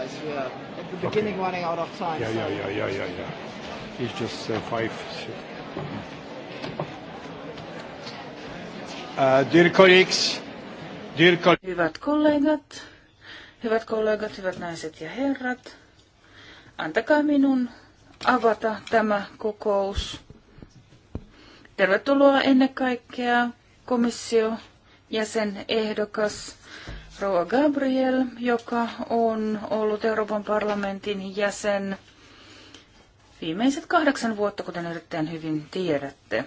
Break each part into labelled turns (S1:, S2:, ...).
S1: otherwise we are at the beginning okay. running out of time. Yeah, so. yeah, yeah, yeah, yeah,
S2: yeah.
S3: It's just uh, five. Uh, dear colleagues, dear colleagues. hyvät kollegat, hyvät kollegat, hyvät naiset ja herrat, antakaa minun avata tämä kokous. Tervetuloa ennen kaikkea komissio jäsen ehdokas Rouva Gabriel, joka on ollut Euroopan parlamentin jäsen viimeiset kahdeksan vuotta, kuten erittäin hyvin tiedätte.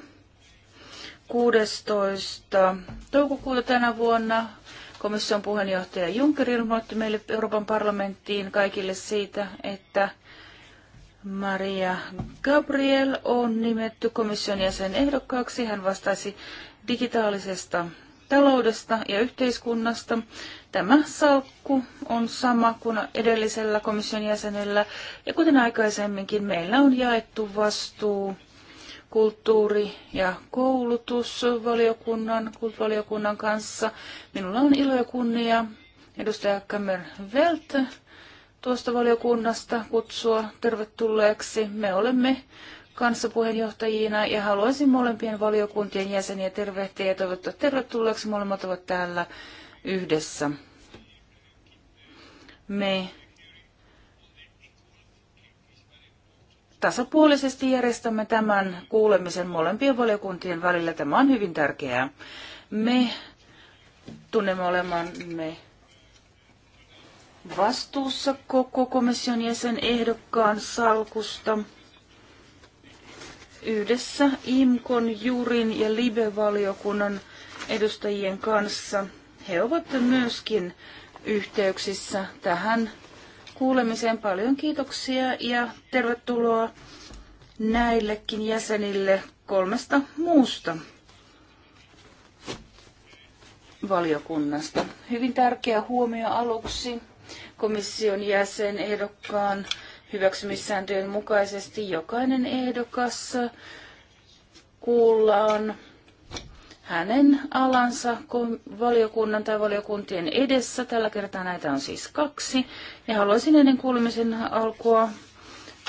S3: 16. toukokuuta tänä vuonna komission puheenjohtaja Juncker ilmoitti meille Euroopan parlamenttiin kaikille siitä, että Maria Gabriel on nimetty komission jäsen ehdokkaaksi. Hän vastaisi digitaalisesta taloudesta ja yhteiskunnasta. Tämä salkku on sama kuin edellisellä komission jäsenellä ja kuten aikaisemminkin meillä on jaettu vastuu kulttuuri- ja koulutusvaliokunnan kulttuurivaliokunnan kanssa. Minulla on ilo ja kunnia edustaja Kammer Welt tuosta valiokunnasta kutsua tervetulleeksi. Me olemme kanssapuheenjohtajina ja haluaisin molempien valiokuntien jäseniä tervehtiä ja toivottaa tervetulleeksi. Molemmat ovat täällä yhdessä. Me tasapuolisesti järjestämme tämän kuulemisen molempien valiokuntien välillä. Tämä on hyvin tärkeää. Me tunnemme olemamme vastuussa koko komission jäsen ehdokkaan salkusta yhdessä IMKON, Jurin ja LIBE-valiokunnan edustajien kanssa. He ovat myöskin yhteyksissä tähän kuulemiseen. Paljon kiitoksia ja tervetuloa näillekin jäsenille kolmesta muusta valiokunnasta. Hyvin tärkeä huomio aluksi komission jäsen ehdokkaan hyväksymissääntöjen mukaisesti jokainen ehdokas kuullaan hänen alansa valiokunnan tai valiokuntien edessä. Tällä kertaa näitä on siis kaksi. Ja haluaisin ennen kuulemisen alkua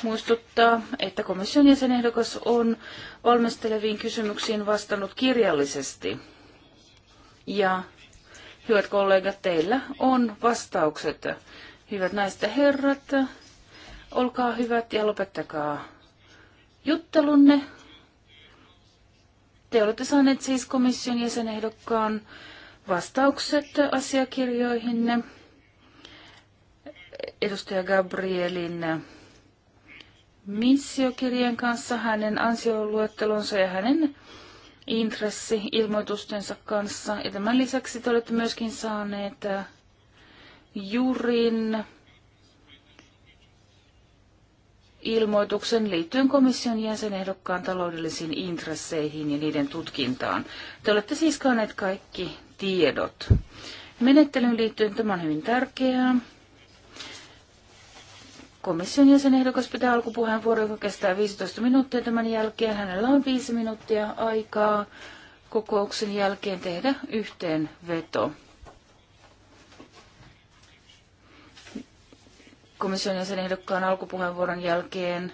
S3: muistuttaa, että komission jäsenehdokas on valmisteleviin kysymyksiin vastannut kirjallisesti. Ja hyvät kollegat, teillä on vastaukset. Hyvät naiset ja herrat, Olkaa hyvät ja lopettakaa juttelunne. Te olette saaneet siis komission jäsenehdokkaan vastaukset asiakirjoihinne. Edustaja Gabrielin missiokirjeen kanssa, hänen ansioluettelonsa ja hänen intressi-ilmoitustensa kanssa. Ja tämän lisäksi te olette myöskin saaneet Jurin ilmoituksen liittyen komission jäsenehdokkaan taloudellisiin intresseihin ja niiden tutkintaan. Te olette siis saaneet kaikki tiedot. Menettelyyn liittyen tämä on hyvin tärkeää. Komission jäsenehdokas pitää alkupuheenvuoro, joka kestää 15 minuuttia tämän jälkeen. Hänellä on 5 minuuttia aikaa kokouksen jälkeen tehdä yhteenveto. komission jäsenehdokkaan alkupuheenvuoron jälkeen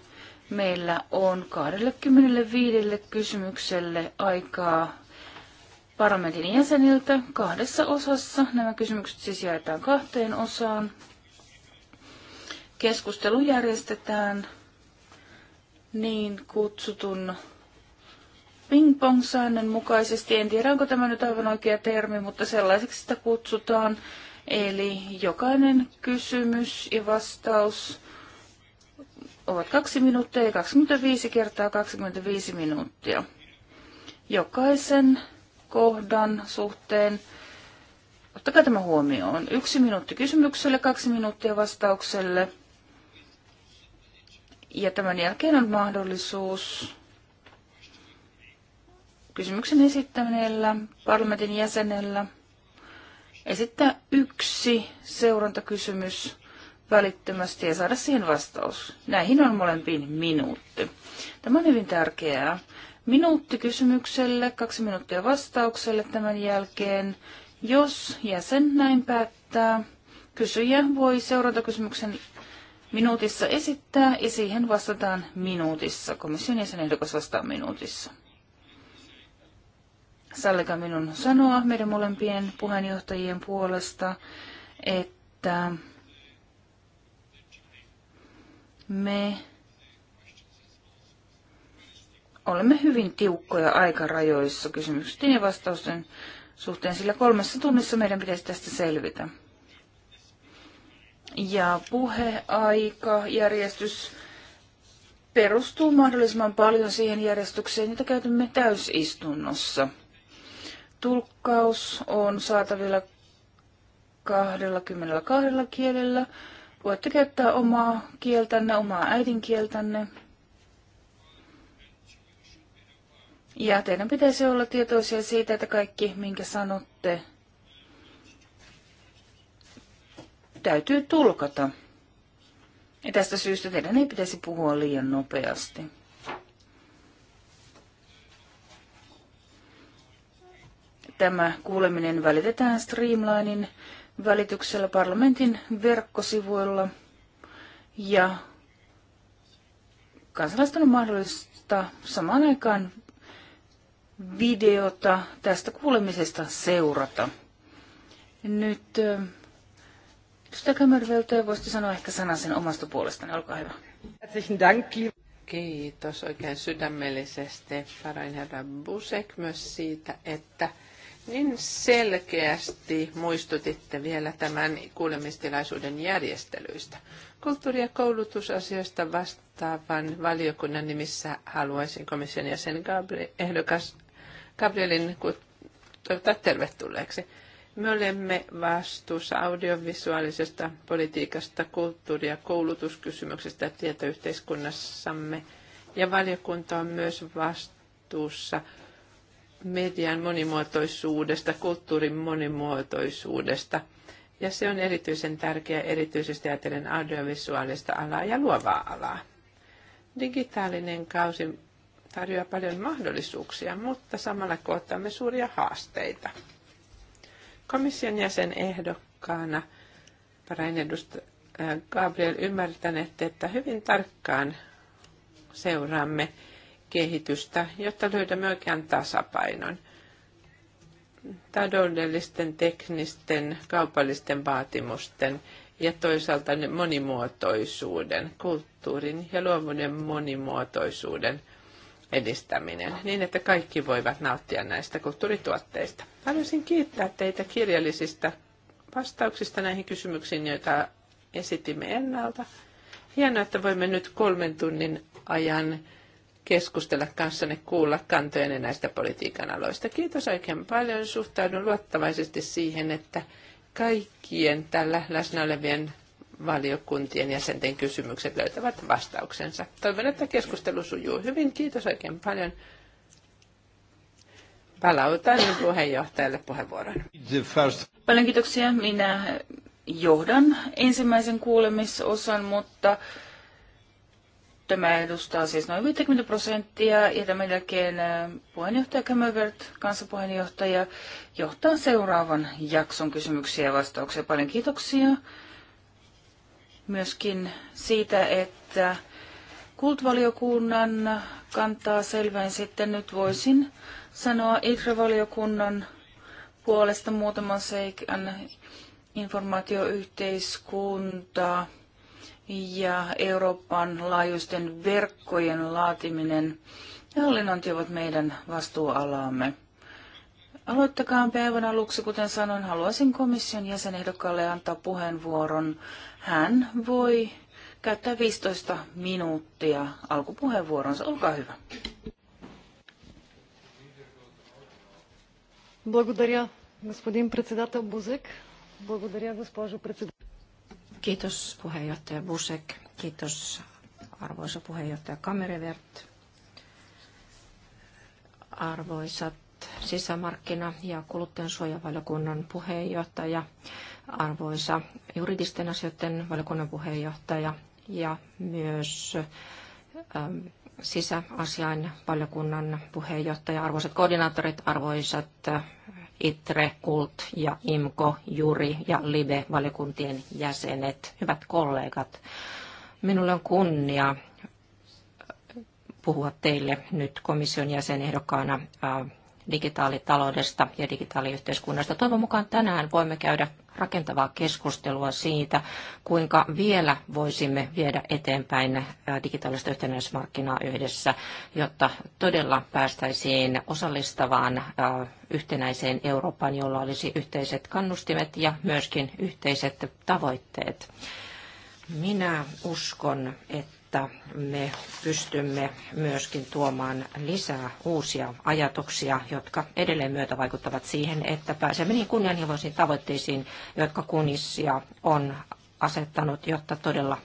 S3: meillä on 25 kysymykselle aikaa parlamentin jäseniltä kahdessa osassa. Nämä kysymykset siis jaetaan kahteen osaan. Keskustelu järjestetään niin kutsutun ping-pong-säännön mukaisesti. En tiedä, onko tämä nyt aivan oikea termi, mutta sellaiseksi sitä kutsutaan. Eli jokainen kysymys ja vastaus ovat kaksi minuuttia ja 25 kertaa 25 minuuttia. Jokaisen kohdan suhteen ottakaa tämä huomioon. Yksi minuutti kysymykselle, kaksi minuuttia vastaukselle. Ja tämän jälkeen on mahdollisuus kysymyksen esittämisellä parlamentin jäsenellä – esittää yksi seurantakysymys välittömästi ja saada siihen vastaus. Näihin on molempiin minuutti. Tämä on hyvin tärkeää. Minuutti kysymykselle, kaksi minuuttia vastaukselle tämän jälkeen. Jos jäsen näin päättää, kysyjä voi seurantakysymyksen minuutissa esittää ja siihen vastataan minuutissa. Komission jäsenehdokas vastaa minuutissa. Sallika minun sanoa meidän molempien puheenjohtajien puolesta, että me olemme hyvin tiukkoja aikarajoissa kysymysten ja vastausten suhteen, sillä kolmessa tunnissa meidän pitäisi tästä selvitä. Ja puheaika, järjestys perustuu mahdollisimman paljon siihen järjestykseen, jota käytämme täysistunnossa – Tulkkaus on saatavilla 22 kielellä. Voitte käyttää omaa kieltänne, omaa äidinkieltänne. Ja teidän pitäisi olla tietoisia siitä, että kaikki, minkä sanotte, täytyy tulkata. Ja tästä syystä teidän ei pitäisi puhua liian nopeasti. Tämä kuuleminen välitetään Streamlinein välityksellä parlamentin verkkosivuilla ja kansalaisten on mahdollista samaan aikaan videota tästä kuulemisesta seurata. Nyt edustaja Kämmerveltä voisitte sanoa ehkä
S2: sanan sen omasta puolestani, olkaa hyvä. Kiitos oikein sydämellisesti, Farain herra Busek, myös siitä, että niin selkeästi muistutitte vielä tämän kuulemistilaisuuden järjestelyistä. Kulttuuri- ja koulutusasioista vastaavan valiokunnan nimissä haluaisin komission jäsen Gabri- ehdokas Gabrielin toivottaa tervetulleeksi. Me olemme vastuussa audiovisuaalisesta politiikasta, kulttuuri- ja koulutuskysymyksestä tietoyhteiskunnassamme, ja valiokunta on myös vastuussa median monimuotoisuudesta, kulttuurin monimuotoisuudesta. Ja se on erityisen tärkeä erityisesti ajatellen audiovisuaalista alaa ja luovaa alaa. Digitaalinen kausi tarjoaa paljon mahdollisuuksia, mutta samalla kohtaamme suuria haasteita. Komission jäsen ehdokkaana varainedustajana äh, Gabriel ymmärtänette, että hyvin tarkkaan seuraamme kehitystä, jotta löydämme oikean tasapainon taloudellisten, teknisten, kaupallisten vaatimusten ja toisaalta monimuotoisuuden, kulttuurin ja luovuuden monimuotoisuuden edistäminen, niin että kaikki voivat nauttia näistä kulttuurituotteista. Haluaisin kiittää teitä kirjallisista vastauksista näihin kysymyksiin, joita esitimme ennalta. Hienoa, että voimme nyt kolmen tunnin ajan keskustella kanssanne, kuulla kantojenne näistä politiikan aloista. Kiitos oikein paljon. Suhtaudun luottavaisesti siihen, että kaikkien tällä läsnä olevien valiokuntien jäsenten kysymykset löytävät vastauksensa. Toivon, että keskustelu sujuu hyvin. Kiitos oikein paljon. Palautan puheenjohtajalle puheenvuoron.
S3: Paljon kiitoksia. Minä johdan ensimmäisen kuulemisosan, mutta Tämä edustaa siis noin 50 prosenttia ja tämän jälkeen äh, puheenjohtaja Kämövert, kansanpuheenjohtaja, johtaa seuraavan jakson kysymyksiä ja vastauksia. Paljon kiitoksia myöskin siitä, että kultvaliokunnan kantaa selvään sitten nyt voisin sanoa itre puolesta muutaman seikan informaatioyhteiskuntaa ja Euroopan laajuisten verkkojen laatiminen ja hallinnointi ovat meidän vastuualaamme. Aloittakaa päivän aluksi, kuten sanoin, haluaisin komission jäsenehdokkaalle antaa puheenvuoron. Hän voi käyttää 15 minuuttia alkupuheenvuoronsa. Olkaa hyvä.
S1: Благодаря, господин председател Бузек. Благодаря, госпожо председател. Kiitos puheenjohtaja Busek. Kiitos arvoisa puheenjohtaja Kamerevert. Arvoisat sisämarkkina- ja kuluttajansuojavaliokunnan puheenjohtaja, arvoisa juridisten asioiden valiokunnan puheenjohtaja ja myös ähm, sisäasiain valiokunnan puheenjohtaja, arvoisat koordinaattorit, arvoisat äh, ITRE, KULT ja IMKO, JURI ja LIBE-valiokuntien jäsenet, hyvät kollegat. Minulle on kunnia puhua teille nyt komission jäsenehdokkaana digitaalitaloudesta ja digitaaliyhteiskunnasta. Toivon mukaan tänään voimme käydä rakentavaa keskustelua siitä, kuinka vielä voisimme viedä eteenpäin äh, digitaalista yhtenäismarkkinaa yhdessä, jotta todella päästäisiin osallistavaan äh, yhtenäiseen Eurooppaan, jolla olisi yhteiset kannustimet ja myöskin yhteiset tavoitteet. Minä uskon, että jotta me pystymme myöskin tuomaan lisää uusia ajatuksia, jotka edelleen myötävaikuttavat siihen, että pääsemme niihin kunnianhimoisiin tavoitteisiin, jotka kunnissa on asettanut, jotta todella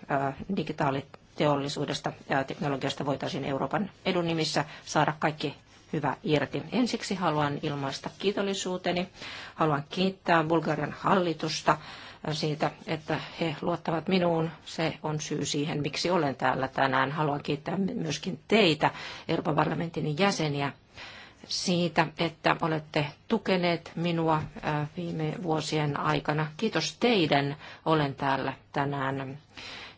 S1: digitaaliteollisuudesta ja teknologiasta voitaisiin Euroopan edun nimissä saada kaikki hyvä irti. Ensiksi haluan ilmaista kiitollisuuteni. Haluan kiittää Bulgarian hallitusta siitä, että he luottavat minuun. Se on syy siihen, miksi olen täällä tänään. Haluan kiittää myöskin teitä, Euroopan parlamentin jäseniä, siitä, että olette tukeneet minua viime vuosien aikana. Kiitos teidän, olen täällä tänään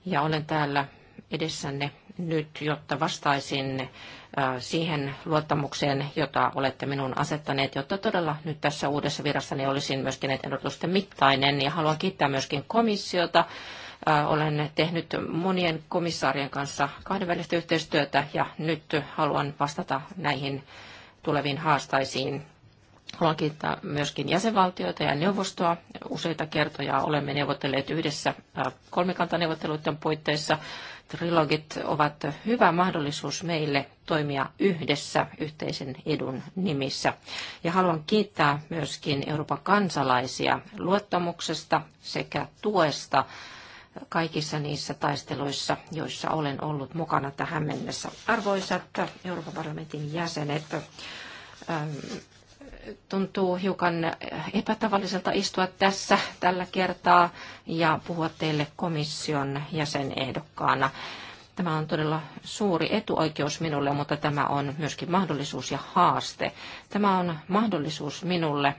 S1: ja olen täällä edessänne nyt, jotta vastaisin siihen luottamukseen, jota olette minun asettaneet, jotta todella nyt tässä uudessa virassani olisin myöskin näiden odotusten mittainen. Ja haluan kiittää myöskin komissiota. Olen tehnyt monien komissaarien kanssa kahdenvälistä yhteistyötä ja nyt haluan vastata näihin tuleviin haastaisiin Haluan kiittää myöskin jäsenvaltioita ja neuvostoa. Useita kertoja olemme neuvotelleet yhdessä kolmikantaneuvotteluiden puitteissa. Trilogit ovat hyvä mahdollisuus meille toimia yhdessä yhteisen edun nimissä. Ja haluan kiittää myöskin Euroopan kansalaisia luottamuksesta sekä tuesta kaikissa niissä taisteluissa, joissa olen ollut mukana tähän mennessä. Arvoisat Euroopan parlamentin jäsenet, tuntuu hiukan epätavalliselta istua tässä tällä kertaa ja puhua teille komission jäsenehdokkaana. Tämä on todella suuri etuoikeus minulle, mutta tämä on myöskin mahdollisuus ja haaste. Tämä on mahdollisuus minulle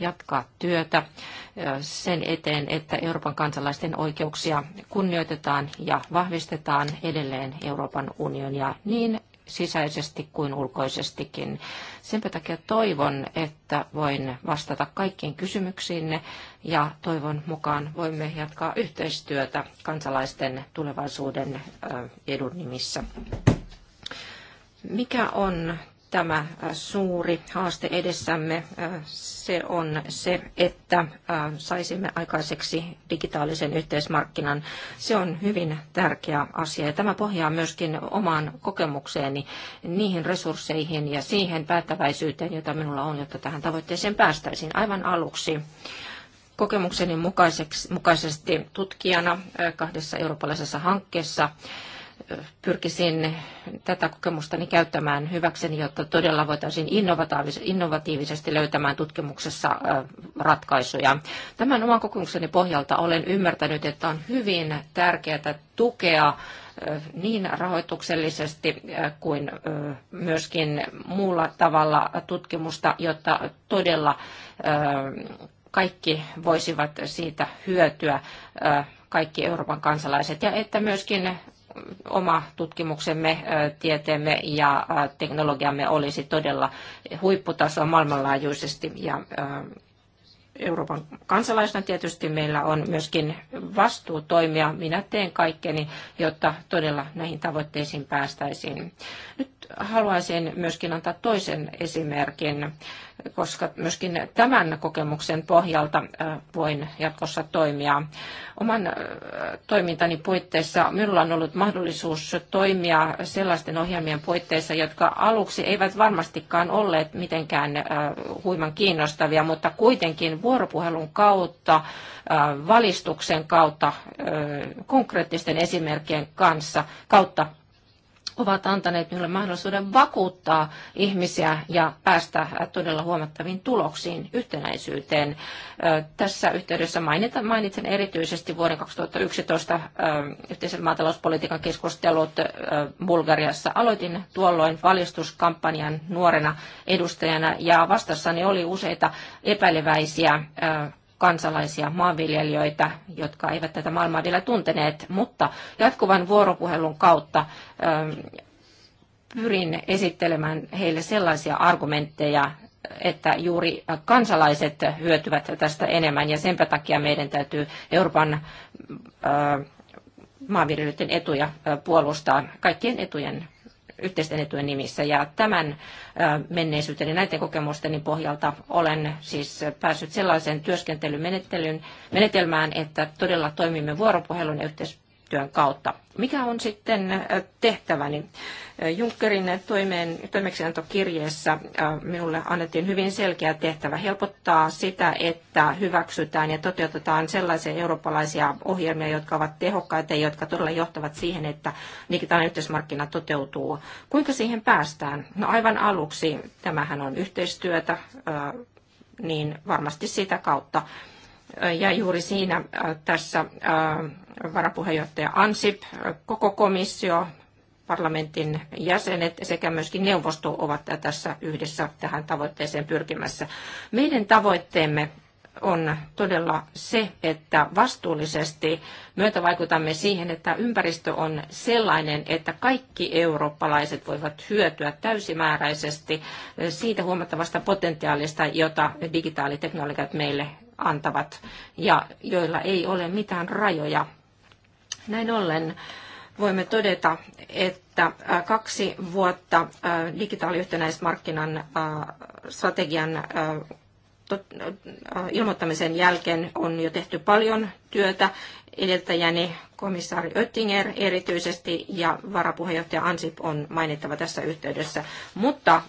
S1: jatkaa työtä sen eteen, että Euroopan kansalaisten oikeuksia kunnioitetaan ja vahvistetaan edelleen Euroopan unionia niin sisäisesti kuin ulkoisestikin. Senpä takia toivon, että voin vastata kaikkiin kysymyksiinne ja toivon mukaan voimme jatkaa yhteistyötä kansalaisten tulevaisuuden edun nimissä. Mikä on tämä äh, suuri haaste edessämme. Äh, se on se, että äh, saisimme aikaiseksi digitaalisen yhteismarkkinan. Se on hyvin tärkeä asia ja tämä pohjaa myöskin omaan kokemukseeni, niihin resursseihin ja siihen päättäväisyyteen, jota minulla on, jotta tähän tavoitteeseen päästäisiin. Aivan aluksi kokemukseni mukaisesti tutkijana kahdessa eurooppalaisessa hankkeessa pyrkisin tätä kokemustani käyttämään hyväkseni, jotta todella voitaisiin innovatiivisesti löytämään tutkimuksessa ratkaisuja. Tämän oman kokemukseni pohjalta olen ymmärtänyt, että on hyvin tärkeää tukea niin rahoituksellisesti kuin myöskin muulla tavalla tutkimusta, jotta todella kaikki voisivat siitä hyötyä kaikki Euroopan kansalaiset ja että myöskin oma tutkimuksemme, tieteemme ja teknologiamme olisi todella huipputasoa maailmanlaajuisesti ja Euroopan kansalaisena tietysti meillä on myöskin vastuu toimia. Minä teen kaikkeni, jotta todella näihin tavoitteisiin päästäisiin. Nyt haluaisin myöskin antaa toisen esimerkin koska myöskin tämän kokemuksen pohjalta äh, voin jatkossa toimia. Oman äh, toimintani puitteissa minulla on ollut mahdollisuus toimia sellaisten ohjelmien puitteissa, jotka aluksi eivät varmastikaan olleet mitenkään äh, huiman kiinnostavia, mutta kuitenkin vuoropuhelun kautta, valistuksen kautta, konkreettisten esimerkkien kanssa, kautta ovat antaneet minulle mahdollisuuden vakuuttaa ihmisiä ja päästä todella huomattaviin tuloksiin yhtenäisyyteen. Tässä yhteydessä mainitsen erityisesti vuoden 2011 yhteisen maatalouspolitiikan keskustelut Bulgariassa. Aloitin tuolloin valistuskampanjan nuorena edustajana ja vastassani oli useita epäileväisiä kansalaisia, maanviljelijöitä, jotka eivät tätä maailmaa vielä tunteneet, mutta jatkuvan vuoropuhelun kautta ähm, pyrin esittelemään heille sellaisia argumentteja, että juuri kansalaiset hyötyvät tästä enemmän ja senpä takia meidän täytyy Euroopan äh, maanviljelijöiden etuja äh, puolustaa kaikkien etujen yhteisten etujen nimissä. Ja tämän menneisyyteni, näiden kokemusteni pohjalta olen siis päässyt sellaiseen työskentelymenettelyyn menetelmään, että todella toimimme vuoropuhelun ja yhteistyön kautta. Mikä on sitten tehtäväni? Niin Junckerin toimeen, toimeksiantokirjeessä äh, minulle annettiin hyvin selkeä tehtävä helpottaa sitä, että hyväksytään ja toteutetaan sellaisia eurooppalaisia ohjelmia, jotka ovat tehokkaita ja jotka todella johtavat siihen, että digitaalinen yhteismarkkina toteutuu. Kuinka siihen päästään? No aivan aluksi tämähän on yhteistyötä, äh, niin varmasti sitä kautta äh, ja juuri siinä tässä varapuheenjohtaja Ansip, koko komissio, parlamentin jäsenet sekä myöskin neuvosto ovat tässä yhdessä tähän tavoitteeseen pyrkimässä. Meidän tavoitteemme on todella se, että vastuullisesti myötävaikutamme siihen, että ympäristö on sellainen, että kaikki eurooppalaiset voivat hyötyä täysimääräisesti siitä huomattavasta potentiaalista, jota digitaaliteknologiat meille antavat ja joilla ei ole mitään rajoja. Näin ollen voimme todeta, että kaksi vuotta digitaaliyhtenäismarkkinan strategian ilmoittamisen jälkeen on jo tehty paljon työtä. Edeltäjäni komissaari Oettinger erityisesti ja varapuheenjohtaja Ansip on mainittava tässä yhteydessä. Mutta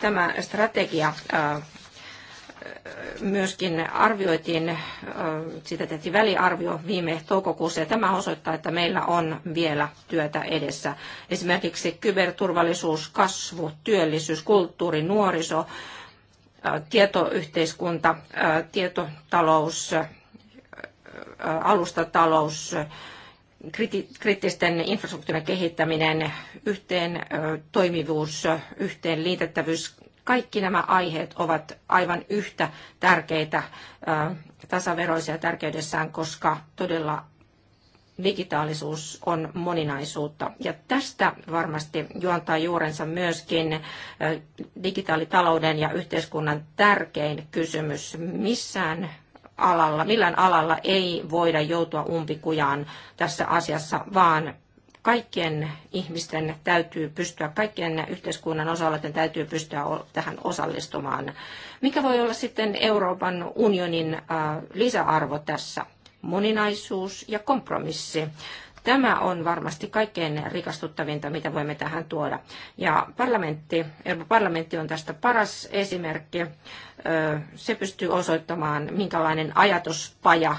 S1: tämä strategia myöskin arvioitiin, äh, sitä tehtiin väliarvio viime toukokuussa ja tämä osoittaa, että meillä on vielä työtä edessä. Esimerkiksi kyberturvallisuus, kasvu, työllisyys, kulttuuri, nuoriso, äh, tietoyhteiskunta, äh, tietotalous, alustatalous, kriittisten infrastruktuurien kehittäminen, yhteen toimivuus, yhteen liitettävyys, kaikki nämä aiheet ovat aivan yhtä tärkeitä, tasaveroisia tärkeydessään, koska todella digitaalisuus on moninaisuutta. Ja tästä varmasti juontaa juurensa myöskin digitaalitalouden ja yhteiskunnan tärkein kysymys. Missään alalla, millään alalla ei voida joutua umpikujaan tässä asiassa, vaan kaikkien ihmisten täytyy pystyä, kaikkien yhteiskunnan osallisten täytyy pystyä tähän osallistumaan. Mikä voi olla sitten Euroopan unionin äh, lisäarvo tässä? Moninaisuus ja kompromissi. Tämä on varmasti kaikkein rikastuttavinta, mitä voimme tähän tuoda. Ja parlamentti, Euroopan parlamentti on tästä paras esimerkki. Se pystyy osoittamaan, minkälainen ajatuspaja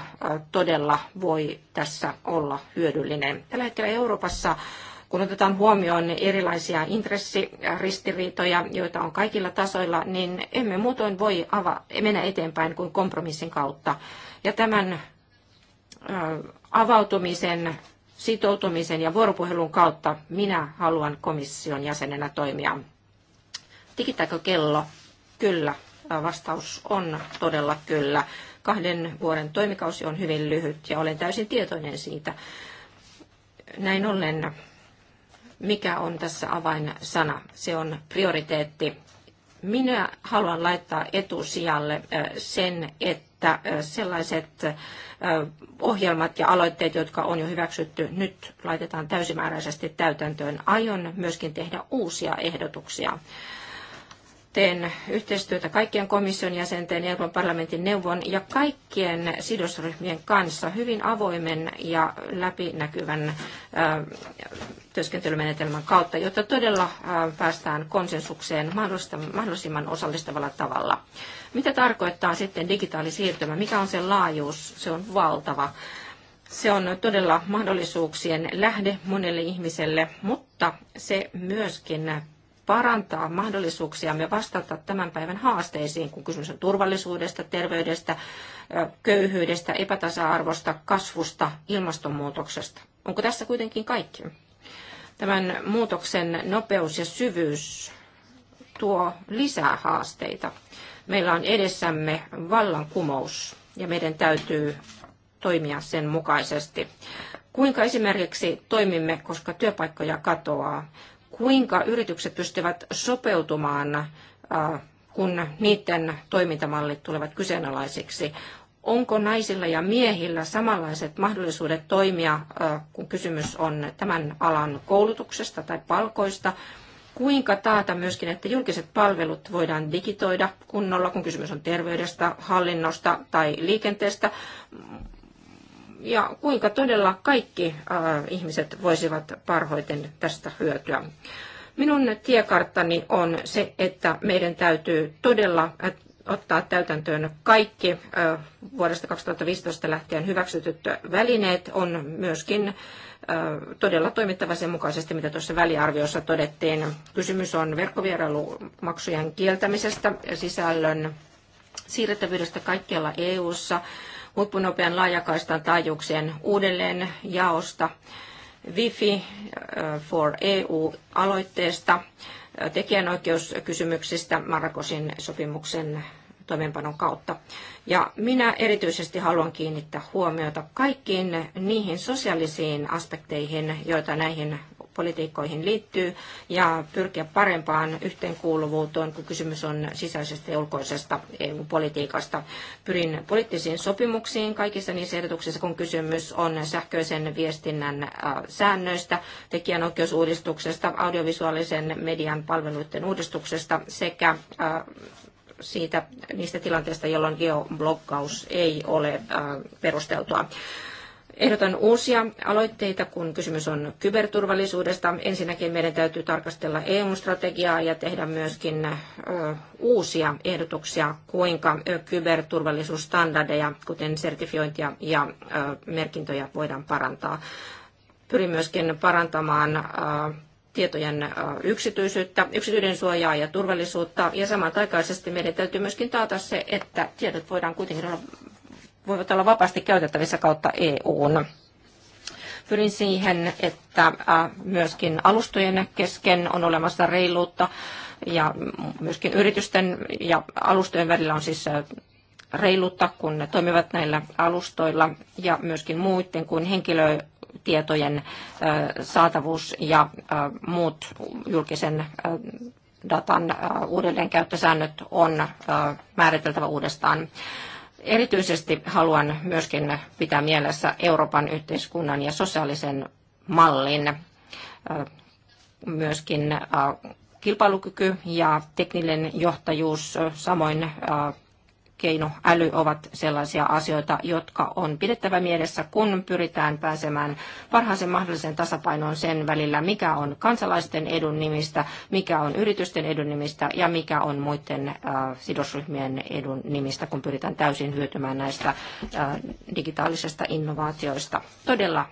S1: todella voi tässä olla hyödyllinen. Tällä hetkellä Euroopassa kun otetaan huomioon erilaisia intressiristiriitoja, joita on kaikilla tasoilla, niin emme muutoin voi ava- mennä eteenpäin kuin kompromissin kautta. Ja tämän avautumisen sitoutumisen ja vuoropuhelun kautta minä haluan komission jäsenenä toimia. Tikittääkö kello? Kyllä. Vastaus on todella kyllä. Kahden vuoden toimikausi on hyvin lyhyt ja olen täysin tietoinen siitä. Näin ollen, mikä on tässä avainsana? Se on prioriteetti minä haluan laittaa etusijalle sen, että että sellaiset ohjelmat ja aloitteet, jotka on jo hyväksytty, nyt laitetaan täysimääräisesti täytäntöön. Aion myöskin tehdä uusia ehdotuksia. Teen yhteistyötä kaikkien komission jäsenten, Euroopan parlamentin neuvon ja kaikkien sidosryhmien kanssa hyvin avoimen ja läpinäkyvän työskentelymenetelmän kautta, jotta todella päästään konsensukseen mahdollisimman osallistavalla tavalla. Mitä tarkoittaa sitten digitaalisiirtymä? Mikä on sen laajuus? Se on valtava. Se on todella mahdollisuuksien lähde monelle ihmiselle, mutta se myöskin parantaa mahdollisuuksiamme vastata tämän päivän haasteisiin, kun kysymys on turvallisuudesta, terveydestä, köyhyydestä, epätasa-arvosta, kasvusta, ilmastonmuutoksesta. Onko tässä kuitenkin kaikki? Tämän muutoksen nopeus ja syvyys tuo lisää haasteita. Meillä on edessämme vallankumous ja meidän täytyy toimia sen mukaisesti. Kuinka esimerkiksi toimimme, koska työpaikkoja katoaa? Kuinka yritykset pystyvät sopeutumaan, kun niiden toimintamallit tulevat kyseenalaisiksi? onko naisilla ja miehillä samanlaiset mahdollisuudet toimia, kun kysymys on tämän alan koulutuksesta tai palkoista, kuinka taata myöskin, että julkiset palvelut voidaan digitoida kunnolla, kun kysymys on terveydestä, hallinnosta tai liikenteestä, ja kuinka todella kaikki äh, ihmiset voisivat parhoiten tästä hyötyä. Minun tiekarttani on se, että meidän täytyy todella äh, ottaa täytäntöön kaikki äh, vuodesta 2015 lähtien hyväksytyt välineet. On myöskin todella toimittava sen mukaisesti, mitä tuossa väliarviossa todettiin. Kysymys on verkkovierailumaksujen kieltämisestä, sisällön siirrettävyydestä kaikkialla EU-ssa, huippunopean laajakaistan taajuuksien uudelleen jaosta, Wi-Fi for EU-aloitteesta, tekijänoikeuskysymyksistä Marrakosin sopimuksen toimeenpanon kautta. Ja minä erityisesti haluan kiinnittää huomiota kaikkiin niihin sosiaalisiin aspekteihin, joita näihin politiikkoihin liittyy, ja pyrkiä parempaan yhteenkuuluvuuteen, kun kysymys on sisäisestä ja ulkoisesta EU-politiikasta. Pyrin poliittisiin sopimuksiin kaikissa niissä ehdotuksissa, kun kysymys on sähköisen viestinnän äh, säännöistä, tekijänoikeusuudistuksesta, audiovisuaalisen median palveluiden uudistuksesta sekä äh, siitä, niistä tilanteista, jolloin geoblokkaus ei ole äh, perusteltua. Ehdotan uusia aloitteita, kun kysymys on kyberturvallisuudesta. Ensinnäkin meidän täytyy tarkastella EU-strategiaa ja tehdä myöskin äh, uusia ehdotuksia, kuinka äh, kyberturvallisuusstandardeja, kuten sertifiointia ja merkintöjä, voidaan parantaa. Pyrin myöskin parantamaan tietojen äh, yksityisyyttä, yksityiden suojaa ja turvallisuutta. Ja samantaikaisesti meidän täytyy myöskin taata se, että tiedot voidaan kuitenkin olla, voivat olla vapaasti käytettävissä kautta EUn. Pyrin siihen, että äh, myöskin alustojen kesken on olemassa reiluutta ja myöskin yritysten ja alustojen välillä on siis äh, reiluutta, kun ne toimivat näillä alustoilla ja myöskin muiden kuin henkilö tietojen saatavuus ja muut julkisen datan uudelleenkäyttösäännöt on määriteltävä uudestaan. Erityisesti haluan myöskin pitää mielessä Euroopan yhteiskunnan ja sosiaalisen mallin, myöskin kilpailukyky ja teknillinen johtajuus, samoin keinoäly ovat sellaisia asioita, jotka on pidettävä mielessä, kun pyritään pääsemään parhaaseen mahdolliseen tasapainoon sen välillä, mikä on kansalaisten edun nimistä, mikä on yritysten edun nimistä ja mikä on muiden äh, sidosryhmien edun nimistä, kun pyritään täysin hyötymään näistä äh, digitaalisista innovaatioista. Todella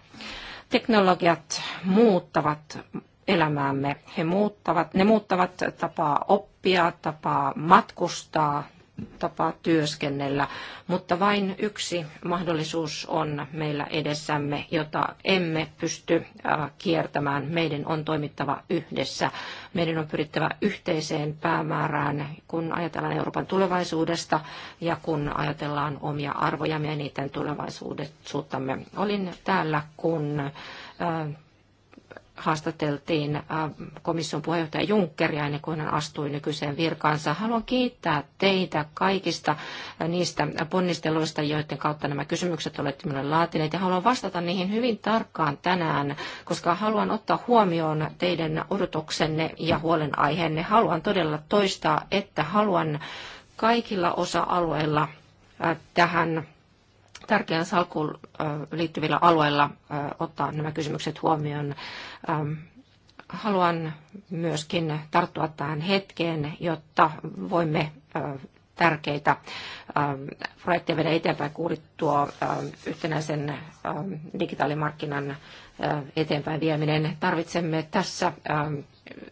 S1: teknologiat muuttavat elämäämme. He muuttavat, ne muuttavat tapaa oppia, tapaa matkustaa, tapaa työskennellä. Mutta vain yksi mahdollisuus on meillä edessämme, jota emme pysty äh, kiertämään. Meidän on toimittava yhdessä. Meidän on pyrittävä yhteiseen päämäärään, kun ajatellaan Euroopan tulevaisuudesta ja kun ajatellaan omia arvojamme ja niiden suuttamme. Olin täällä, kun äh, haastateltiin äh, komission puheenjohtaja Junckeria ennen kuin hän astui nykyiseen virkaansa. Haluan kiittää teitä kaikista äh, niistä ponnisteluista, joiden kautta nämä kysymykset olette minulle laatineet. Ja haluan vastata niihin hyvin tarkkaan tänään, koska haluan ottaa huomioon teidän odotuksenne ja huolenaiheenne. Haluan todella toistaa, että haluan kaikilla osa-alueilla äh, tähän tärkeää salkuun liittyvillä alueilla ottaa nämä kysymykset huomioon. Ähm, haluan myöskin tarttua tähän hetkeen, jotta voimme tärkeitä ähm, projekteja viedä eteenpäin, kuulittua ähm, yhtenäisen digitaalimarkkinan eteenpäin vieminen. Tarvitsemme tässä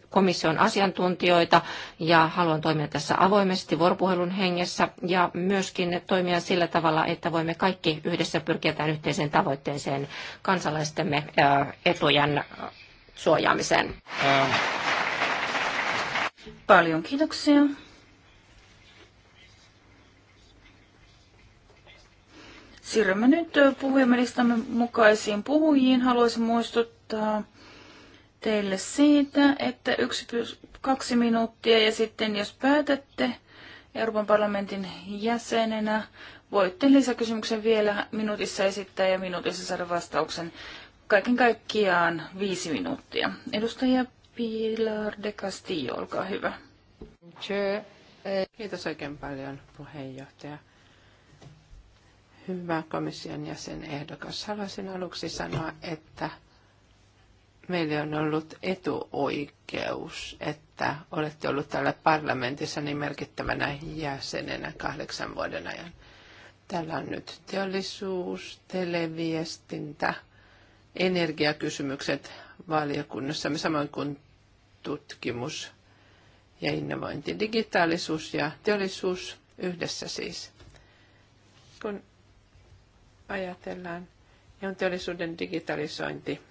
S1: komission asiantuntijoita ja haluan toimia tässä avoimesti vuoropuhelun hengessä ja myöskin toimia sillä tavalla, että voimme kaikki yhdessä pyrkiä tähän yhteiseen tavoitteeseen kansalaistemme etujen suojaamiseen. Paljon kiitoksia.
S3: Siirrymme nyt puhujamelistamme mukaisiin puhujiin. Haluaisin muistuttaa teille siitä, että yksi kaksi minuuttia ja sitten jos päätätte Euroopan parlamentin jäsenenä, voitte lisäkysymyksen vielä minuutissa esittää ja minuutissa saada vastauksen. Kaiken kaikkiaan
S2: viisi minuuttia. Edustaja Pilar de Castillo, olkaa hyvä. Eh, kiitos oikein paljon puheenjohtaja. Hyvä komission jäsen ehdokas. Haluaisin aluksi sanoa, että meille on ollut etuoikeus, että olette ollut täällä parlamentissa niin merkittävänä jäsenenä kahdeksan vuoden ajan. Täällä on nyt teollisuus, televiestintä, energiakysymykset valiokunnassa, samoin kuin tutkimus ja innovointi, digitaalisuus ja teollisuus yhdessä siis. Kun ajatellaan, niin on teollisuuden digitalisointi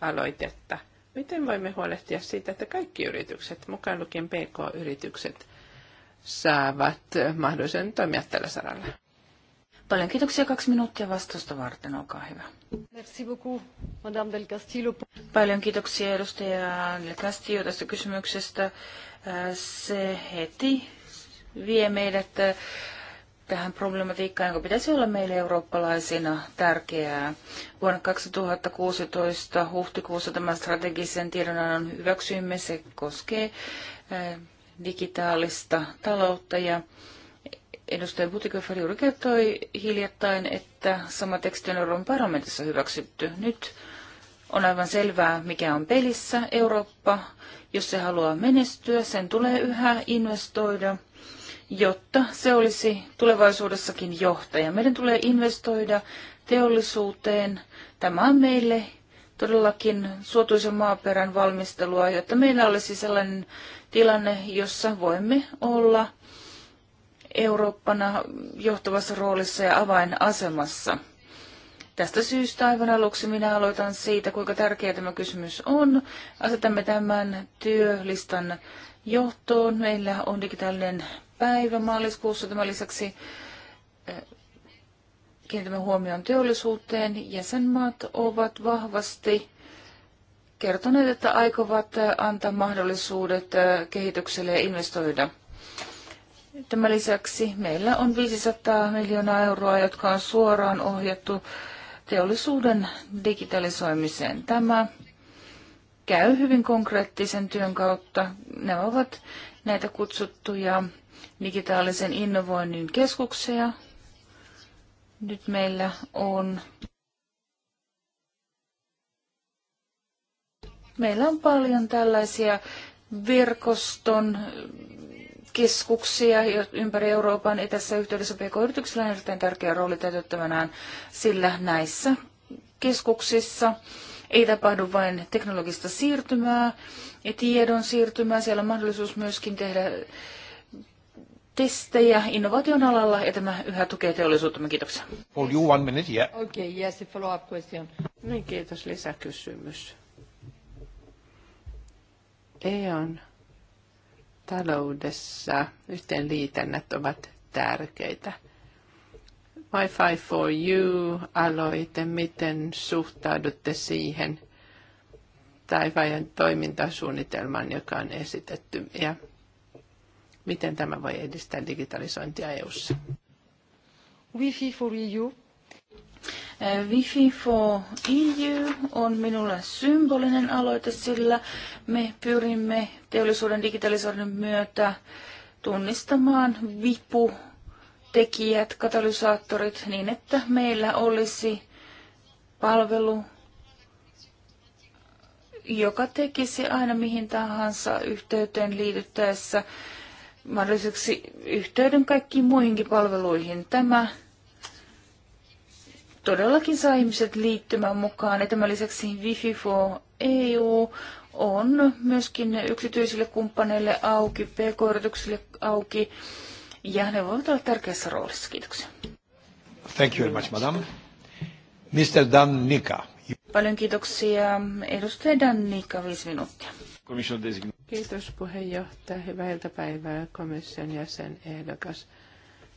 S2: aloitetta. Miten voimme huolehtia siitä, että kaikki yritykset, mukaan lukien PK-yritykset, saavat mahdollisen toimia tällä saralla? Paljon kiitoksia kaksi minuuttia vastausta varten, olkaa hyvä. Merci beaucoup, Madame del Castillo.
S3: Paljon kiitoksia edustaja del Castillo tästä kysymyksestä. Äh, se heti vie meidät äh, tähän problematiikkaan, jonka pitäisi olla meille eurooppalaisina tärkeää. Vuonna 2016 huhtikuussa tämän strategisen tiedonannon hyväksyimme. Se koskee eh, digitaalista taloutta ja Edustaja Butikofer juuri kertoi hiljattain, että sama teksti on Euroopan parlamentissa hyväksytty. Nyt on aivan selvää, mikä on pelissä Eurooppa. Jos se haluaa menestyä, sen tulee yhä investoida – jotta se olisi tulevaisuudessakin johtaja. Meidän tulee investoida teollisuuteen. Tämä on meille todellakin suotuisen maaperän valmistelua, jotta meillä olisi sellainen tilanne, jossa voimme olla Eurooppana johtavassa roolissa ja avainasemassa. Tästä syystä aivan aluksi minä aloitan siitä, kuinka tärkeä tämä kysymys on. Asetamme tämän työlistan johtoon. Meillä on digitaalinen päivä maaliskuussa. Tämän lisäksi kiinnitämme huomioon teollisuuteen. Jäsenmaat ovat vahvasti kertoneet, että aikovat antaa mahdollisuudet kehitykselle ja investoida. Tämän lisäksi meillä on 500 miljoonaa euroa, jotka on suoraan ohjattu teollisuuden digitalisoimiseen. Tämä käy hyvin konkreettisen työn kautta. Ne ovat näitä kutsuttuja digitaalisen innovoinnin keskuksia. Nyt meillä on meillä on paljon tällaisia verkoston keskuksia ympäri Euroopan. Ja tässä yhteydessä pk yrityksellä on erittäin tärkeä rooli täytettävänään, sillä näissä keskuksissa ei tapahdu vain teknologista siirtymää ja tiedon siirtymää. Siellä on mahdollisuus myöskin tehdä testejä innovaation alalla ja tämä yhä tukee teollisuutta. Kiitoksia.
S2: Well, you one minute, yeah. Okay, yes, a follow-up question. Niin, kiitos. Lisäkysymys. EON taloudessa yhteenliitännät ovat tärkeitä. Wi-Fi for You-aloite, miten suhtaudutte siihen – tai vajan toimintasuunnitelman, joka on esitetty. Ja Miten tämä voi edistää digitalisointia EU:ssa? WiFi for EU. Äh, WiFi for EU on minulle symbolinen
S3: aloite, sillä me pyrimme teollisuuden digitalisoinnin myötä tunnistamaan vipu tekijät, katalysaattorit niin, että meillä olisi palvelu, joka tekisi aina mihin tahansa yhteyteen liityttäessä mahdolliseksi yhteyden kaikkiin muihinkin palveluihin. Tämä todellakin saa ihmiset liittymään mukaan. Ja tämän lisäksi Wi-Fi for EU on myöskin yksityisille kumppaneille auki, pk-yrityksille auki, ja ne voivat olla tärkeässä roolissa. Kiitoksia.
S1: Thank
S2: you very much, madam. Mr. Dan Nika.
S3: Paljon kiitoksia. Edustaja
S2: Dan Nika, viisi minuuttia. Kiitos puheenjohtaja. Hyvää iltapäivää komission jäsen ehdokas.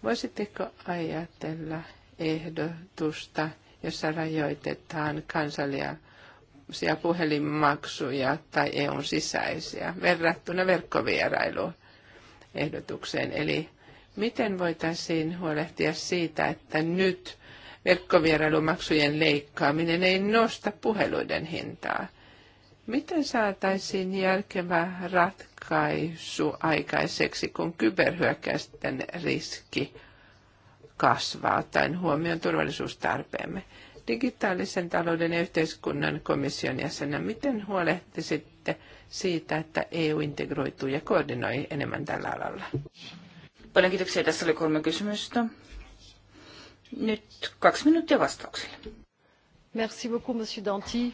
S2: Voisitteko ajatella ehdotusta, jossa rajoitetaan kansallisia puhelinmaksuja tai EUn sisäisiä verrattuna verkkovierailuun ehdotukseen? Eli miten voitaisiin huolehtia siitä, että nyt verkkovierailumaksujen leikkaaminen ei nosta puheluiden hintaa – Miten saataisiin järkevä ratkaisu aikaiseksi, kun kyberhyökkäysten riski kasvaa, tai huomioon turvallisuustarpeemme? Digitaalisen talouden ja yhteiskunnan komission jäsenä, miten huolehtisitte siitä, että EU integroituu ja koordinoi enemmän tällä alalla?
S3: Paljon kiitoksia. Tässä oli kolme kysymystä. Nyt kaksi minuuttia vastauksille.
S1: Merci beaucoup, monsieur Danti.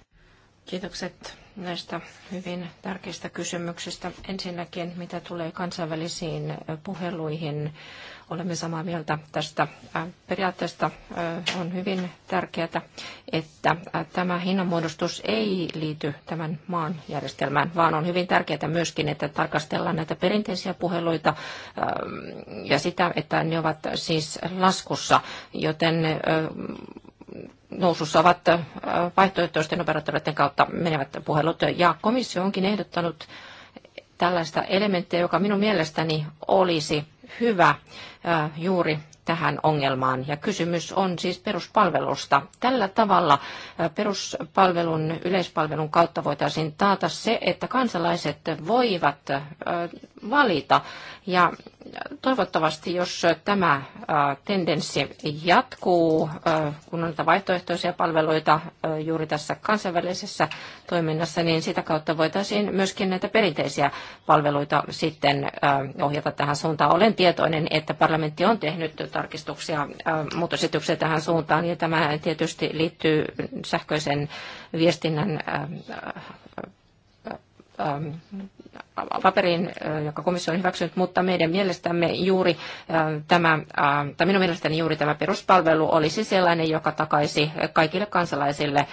S1: Kiitokset näistä hyvin tärkeistä kysymyksistä. Ensinnäkin, mitä tulee kansainvälisiin puheluihin, olemme samaa mieltä tästä periaatteesta. On hyvin tärkeää, että tämä hinnanmuodostus ei liity tämän maan järjestelmään, vaan on hyvin tärkeää myöskin, että tarkastellaan näitä perinteisiä puheluita ja sitä, että ne ovat siis laskussa, joten nousussa ovat äh, vaihtoehtoisten operaattoreiden kautta menevät puhelut. Ja komissio onkin ehdottanut tällaista elementtiä, joka minun mielestäni olisi hyvä juuri tähän ongelmaan. Ja kysymys on siis peruspalvelusta. Tällä tavalla peruspalvelun, yleispalvelun kautta voitaisiin taata se, että kansalaiset voivat valita. Ja toivottavasti, jos tämä tendenssi jatkuu, kun on vaihtoehtoisia palveluita juuri tässä kansainvälisessä toiminnassa, niin sitä kautta voitaisiin myöskin näitä perinteisiä palveluita sitten ohjata tähän suuntaan. Olen tietoinen, että parlamentti on tehnyt tarkistuksia, muutosityksiä tähän suuntaan, ja tämä tietysti liittyy sähköisen viestinnän paperiin, joka komissio on hyväksynyt, mutta meidän mielestämme juuri tämä, tai minun mielestäni juuri tämä peruspalvelu olisi sellainen, joka takaisi kaikille kansalaisille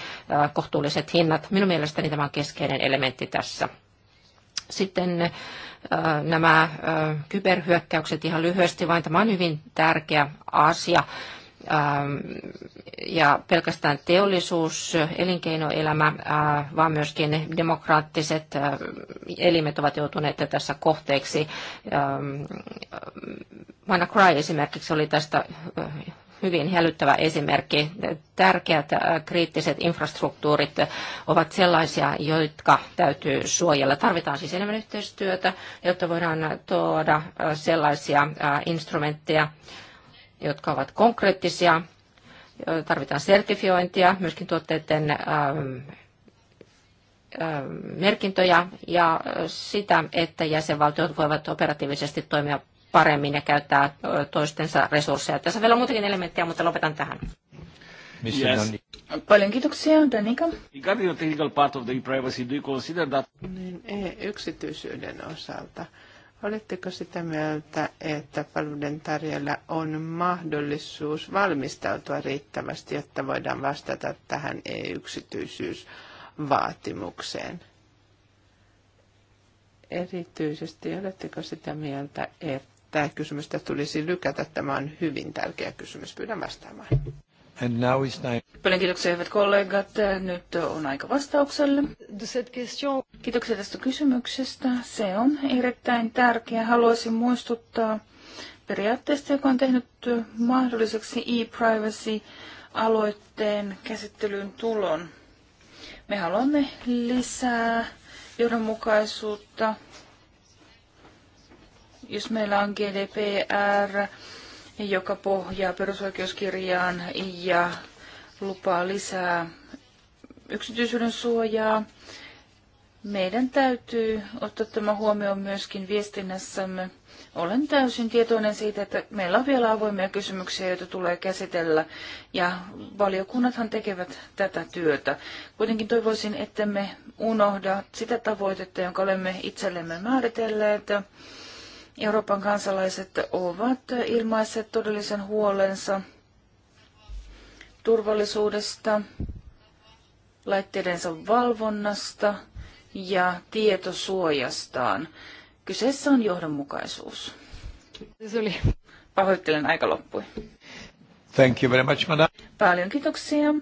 S1: kohtuulliset hinnat. Minun mielestäni tämä on keskeinen elementti tässä. Sitten nämä kyberhyökkäykset ihan lyhyesti, vaan tämä on hyvin tärkeä asia. Ja pelkästään teollisuus, elinkeinoelämä, vaan myöskin demokraattiset elimet ovat joutuneet tässä kohteeksi. Cry esimerkiksi oli tästä hyvin hälyttävä esimerkki. Tärkeät äh, kriittiset infrastruktuurit ovat sellaisia, jotka täytyy suojella. Tarvitaan siis enemmän yhteistyötä, jotta voidaan tuoda äh, sellaisia äh, instrumentteja, jotka ovat konkreettisia. Tarvitaan sertifiointia, myöskin tuotteiden merkintöjä ja sitä, että jäsenvaltiot voivat operatiivisesti toimia paremmin ja käyttää toistensa resursseja. Tässä on vielä muutakin elementtejä, mutta lopetan tähän.
S3: Yes.
S2: Paljon kiitoksia, Danika.
S3: Regarding the technical part of the privacy, do you consider
S2: that... Niin, e, yksityisyyden osalta. Oletteko sitä mieltä, että palveluiden tarjolla on mahdollisuus valmistautua riittävästi, jotta voidaan vastata tähän e-yksityisyysvaatimukseen? Erityisesti oletteko sitä mieltä, että tätä kysymystä tulisi lykätä. Tämä on hyvin tärkeä kysymys. Pyydän vastaamaan.
S3: And now is Paljon kiitoksia, hyvät kollegat.
S2: Nyt on aika vastaukselle.
S3: Kiitoksia tästä kysymyksestä. Se on erittäin tärkeä. Haluaisin muistuttaa periaatteesta, joka on tehnyt mahdolliseksi e-privacy-aloitteen käsittelyyn tulon. Me haluamme lisää johdonmukaisuutta jos meillä on GDPR, joka pohjaa perusoikeuskirjaan ja lupaa lisää yksityisyyden suojaa, meidän täytyy ottaa tämä huomioon myöskin viestinnässämme. Olen täysin tietoinen siitä, että meillä on vielä avoimia kysymyksiä, joita tulee käsitellä, ja valiokunnathan tekevät tätä työtä. Kuitenkin toivoisin, että me unohda sitä tavoitetta, jonka olemme itsellemme määritelleet, Euroopan kansalaiset ovat ilmaisseet todellisen huolensa turvallisuudesta, laitteidensa valvonnasta ja tietosuojastaan. Kyseessä on johdonmukaisuus. Se oli. Pahoittelen, aika loppui.
S1: Thank you very much, madam.
S3: Paljon kiitoksia.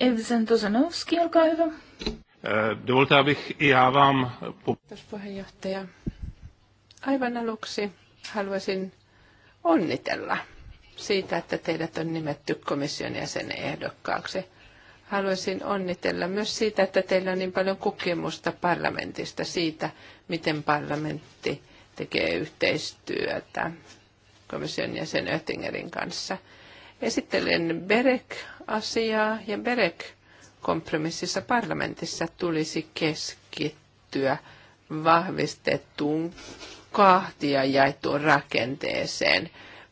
S3: Evsen
S2: Tosanovski, olkaa hyvä. Dovolte, abych i já vám... Kiitos puheenjohtaja. Aivan aluksi haluaisin onnitella siitä, että teidät on nimetty komission ehdokkaaksi. Haluaisin onnitella myös siitä, että teillä on niin paljon kokemusta parlamentista siitä, miten parlamentti tekee yhteistyötä komission jäsen Oettingerin kanssa. Esittelen Berek-asiaa ja Berek kompromississa parlamentissa tulisi keskittyä vahvistettuun kahtia jaettuun rakenteeseen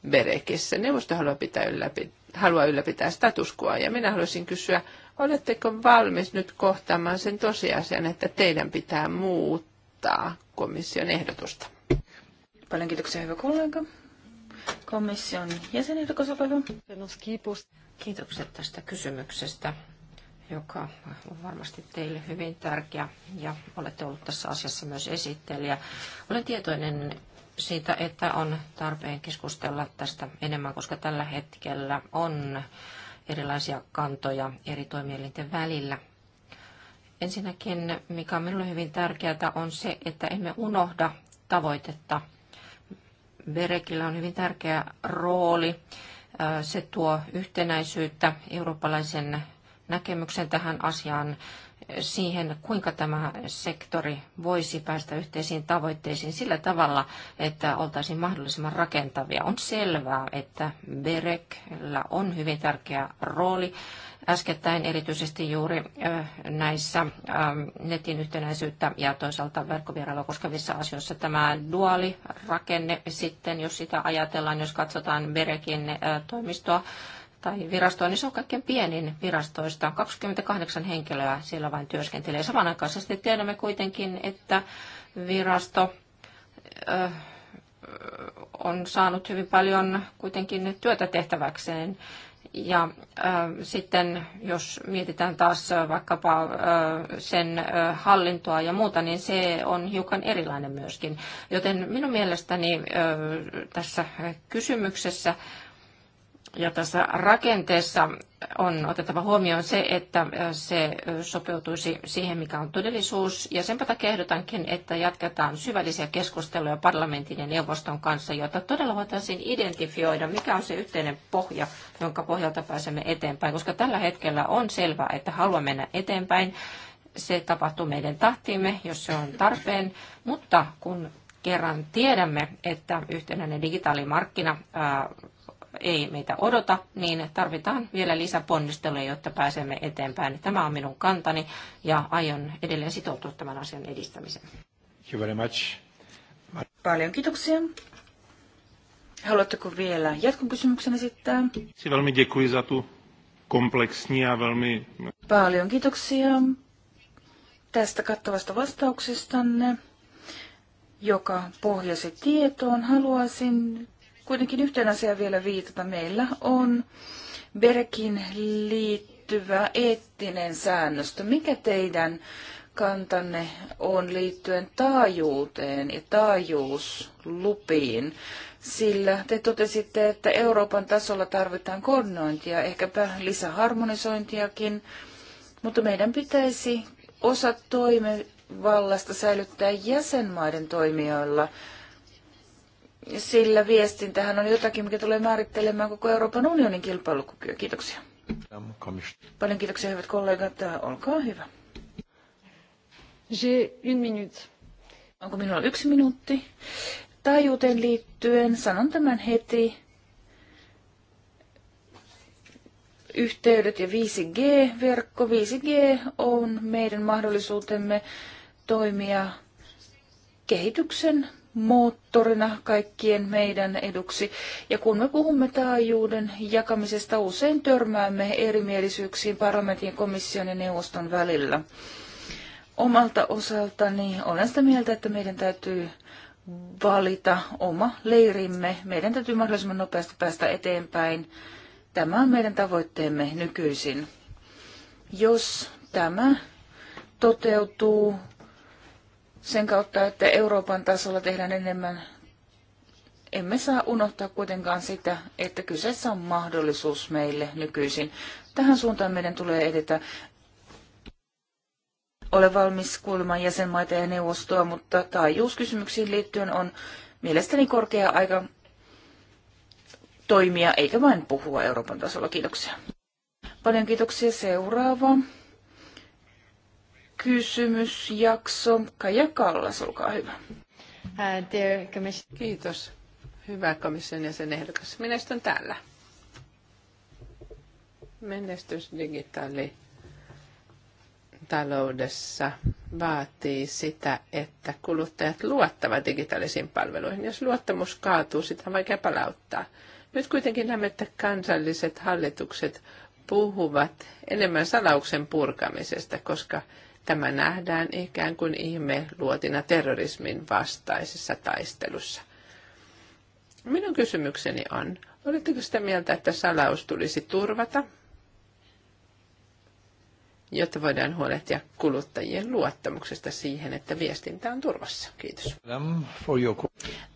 S2: Berekissä. Neuvosto haluaa, pitää ylläpi, haluaa ylläpitää status quo, ja minä haluaisin kysyä, oletteko valmis nyt kohtaamaan sen tosiasian, että teidän pitää muuttaa komission ehdotusta? Paljon kiitoksia, hyvä kollega. Komission
S1: jäsenehdokas, hyvä. Kiitokset tästä kysymyksestä joka on varmasti teille hyvin tärkeä ja olette ollut tässä asiassa myös esittelijä. Olen tietoinen siitä, että on tarpeen keskustella tästä enemmän, koska tällä hetkellä on erilaisia kantoja eri toimielinten välillä. Ensinnäkin, mikä on minulle hyvin tärkeää, on se, että emme unohda tavoitetta. Berekillä on hyvin tärkeä rooli. Se tuo yhtenäisyyttä eurooppalaisen näkemyksen tähän asiaan siihen, kuinka tämä sektori voisi päästä yhteisiin tavoitteisiin sillä tavalla, että oltaisiin mahdollisimman rakentavia. On selvää, että BEREKllä on hyvin tärkeä rooli äskettäin erityisesti juuri näissä netin yhtenäisyyttä ja toisaalta verkkovierailua koskevissa asioissa tämä duaalirakenne sitten, jos sitä ajatellaan, jos katsotaan Berekin toimistoa, tai virastoa, niin se on kaikkein pienin virastoista. 28 henkilöä siellä vain työskentelee. Samanaikaisesti tiedämme kuitenkin, että virasto on saanut hyvin paljon kuitenkin työtä tehtäväkseen. Ja äh, sitten jos mietitään taas vaikkapa äh, sen äh, hallintoa ja muuta, niin se on hiukan erilainen myöskin. Joten minun mielestäni äh, tässä kysymyksessä ja tässä rakenteessa on otettava huomioon se, että se sopeutuisi siihen, mikä on todellisuus. Ja senpä takia ehdotankin, että jatketaan syvällisiä keskusteluja parlamentin ja neuvoston kanssa, jotta todella voitaisiin identifioida, mikä on se yhteinen pohja, jonka pohjalta pääsemme eteenpäin. Koska tällä hetkellä on selvää, että haluamme mennä eteenpäin. Se tapahtuu meidän tahtiimme, jos se on tarpeen. Mutta kun kerran tiedämme, että yhtenäinen digitaalimarkkina ei meitä odota, niin tarvitaan vielä lisäponnisteluja, jotta pääsemme eteenpäin. Tämä on minun kantani ja aion edelleen sitoutua tämän asian edistämiseen. Thank you very much. Paljon kiitoksia. Haluatteko vielä kysymyksen
S3: esittää?
S2: Si velmi děkuji za tu komplexní ja velmi...
S3: Paljon kiitoksia tästä kattavasta vastauksestanne, joka pohjasi tietoon. Haluaisin kuitenkin yhteen asiaan vielä viitata. Meillä on Berkin liittyvä eettinen säännöstö. Mikä teidän kantanne on liittyen taajuuteen ja taajuuslupiin? Sillä te totesitte, että Euroopan tasolla tarvitaan koordinointia, ehkäpä lisäharmonisointiakin, mutta meidän pitäisi osa toimivallasta vallasta säilyttää jäsenmaiden toimijoilla sillä viestintähän on jotakin, mikä tulee määrittelemään koko Euroopan unionin kilpailukykyä. Kiitoksia. Paljon kiitoksia, hyvät kollegat. Olkaa hyvä. Onko minulla yksi minuutti? Taajuuteen liittyen sanon tämän heti. Yhteydet ja 5G-verkko. 5G on meidän mahdollisuutemme toimia kehityksen moottorina kaikkien meidän eduksi. Ja kun me puhumme taajuuden jakamisesta, usein törmäämme erimielisyyksiin parlamentin, komission ja neuvoston välillä. Omalta osaltani olen sitä mieltä, että meidän täytyy valita oma leirimme. Meidän täytyy mahdollisimman nopeasti päästä eteenpäin. Tämä on meidän tavoitteemme nykyisin. Jos tämä toteutuu sen kautta, että Euroopan tasolla tehdään enemmän, emme saa unohtaa kuitenkaan sitä, että kyseessä on mahdollisuus meille nykyisin. Tähän suuntaan meidän tulee edetä. Ole valmis kuulemaan jäsenmaita ja neuvostoa, mutta taajuuskysymyksiin liittyen on mielestäni korkea aika toimia, eikä vain puhua Euroopan tasolla. Kiitoksia. Paljon kiitoksia. Seuraava
S2: jakso. Kaija Kallas, olkaa hyvä. Uh, Kiitos. Hyvä komission jäsen ehdokas. Minä istun täällä. Menestys digitaali taloudessa vaatii sitä, että kuluttajat luottavat digitaalisiin palveluihin. Jos luottamus kaatuu, sitä on vaikea palauttaa. Nyt kuitenkin näemme, että kansalliset hallitukset puhuvat enemmän salauksen purkamisesta, koska Tämä nähdään ikään kuin ihme luotina terrorismin vastaisessa taistelussa. Minun kysymykseni on, oletteko sitä mieltä, että salaus tulisi turvata, jotta voidaan huolehtia kuluttajien luottamuksesta siihen, että viestintä on turvassa? Kiitos.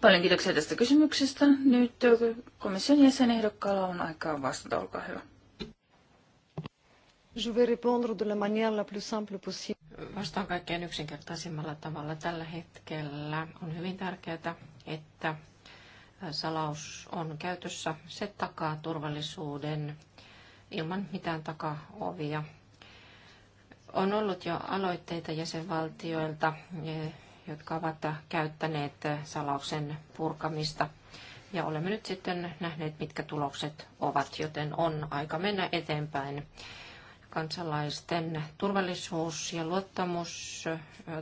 S2: Paljon kiitoksia tästä kysymyksestä. Nyt komission jäsenehdokkaalla
S3: on aikaa vastata, olkaa hyvä.
S1: Je vais répondre de la manière la plus simple possible. Vastaan kaikkein yksinkertaisimmalla tavalla tällä hetkellä. On hyvin tärkeää, että salaus on käytössä. Se takaa turvallisuuden ilman mitään takaovia. On ollut jo aloitteita jäsenvaltioilta, e, jotka ovat käyttäneet salauksen purkamista. Ja olemme nyt sitten nähneet, mitkä tulokset ovat, joten on aika mennä eteenpäin kansalaisten turvallisuus ja luottamus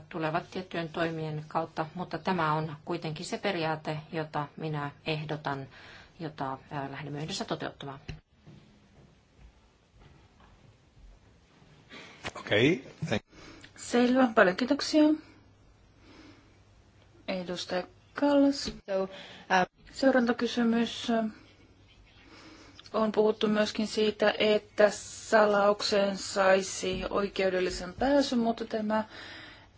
S1: tulevat tiettyjen toimien kautta, mutta tämä on kuitenkin se periaate, jota minä ehdotan, jota lähdemme yhdessä toteuttamaan.
S2: Okei. Okay.
S3: Selvä. Paljon kiitoksia. Edustaja Kallas. So, uh... Seurantakysymys on puhuttu myöskin siitä, että salaukseen saisi oikeudellisen pääsyn, mutta tämä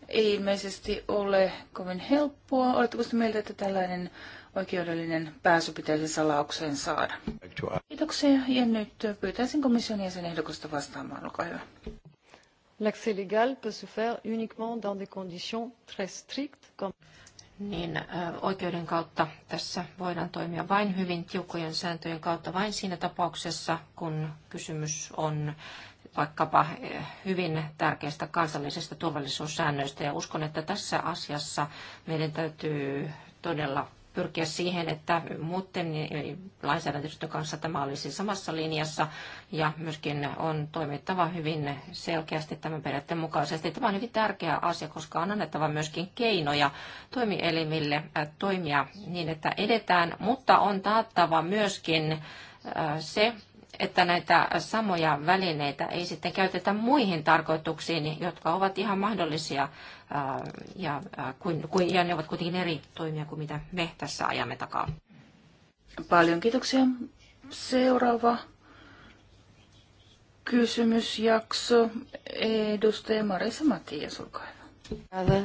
S3: ei ilmeisesti ole kovin helppoa. Oletteko sitä mieltä, että tällainen oikeudellinen pääsy pitäisi salaukseen saada? Kiitoksia. Ja nyt pyytäisin komission jäsen ehdokasta vastaamaan. Olkaa hyvä. L'accès légal peut se faire uniquement dans des conditions très strictes.
S1: Comme niin oikeuden kautta tässä voidaan toimia vain hyvin tiukkojen sääntöjen kautta, vain siinä tapauksessa, kun kysymys on vaikkapa hyvin tärkeästä kansallisesta turvallisuussäännöistä. Ja uskon, että tässä asiassa meidän täytyy todella pyrkiä siihen, että muuten lainsäädäntöstön kanssa tämä olisi samassa linjassa ja myöskin on toimittava hyvin selkeästi tämän periaatteen mukaisesti. Tämä on hyvin tärkeä asia, koska on annettava myöskin keinoja toimielimille äh, toimia niin, että edetään, mutta on taattava myöskin äh, se, että näitä samoja välineitä ei sitten käytetä muihin tarkoituksiin, jotka ovat ihan mahdollisia äh, ja, äh, kuin, ja ne ovat kuitenkin eri toimia kuin mitä me tässä ajamme takaa. Paljon kiitoksia.
S3: Seuraava kysymysjakso. Edustaja Marisa Matias, olkaa hyvä.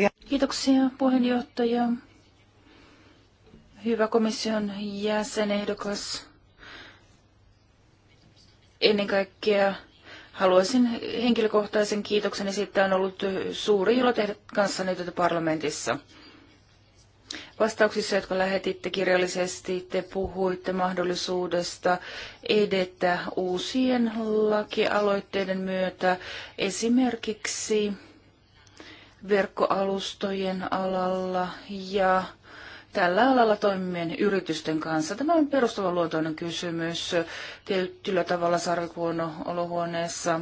S3: Kiitoksia puheenjohtaja. Hyvä komission jäsenehdokas. Ennen kaikkea haluaisin henkilökohtaisen kiitoksen esittää. On ollut suuri ilo tehdä kanssani tätä parlamentissa. Vastauksissa, jotka lähetitte kirjallisesti, te puhuitte mahdollisuudesta edetä uusien lakialoitteiden myötä esimerkiksi verkkoalustojen alalla ja tällä alalla toimivien yritysten kanssa. Tämä on perustavanluotoinen kysymys. Tietyllä tavalla sarvikuono olohuoneessa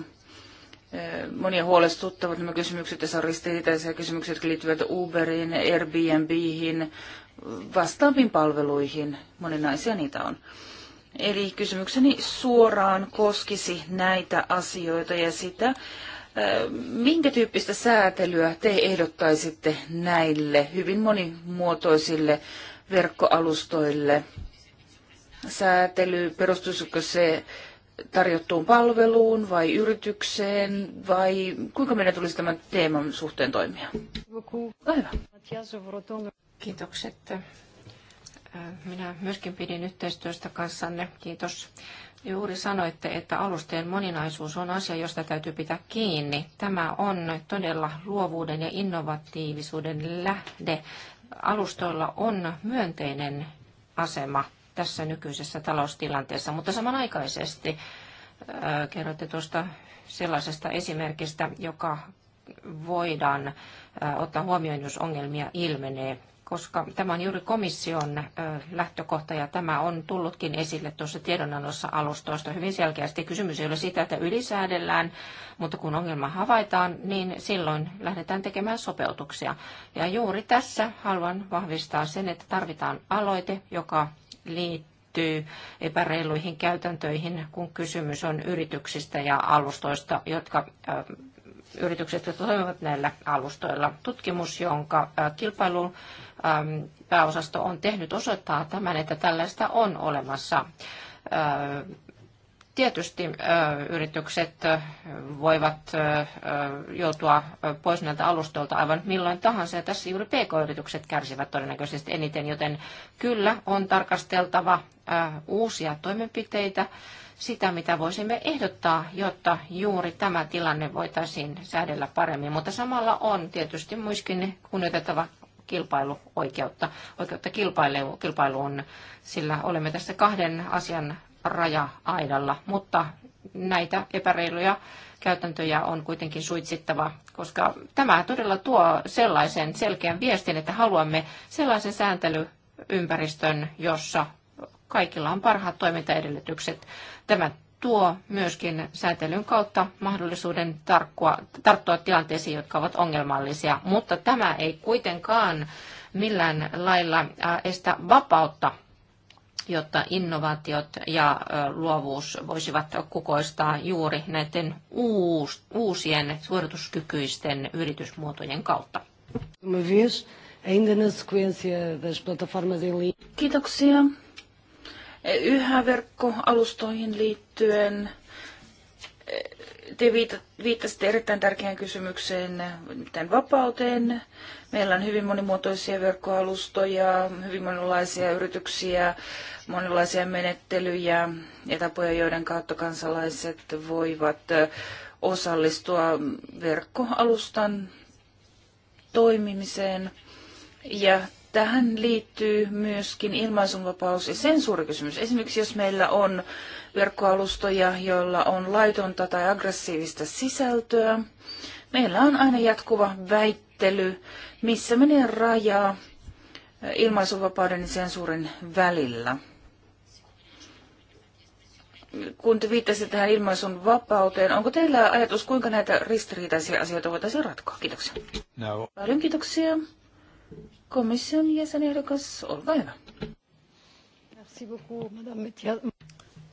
S3: eh, Monia huolestuttavat nämä kysymykset, ja on ristiriitaisia kysymyksiä, jotka liittyvät Uberiin, Airbnbihin, vastaaviin palveluihin. Moninaisia niitä on. Eli kysymykseni suoraan koskisi näitä asioita ja sitä, Minkä tyyppistä säätelyä te ehdottaisitte näille hyvin monimuotoisille verkkoalustoille? Säätely, perustuisiko se tarjottuun palveluun vai yritykseen vai kuinka meidän tulisi tämän teeman suhteen toimia?
S1: Kiitokset. Äh, minä myöskin pidin yhteistyöstä kanssanne. Kiitos. Juuri sanoitte, että alusteen moninaisuus on asia, josta täytyy pitää kiinni. Tämä on todella luovuuden ja innovatiivisuuden lähde. Alustoilla on myönteinen asema tässä nykyisessä taloustilanteessa, mutta samanaikaisesti äh, kerroitte tuosta sellaisesta esimerkistä, joka voidaan äh, ottaa huomioon, jos ongelmia ilmenee koska tämä on juuri komission lähtökohta ja tämä on tullutkin esille tuossa tiedonannossa alustoista hyvin selkeästi. Kysymys ei ole sitä, että ylisäädellään, mutta kun ongelma havaitaan, niin silloin lähdetään tekemään sopeutuksia. Ja juuri tässä haluan vahvistaa sen, että tarvitaan aloite, joka liittyy epäreiluihin käytäntöihin, kun kysymys on yrityksistä ja alustoista, jotka yritykset, jotka toimivat näillä alustoilla. Tutkimus, jonka kilpailun pääosasto on tehnyt, osoittaa tämän, että tällaista on olemassa Tietysti yritykset voivat joutua pois näiltä alustoilta aivan milloin tahansa, ja tässä juuri pk-yritykset kärsivät todennäköisesti eniten, joten kyllä on tarkasteltava uusia toimenpiteitä, sitä, mitä voisimme ehdottaa, jotta juuri tämä tilanne voitaisiin säädellä paremmin. Mutta samalla on tietysti myöskin kunnioitettava kilpailuoikeutta, oikeutta kilpailuun, sillä olemme tässä kahden asian raja-aidalla, mutta näitä epäreiluja käytäntöjä on kuitenkin suitsittava, koska tämä todella tuo sellaisen selkeän viestin, että haluamme sellaisen sääntelyympäristön, jossa kaikilla on parhaat toimintaedellytykset. Tämä tuo myöskin säätelyn kautta mahdollisuuden tarkkua, tarttua tilanteisiin, jotka ovat ongelmallisia, mutta tämä ei kuitenkaan millään lailla estä vapautta jotta innovaatiot ja luovuus voisivat kukoistaa juuri näiden uusien suorituskykyisten yritysmuotojen kautta.
S3: Kiitoksia. Yhä verkkoalustoihin liittyen te viittasitte erittäin tärkeään kysymykseen, tämän vapauteen. Meillä on hyvin monimuotoisia verkkoalustoja, hyvin monenlaisia yrityksiä, monenlaisia menettelyjä ja tapoja, joiden kautta kansalaiset voivat osallistua verkkoalustan toimimiseen. Ja tähän liittyy myöskin ilmaisunvapaus ja sensuurikysymys. Esimerkiksi jos meillä on verkkoalustoja, joilla on laitonta tai aggressiivista sisältöä. Meillä on aina jatkuva väittely, missä menee raja ilmaisuvapauden ja sensuurin välillä. Kun te viittasitte tähän ilmaisun vapauteen, onko teillä ajatus, kuinka näitä ristiriitaisia asioita voitaisiin ratkoa? Kiitoksia. No. Paljon kiitoksia. Komission jäsenehdokas,
S1: olkaa hyvä.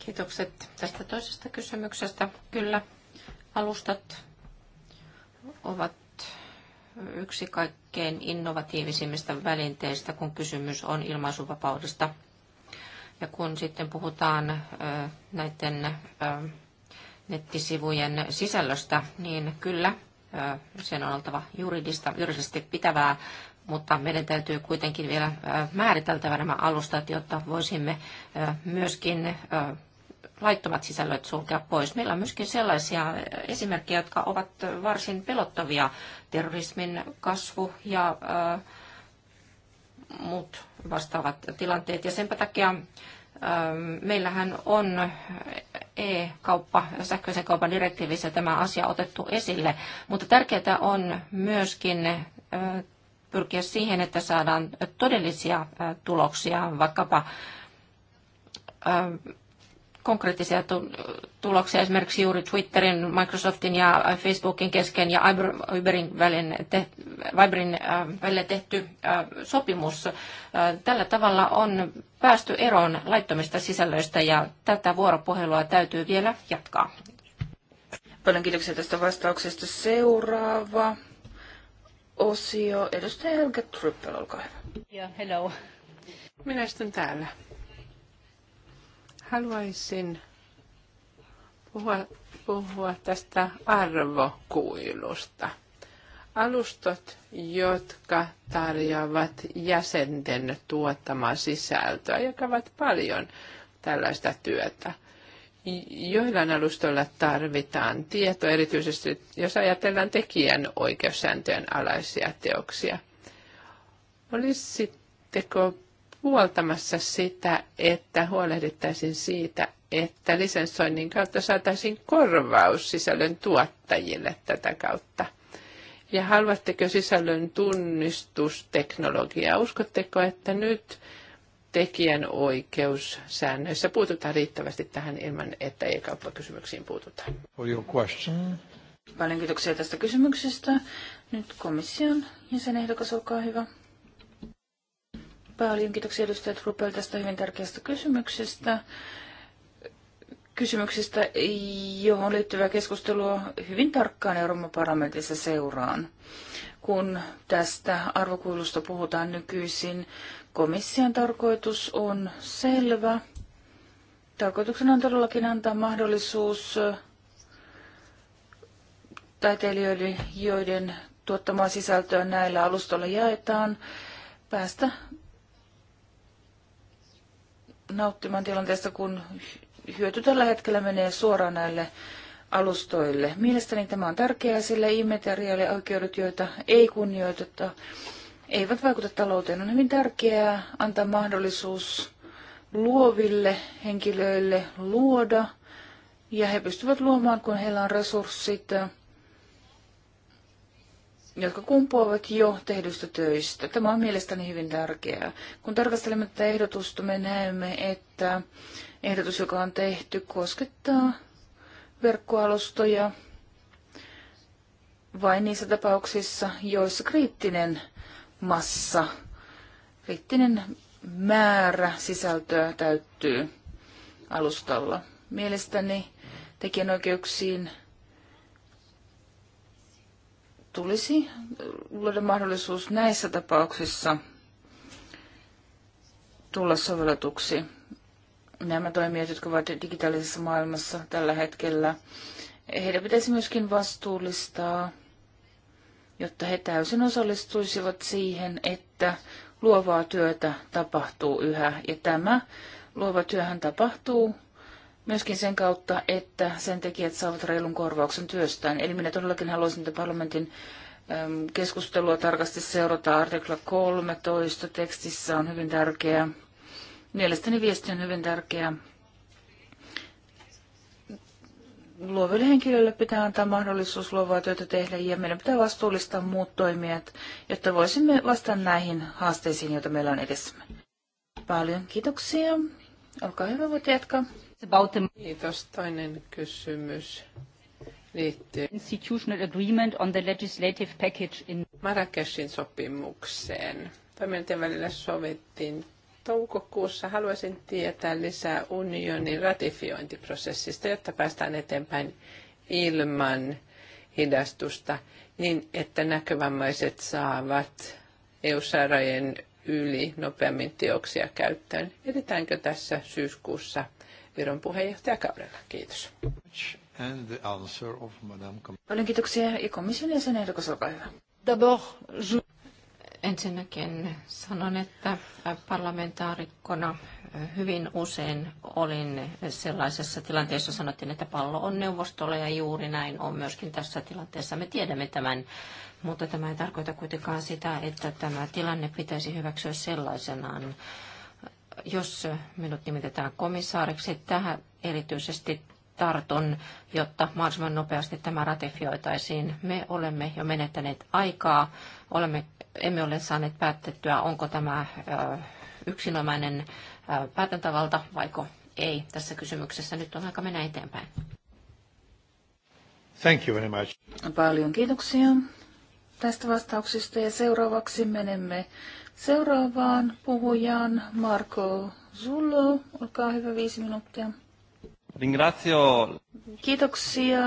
S1: Kiitokset tästä toisesta kysymyksestä. Kyllä, alustat ovat yksi kaikkein innovatiivisimmista välinteistä, kun kysymys on ilmaisuvapaudesta. Ja kun sitten puhutaan näiden nettisivujen sisällöstä, niin kyllä sen on oltava juridista, juridisesti pitävää, mutta meidän täytyy kuitenkin vielä määriteltävä nämä alustat, jotta voisimme myöskin laittomat sisällöt sulkea pois. Meillä on myöskin sellaisia esimerkkejä, jotka ovat varsin pelottavia. Terrorismin kasvu ja ää, äh, muut vastaavat tilanteet. Ja sen takia ää, äh, meillähän on e-kauppa, sähköisen kaupan direktiivissä tämä asia otettu esille. Mutta tärkeää on myöskin ää, äh, pyrkiä siihen, että saadaan todellisia tuloksia, vaikkapa konkreettisia tuloksia esimerkiksi juuri Twitterin, Microsoftin ja Facebookin kesken ja Viberin välin te, Viberin äh, välillä tehty äh, sopimus. Äh, tällä tavalla on päästy eroon laittomista sisällöistä ja tätä vuoropuhelua täytyy vielä jatkaa.
S3: Paljon kiitoksia tästä vastauksesta. Seuraava osio. Edustaja Helga Tryppel, olkaa
S2: hyvä. Yeah, hello. Minä istun täällä. Haluaisin puhua, puhua tästä arvokuilusta. Alustot, jotka tarjoavat jäsenten tuottamaa sisältöä, jakavat paljon tällaista työtä. Joillain alustoilla tarvitaan tieto erityisesti jos ajatellaan tekijän oikeussääntöjen alaisia teoksia. Olisitteko puoltamassa sitä, että huolehdittaisiin siitä, että lisensoinnin kautta saataisiin korvaus sisällön tuottajille tätä kautta. Ja haluatteko sisällön tunnistusteknologiaa? Uskotteko, että nyt tekijän puututaan riittävästi tähän ilman, että ei kauppakysymyksiin puututaan? Paljon kiitoksia tästä kysymyksestä.
S3: Nyt komission jäsenehdokas, olkaa hyvä. Paljon kiitoksia edustajat Truppel tästä hyvin tärkeästä kysymyksestä. Kysymyksestä, johon liittyvää keskustelua hyvin tarkkaan Euroopan parlamentissa seuraan. Kun tästä arvokuilusta puhutaan nykyisin, komission tarkoitus on selvä. Tarkoituksena on todellakin antaa mahdollisuus taiteilijoille, joiden tuottamaa sisältöä näillä alustoilla jaetaan, päästä nauttimaan tilanteesta, kun hyöty tällä hetkellä menee suoraan näille alustoille. Mielestäni tämä on tärkeää, sillä immateriaalioikeudet, joita ei kunnioiteta, eivät vaikuta talouteen. On hyvin tärkeää antaa mahdollisuus luoville henkilöille luoda, ja he pystyvät luomaan, kun heillä on resurssit jotka kumpuavat jo tehdystä töistä. Tämä on mielestäni hyvin tärkeää. Kun tarkastelemme tätä ehdotusta, me näemme, että ehdotus, joka on tehty, koskettaa verkkoalustoja vain niissä tapauksissa, joissa kriittinen massa, kriittinen määrä sisältöä täyttyy alustalla. Mielestäni tekijänoikeuksiin tulisi äh, luoda mahdollisuus näissä tapauksissa tulla sovelletuksi. Nämä toimijat, jotka ovat digitaalisessa maailmassa tällä hetkellä, heidän pitäisi myöskin vastuullistaa, jotta he täysin osallistuisivat siihen, että luovaa työtä tapahtuu yhä. Ja tämä luova työhän tapahtuu myöskin sen kautta, että sen tekijät saavat reilun korvauksen työstään. Eli minä todellakin haluaisin, että parlamentin keskustelua tarkasti seurata. Artikla 13 tekstissä on hyvin tärkeä. Mielestäni viesti on hyvin tärkeä. Luoville henkilöille pitää antaa mahdollisuus luovaa työtä tehdä ja meidän pitää vastuullistaa muut toimijat, jotta voisimme vastata näihin haasteisiin, joita meillä on edessämme.
S2: Paljon kiitoksia. Olkaa hyvä, voit jatkaa. Kiitos. Toinen kysymys liittyy institutional agreement on the legislative package in Marrakeshin sopimukseen. Toimijoiden välillä sovittiin toukokuussa. Haluaisin tietää lisää unionin ratifiointiprosessista, jotta päästään eteenpäin ilman hidastusta, niin että näkövammaiset saavat EU-sairaajien yli nopeammin teoksia käyttöön. Edetäänkö tässä syyskuussa Viron puheenjohtajakaudella. Kiitos. And the answer of Madame...
S1: Paljon kiitoksia ja komission jäsen ehdokas, olkaa hyvä. Ensinnäkin sanon, että parlamentaarikkona hyvin usein olin sellaisessa tilanteessa, jossa sanottiin, että pallo on neuvostolla ja juuri näin on myöskin tässä tilanteessa. Me tiedämme tämän, mutta tämä ei tarkoita kuitenkaan sitä, että tämä tilanne pitäisi hyväksyä sellaisenaan jos minut nimitetään komissaariksi, tähän erityisesti tartun, jotta mahdollisimman nopeasti tämä ratifioitaisiin. Me olemme jo menettäneet aikaa, olemme, emme ole saaneet päätettyä, onko tämä ö, yksinomainen ö, päätäntävalta vaiko ei tässä kysymyksessä. Nyt on aika mennä eteenpäin.
S2: Thank you very much.
S1: Paljon kiitoksia
S3: tästä vastauksesta ja seuraavaksi menemme seuraavaan puhujaan Marko Zullo. Olkaa hyvä, viisi minuuttia.
S2: Ringrazio.
S3: Kiitoksia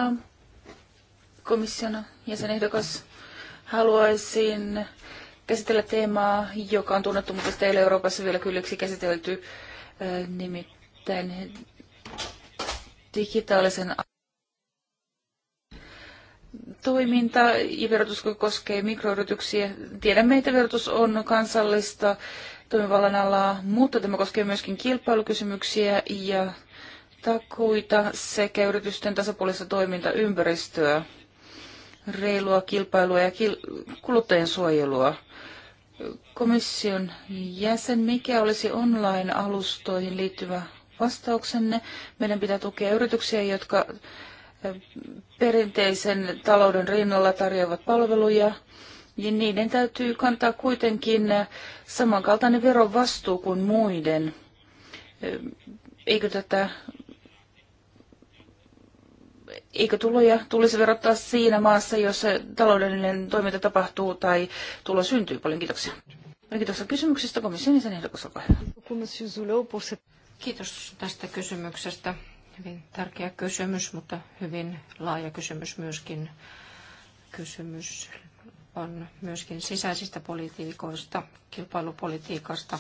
S3: komission jäsenehdokas. Haluaisin käsitellä teemaa, joka on tunnettu, mutta teille Euroopassa vielä kylliksi käsitelty, eh, nimittäin digitaalisen toiminta ja verotus koskee mikroyrityksiä. Tiedämme, että verotus on kansallista toimivallan alaa, mutta tämä koskee myöskin kilpailukysymyksiä ja takuita sekä yritysten tasapuolista toimintaympäristöä, reilua kilpailua ja kil- kuluttajien suojelua. Komission jäsen, mikä olisi online-alustoihin liittyvä vastauksenne? Meidän pitää tukea yrityksiä, jotka perinteisen talouden rinnalla tarjoavat palveluja, ja niin niiden täytyy kantaa kuitenkin samankaltainen verovastuu kuin muiden. Eikö tätä eikö tuloja tulisi verottaa siinä maassa, jossa taloudellinen toiminta tapahtuu tai tulo syntyy? Paljon kiitoksia. Kiitos kiitoksia kysymyksestä. Komission jäsen ehdokas, olkaa hyvä.
S1: Kiitos tästä kysymyksestä hyvin tärkeä kysymys, mutta hyvin laaja kysymys myöskin. Kysymys on myöskin sisäisistä politiikoista, kilpailupolitiikasta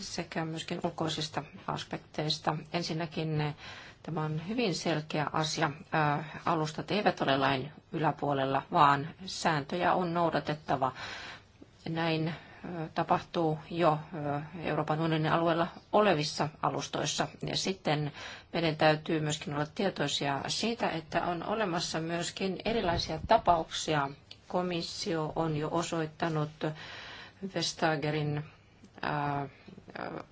S1: sekä myöskin ulkoisista aspekteista. Ensinnäkin tämä on hyvin selkeä asia. Alustat eivät ole lain yläpuolella, vaan sääntöjä on noudatettava. Näin tapahtuu jo Euroopan unionin alueella olevissa alustoissa. Ja sitten meidän täytyy myöskin olla tietoisia siitä, että on olemassa myöskin erilaisia tapauksia. Komissio on jo osoittanut Vestagerin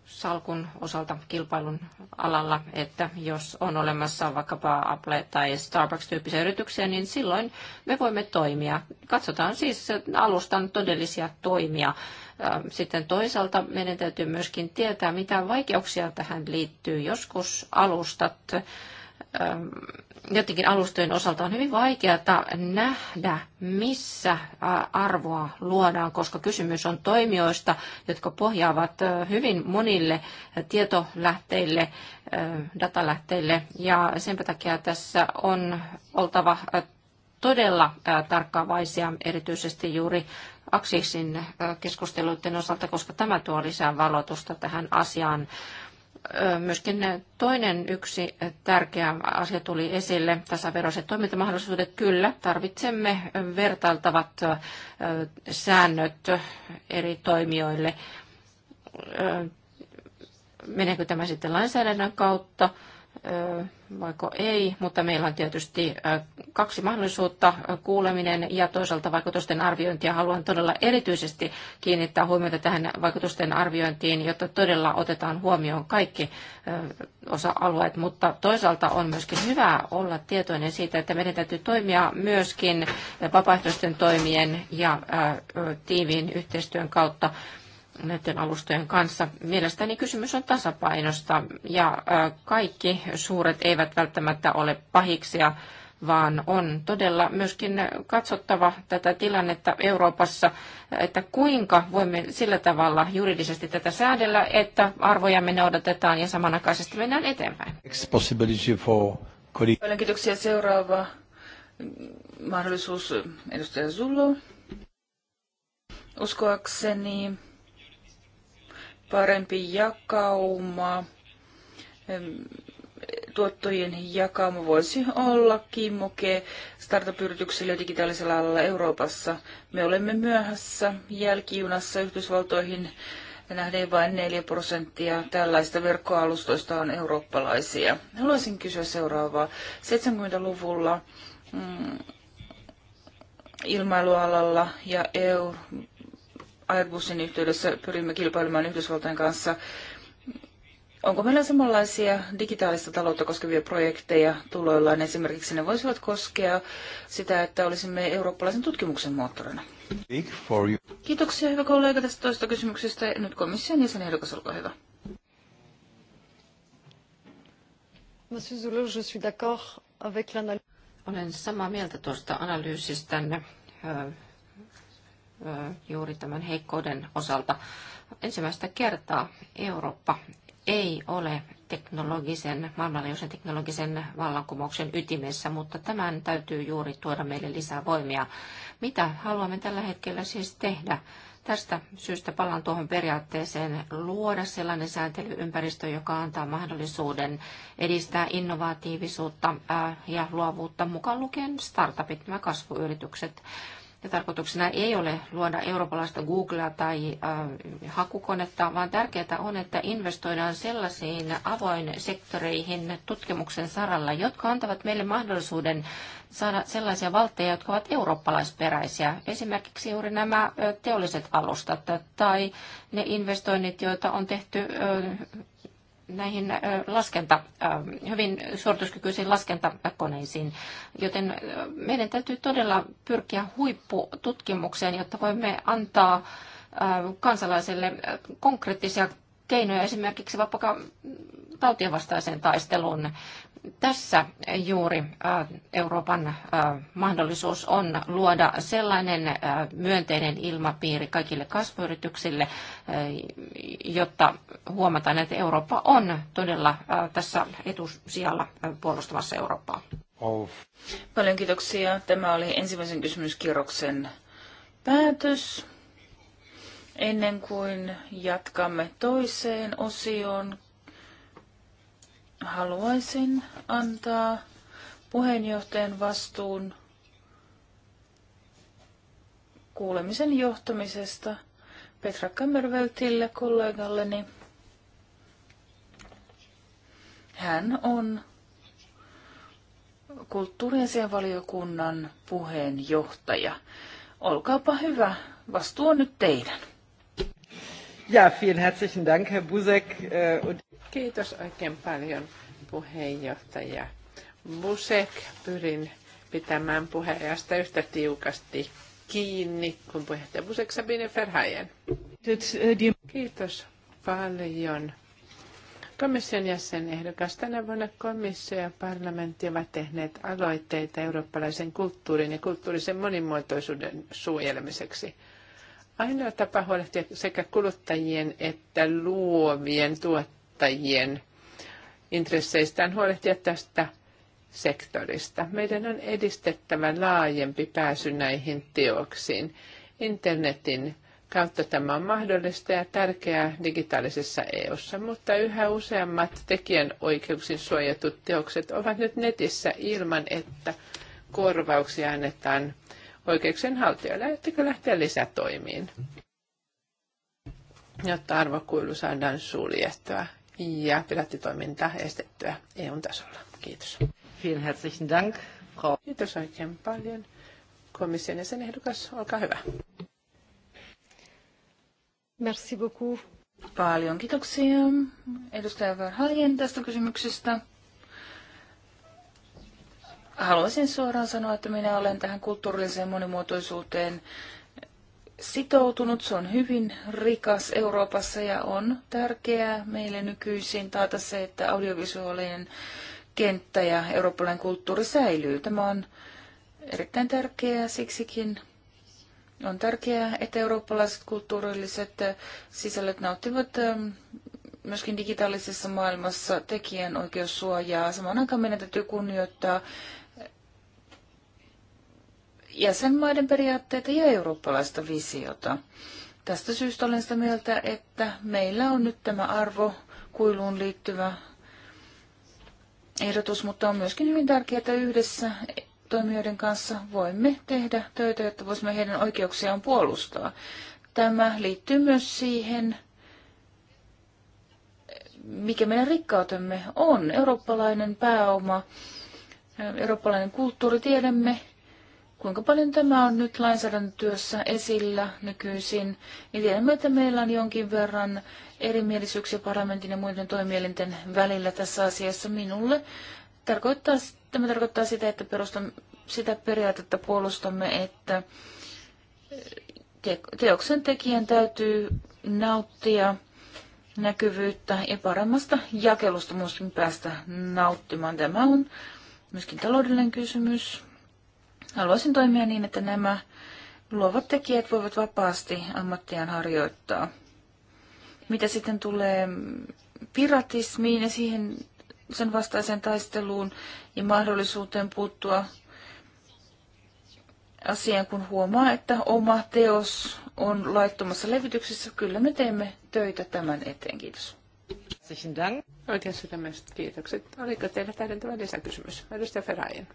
S1: salkun osalta kilpailun alalla, että jos on olemassa vaikkapa Apple tai Starbucks-tyyppisiä yrityksiä, niin silloin me voimme toimia. Katsotaan siis alustan todellisia toimia sitten toisaalta meidän täytyy myöskin tietää, mitä vaikeuksia tähän liittyy. Joskus alustat jotenkin alustojen osalta on hyvin vaikeaa nähdä, missä arvoa luodaan, koska kysymys on toimijoista, jotka pohjaavat hyvin monille tietolähteille, datalähteille. Ja sen takia tässä on oltava todella tarkkaavaisia, erityisesti juuri Aksisin keskusteluiden osalta, koska tämä tuo lisää valotusta tähän asiaan. Myöskin toinen yksi tärkeä asia tuli esille, tasaveroiset toimintamahdollisuudet. Kyllä, tarvitsemme vertailtavat säännöt eri toimijoille. Meneekö tämä sitten lainsäädännön kautta? vaiko ei, mutta meillä on tietysti kaksi mahdollisuutta, kuuleminen ja toisaalta vaikutusten arviointi. haluan todella erityisesti kiinnittää huomiota tähän vaikutusten arviointiin, jotta todella otetaan huomioon kaikki osa-alueet, mutta toisaalta on myöskin hyvä olla tietoinen siitä, että meidän täytyy toimia myöskin vapaaehtoisten toimien ja tiiviin yhteistyön kautta näiden alustojen kanssa. Mielestäni kysymys on tasapainosta ja kaikki suuret eivät välttämättä ole pahiksia, vaan on todella myöskin katsottava tätä tilannetta Euroopassa, että kuinka voimme sillä tavalla juridisesti tätä säädellä, että arvojamme noudatetaan ja samanaikaisesti mennään eteenpäin.
S3: Paljon kiitoksia. Seuraava mahdollisuus edustaja Zullo. Uskoakseni parempi jakauma, tuottojen jakauma voisi olla kimmoke startup-yrityksille digitaalisella alalla Euroopassa. Me olemme myöhässä jälkijunassa Yhdysvaltoihin nähden vain 4 prosenttia tällaista verkkoalustoista on eurooppalaisia. Haluaisin kysyä seuraavaa. 70-luvulla mm, ilmailualalla ja EU Airbusin yhteydessä pyrimme kilpailemaan Yhdysvaltain kanssa. Onko meillä samanlaisia digitaalista taloutta koskevia projekteja tuloillaan? Esimerkiksi ne voisivat koskea sitä, että olisimme eurooppalaisen tutkimuksen moottorina. Kiitoksia hyvä kollega tästä toista kysymyksestä. Nyt komission jäsen ehdokas, olkaa hyvä.
S1: Monsieur Zulu, je suis d'accord avec l'analyse. Olen samaa mieltä tuosta analyysistänne juuri tämän heikkouden osalta. Ensimmäistä kertaa Eurooppa ei ole teknologisen, maailmanlaajuisen teknologisen vallankumouksen ytimessä, mutta tämän täytyy juuri tuoda meille lisää voimia. Mitä haluamme tällä hetkellä siis tehdä? Tästä syystä palaan tuohon periaatteeseen luoda sellainen sääntelyympäristö, joka antaa mahdollisuuden edistää innovatiivisuutta ja luovuutta, mukaan lukien startupit, nämä kasvuyritykset. Ja tarkoituksena ei ole luoda eurooppalaista Googlea tai äh, hakukonetta, vaan tärkeää on, että investoidaan sellaisiin avoin sektoreihin tutkimuksen saralla, jotka antavat meille mahdollisuuden saada sellaisia valtteja, jotka ovat eurooppalaisperäisiä. Esimerkiksi juuri nämä äh, teolliset alustat tai ne investoinnit, joita on tehty äh, näihin laskenta, hyvin suorituskykyisiin laskentakoneisiin. Joten meidän täytyy todella pyrkiä huippututkimukseen, jotta voimme antaa kansalaiselle konkreettisia keinoja esimerkiksi vaikka tautien vastaiseen taisteluun tässä juuri Euroopan mahdollisuus on luoda sellainen myönteinen ilmapiiri kaikille kasvuyrityksille, jotta huomataan, että Eurooppa on todella tässä etusijalla puolustamassa Eurooppaa.
S3: Oh. Paljon kiitoksia. Tämä oli ensimmäisen kysymyskierroksen päätös. Ennen kuin jatkamme toiseen osioon, haluaisin antaa puheenjohtajan vastuun kuulemisen johtamisesta Petra Kammerveltille, kollegalleni. Hän on kulttuuriasianvaliokunnan puheenjohtaja. Olkaapa
S2: hyvä, vastuu on nyt teidän. Ja, vielen herzlichen Dank, Herr Busek. Äh, Kiitos oikein paljon puheenjohtaja Busek. Pyrin pitämään puheenjohtajasta yhtä tiukasti kiinni kuin puheenjohtaja Busek Sabine Ferhajen. Kiitos paljon. Komission jäsenehdokas tänä vuonna komissio ja parlamentti ovat tehneet aloitteita eurooppalaisen kulttuurin ja kulttuurisen monimuotoisuuden suojelemiseksi. Ainoa tapa huolehtia sekä kuluttajien että luovien tuottajien on huolehtia tästä sektorista. Meidän on edistettävä laajempi pääsy näihin teoksiin. Internetin kautta tämä on mahdollista ja tärkeää digitaalisessa EU:ssa, mutta yhä useammat tekijänoikeuksin suojatut teokset ovat nyt netissä ilman, että korvauksia annetaan oikeuksien haltijoille. Ettekö lähteä lisätoimiin, jotta arvokuilu saadaan suljettua ja pirattitoiminta estettyä eu tasolla? Kiitos. Vielen herzlichen Dank, Frau. Kiitos oikein paljon. Komission ehdokas, olkaa hyvä. Merci beaucoup. Paljon kiitoksia
S3: edustaja Verhaljen tästä kysymyksestä haluaisin suoraan sanoa, että minä olen tähän kulttuurilliseen monimuotoisuuteen sitoutunut. Se on hyvin rikas Euroopassa ja on tärkeää meille nykyisin taata se, että audiovisuaalinen kenttä ja eurooppalainen kulttuuri säilyy. Tämä on erittäin tärkeää siksikin. On tärkeää, että eurooppalaiset kulttuurilliset sisällöt nauttivat ähm, myöskin digitaalisessa maailmassa tekijän oikeussuojaa. Samaan aikaan meidän täytyy kunnioittaa jäsenmaiden periaatteita ja eurooppalaista visiota. Tästä syystä olen sitä mieltä, että meillä on nyt tämä arvo kuiluun liittyvä ehdotus, mutta on myöskin hyvin tärkeää, että yhdessä toimijoiden kanssa voimme tehdä töitä, jotta voisimme heidän oikeuksiaan puolustaa. Tämä liittyy myös siihen, mikä meidän rikkautemme on. Eurooppalainen pääoma, eurooppalainen kulttuuri, tiedämme, kuinka paljon tämä on nyt lainsäädäntötyössä esillä nykyisin. niin tiedämme, että meillä on jonkin verran erimielisyyksiä parlamentin ja muiden toimielinten välillä tässä asiassa minulle. Tarkoittaa, tämä tarkoittaa sitä, että perustamme sitä periaatetta puolustamme, että teoksen tekijän täytyy nauttia näkyvyyttä ja paremmasta jakelusta myöskin päästä nauttimaan. Tämä on myöskin taloudellinen kysymys, Haluaisin toimia niin, että nämä luovat tekijät voivat vapaasti ammattiaan harjoittaa. Mitä sitten tulee piratismiin ja siihen sen vastaiseen taisteluun ja mahdollisuuteen puuttua asiaan, kun huomaa, että oma teos on laittomassa levityksessä. Kyllä me teemme töitä tämän eteen. Kiitos.
S2: Oikein sydämestä kiitokset. Oliko teillä täydentävä lisäkysymys? Edustaja Ferajen.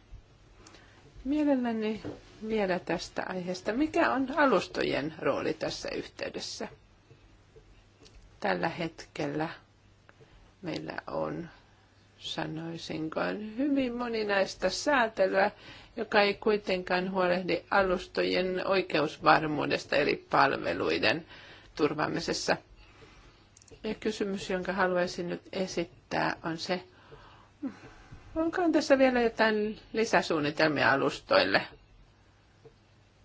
S2: Mielelläni vielä tästä aiheesta. Mikä on alustojen rooli tässä yhteydessä? Tällä hetkellä meillä on, sanoisinko, hyvin moninaista säätelyä, joka ei kuitenkaan huolehdi alustojen oikeusvarmuudesta eli palveluiden turvaamisessa. Ja kysymys, jonka haluaisin nyt esittää, on se, Onko tässä vielä jotain lisäsuunnitelmia alustoille?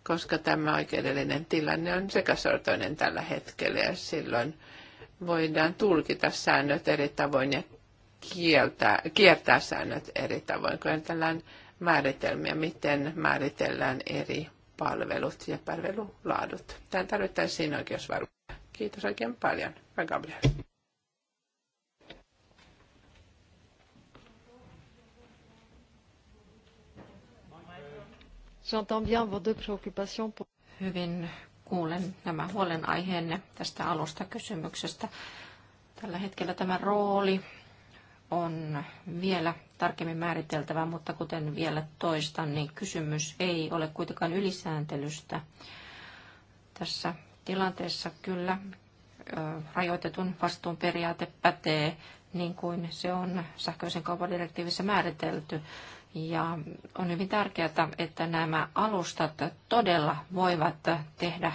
S2: Koska tämä oikeudellinen tilanne on sekasortoinen tällä hetkellä ja silloin voidaan tulkita säännöt eri tavoin ja kieltää, kiertää säännöt eri tavoin. Kun ajatellaan määritelmiä, miten määritellään eri palvelut ja palvelulaadut. Tämä tarvittaisiin oikeusvarmuutta. Kiitos oikein paljon. Gabriel.
S1: J'entends bien vos deux préoccupations pour... Hyvin kuulen nämä huolenaiheenne tästä alusta kysymyksestä. Tällä hetkellä tämä rooli on vielä tarkemmin määriteltävä, mutta kuten vielä toistan, niin kysymys ei ole kuitenkaan ylisääntelystä. Tässä tilanteessa kyllä rajoitetun vastuun periaate pätee niin kuin se on sähköisen kaupan direktiivissä määritelty. Ja on hyvin tärkeää, että nämä alustat todella voivat tehdä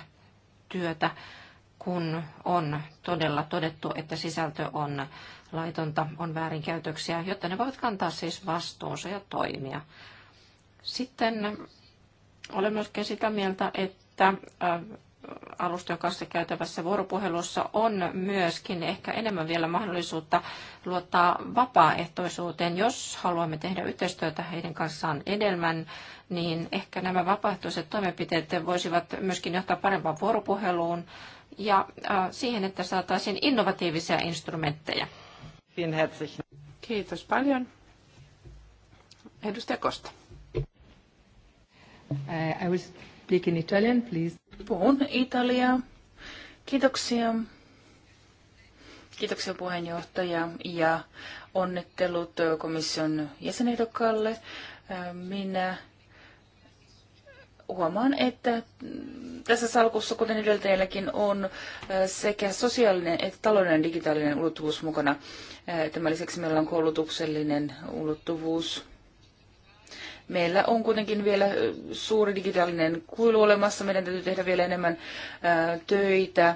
S1: työtä, kun on todella todettu, että sisältö on laitonta, on väärinkäytöksiä, jotta ne voivat kantaa siis vastuunsa ja toimia. Sitten olen myöskin sitä mieltä, että alustojen kanssa käytävässä vuoropuhelussa on myöskin ehkä enemmän vielä mahdollisuutta luottaa vapaaehtoisuuteen. Jos haluamme tehdä yhteistyötä heidän kanssaan edelmän, niin ehkä nämä vapaaehtoiset toimenpiteet voisivat myöskin johtaa parempaan vuoropuheluun ja äh, siihen, että saataisiin innovatiivisia instrumentteja. Kiitos paljon. Edustaja
S2: Kosta. I will speak in Italian, please.
S3: Puhun Italiaa. Kiitoksia. Kiitoksia puheenjohtaja ja onnittelut komission jäsenehdokkaalle. Minä huomaan, että tässä salkussa, kuten edeltäjälläkin, on sekä sosiaalinen että taloudellinen digitaalinen ulottuvuus mukana. Tämän lisäksi meillä on koulutuksellinen ulottuvuus meillä on kuitenkin vielä suuri digitaalinen kuilu olemassa. Meidän täytyy tehdä vielä enemmän töitä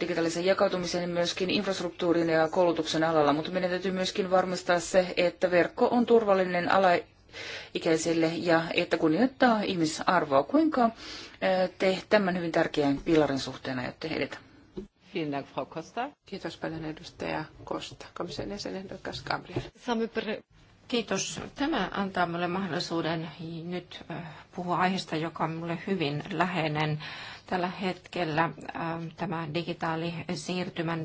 S3: digitaalisen jakautumisen myöskin infrastruktuurin ja koulutuksen alalla, mutta meidän täytyy myöskin varmistaa se, että verkko on turvallinen ala ikäiselle ja että kunnioittaa ihmisarvoa. Kuinka te tämän hyvin tärkeän pilarin suhteen aiotte edetä?
S2: Frau Costa. Kiitos paljon edustaja Costa. Komission jäsen ehdokas Gabriel.
S1: Kiitos. Tämä antaa minulle mahdollisuuden nyt puhua aiheesta, joka on minulle hyvin läheinen. Tällä hetkellä tämä digitaali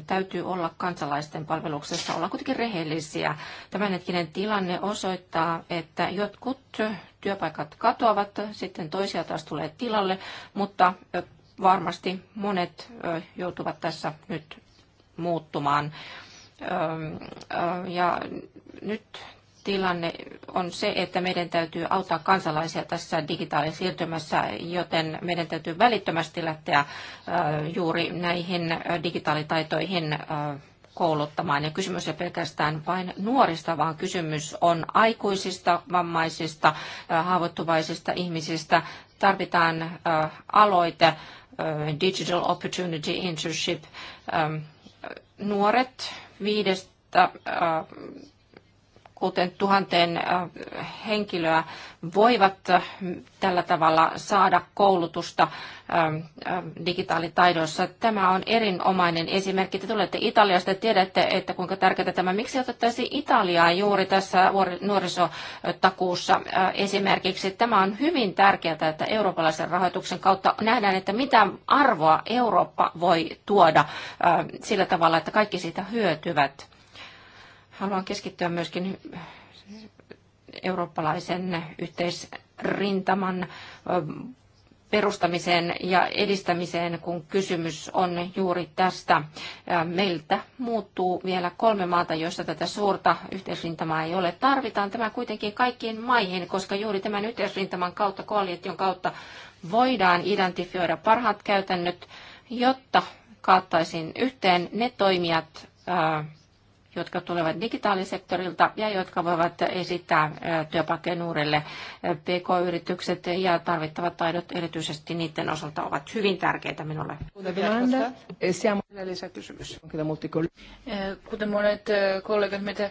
S1: täytyy olla kansalaisten palveluksessa, olla kuitenkin rehellisiä. Tämänhetkinen tilanne osoittaa, että jotkut työpaikat katoavat, sitten toisia taas tulee tilalle, mutta varmasti monet joutuvat tässä nyt muuttumaan. Ja nyt tilanne on se, että meidän täytyy auttaa kansalaisia tässä siirtymässä, joten meidän täytyy välittömästi lähteä juuri näihin digitaalitaitoihin kouluttamaan. Ja kysymys ei pelkästään vain nuorista, vaan kysymys on aikuisista, vammaisista, haavoittuvaisista ihmisistä. Tarvitaan aloite Digital Opportunity Internship. Nuoret viidestä kuuteen tuhanteen äh, henkilöä voivat äh, tällä tavalla saada koulutusta äh, digitaalitaidoissa. Tämä on erinomainen esimerkki. Te tulette Italiasta ja tiedätte, että kuinka tärkeää tämä. Miksi otettaisiin Italiaa juuri tässä nuorisotakuussa esimerkiksi? Tämä on hyvin tärkeää, että eurooppalaisen rahoituksen kautta nähdään, että mitä arvoa Eurooppa voi tuoda sillä tavalla, että kaikki siitä hyötyvät. Haluan keskittyä myöskin eurooppalaisen yhteisrintaman perustamiseen ja edistämiseen, kun kysymys on juuri tästä. Meiltä muuttuu vielä kolme maata, joissa tätä suurta yhteisrintamaa ei ole. Tarvitaan tämä kuitenkin kaikkiin maihin, koska juuri tämän yhteisrintaman kautta, koalition kautta, voidaan identifioida parhaat käytännöt, jotta kaattaisiin yhteen ne toimijat, jotka tulevat digitaalisektorilta ja jotka voivat esittää työpaikkojen uudelle. PK-yritykset ja tarvittavat taidot erityisesti niiden osalta ovat hyvin tärkeitä minulle.
S2: Eh, eh, kuten
S3: monet eh, kollegat, meitä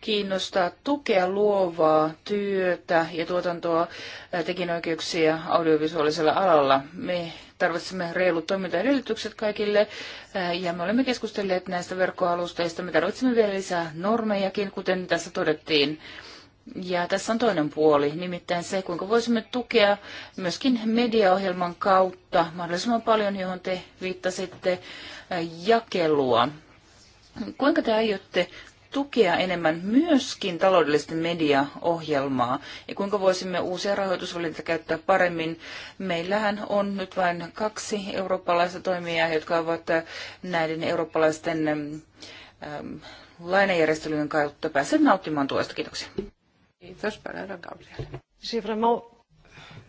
S3: kiinnostaa tukea luovaa työtä ja tuotantoa tekinoikeuksia audiovisuaalisella alalla. Me tarvitsemme reilut toimintaedellytykset kaikille. Eh, ja me olemme keskustelleet näistä verkkoalusteista. Me tarvitsemme vielä lisää normejakin, kuten tässä todettiin. Ja tässä on toinen puoli, nimittäin se, kuinka voisimme tukea myöskin mediaohjelman kautta mahdollisimman paljon, johon te viittasitte, eh, jakelua. Kuinka te aiotte tukea enemmän myöskin taloudellista mediaohjelmaa ja kuinka voisimme uusia rahoitusvalintoja käyttää paremmin. Meillähän on nyt vain kaksi eurooppalaista toimijaa, jotka ovat äh, näiden eurooppalaisten äm, ähm, lainajärjestelyjen kautta päässeet nauttimaan tuosta. Kiitoksia.
S1: Kiitos paljon, Gabriel.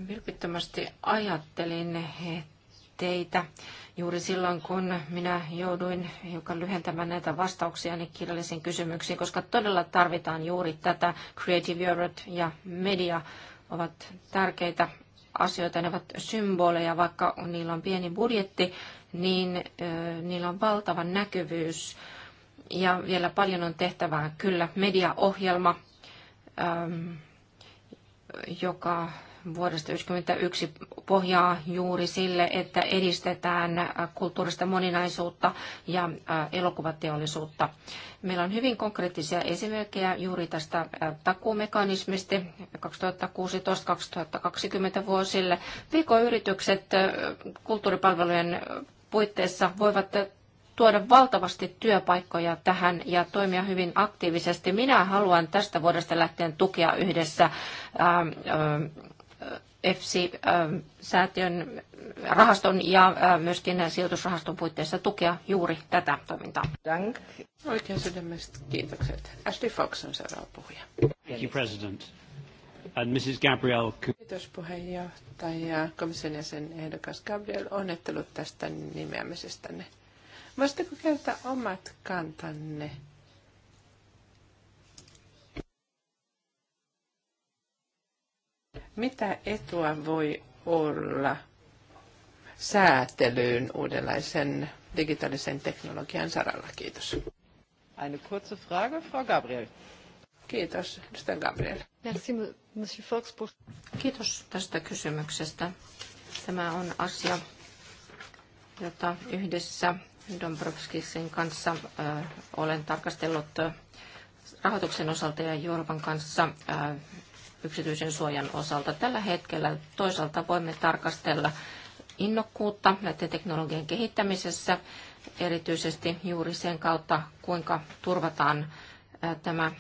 S1: Vilpittömästi ajattelin teitä Juuri silloin, kun minä jouduin hiukan lyhentämään näitä vastauksia niin kirjallisiin kysymyksiin, koska todella tarvitaan juuri tätä. Creative Europe ja media ovat tärkeitä asioita, ne ovat symboleja, vaikka niillä on pieni budjetti, niin niillä on valtava näkyvyys. Ja vielä paljon on tehtävää. Kyllä, mediaohjelma, joka vuodesta 1991 pohjaa juuri sille, että edistetään kulttuurista moninaisuutta ja elokuvateollisuutta. Meillä on hyvin konkreettisia esimerkkejä juuri tästä takuumekanismista 2016-2020 vuosille. PK-yritykset kulttuuripalvelujen puitteissa voivat tuoda valtavasti työpaikkoja tähän ja toimia hyvin aktiivisesti. Minä haluan tästä vuodesta lähtien tukea yhdessä ää, ää, EFSI-säätiön ähm, äh, rahaston ja äh, myöskin sijoitusrahaston puitteissa tukea juuri tätä toimintaa. Dank. Oikein sydämestä kiitokset. Ashley Fox on seuraava puhuja. Thank you, President. And
S2: Mrs. Gabriel. Kiitos puheenjohtaja. Komission jäsen ehdokas Gabriel, onnettelut tästä nimeämisestänne. Voisitteko kertoa omat kantanne Mitä etua voi olla säätelyyn uudenlaisen digitaalisen teknologian saralla? Kiitos. Eine kurze Frage, Frau Gabriel. Kiitos, Mr. Gabriel.
S1: Merci, Monsieur Fox. Kiitos tästä kysymyksestä. Tämä on asia, jota yhdessä Dombrovskisin kanssa äh, olen tarkastellut äh, rahoituksen osalta ja Euroopan kanssa äh, yksityisen suojan osalta. Tällä hetkellä toisaalta voimme tarkastella innokkuutta näiden teknologian kehittämisessä, erityisesti juuri sen kautta, kuinka turvataan tämä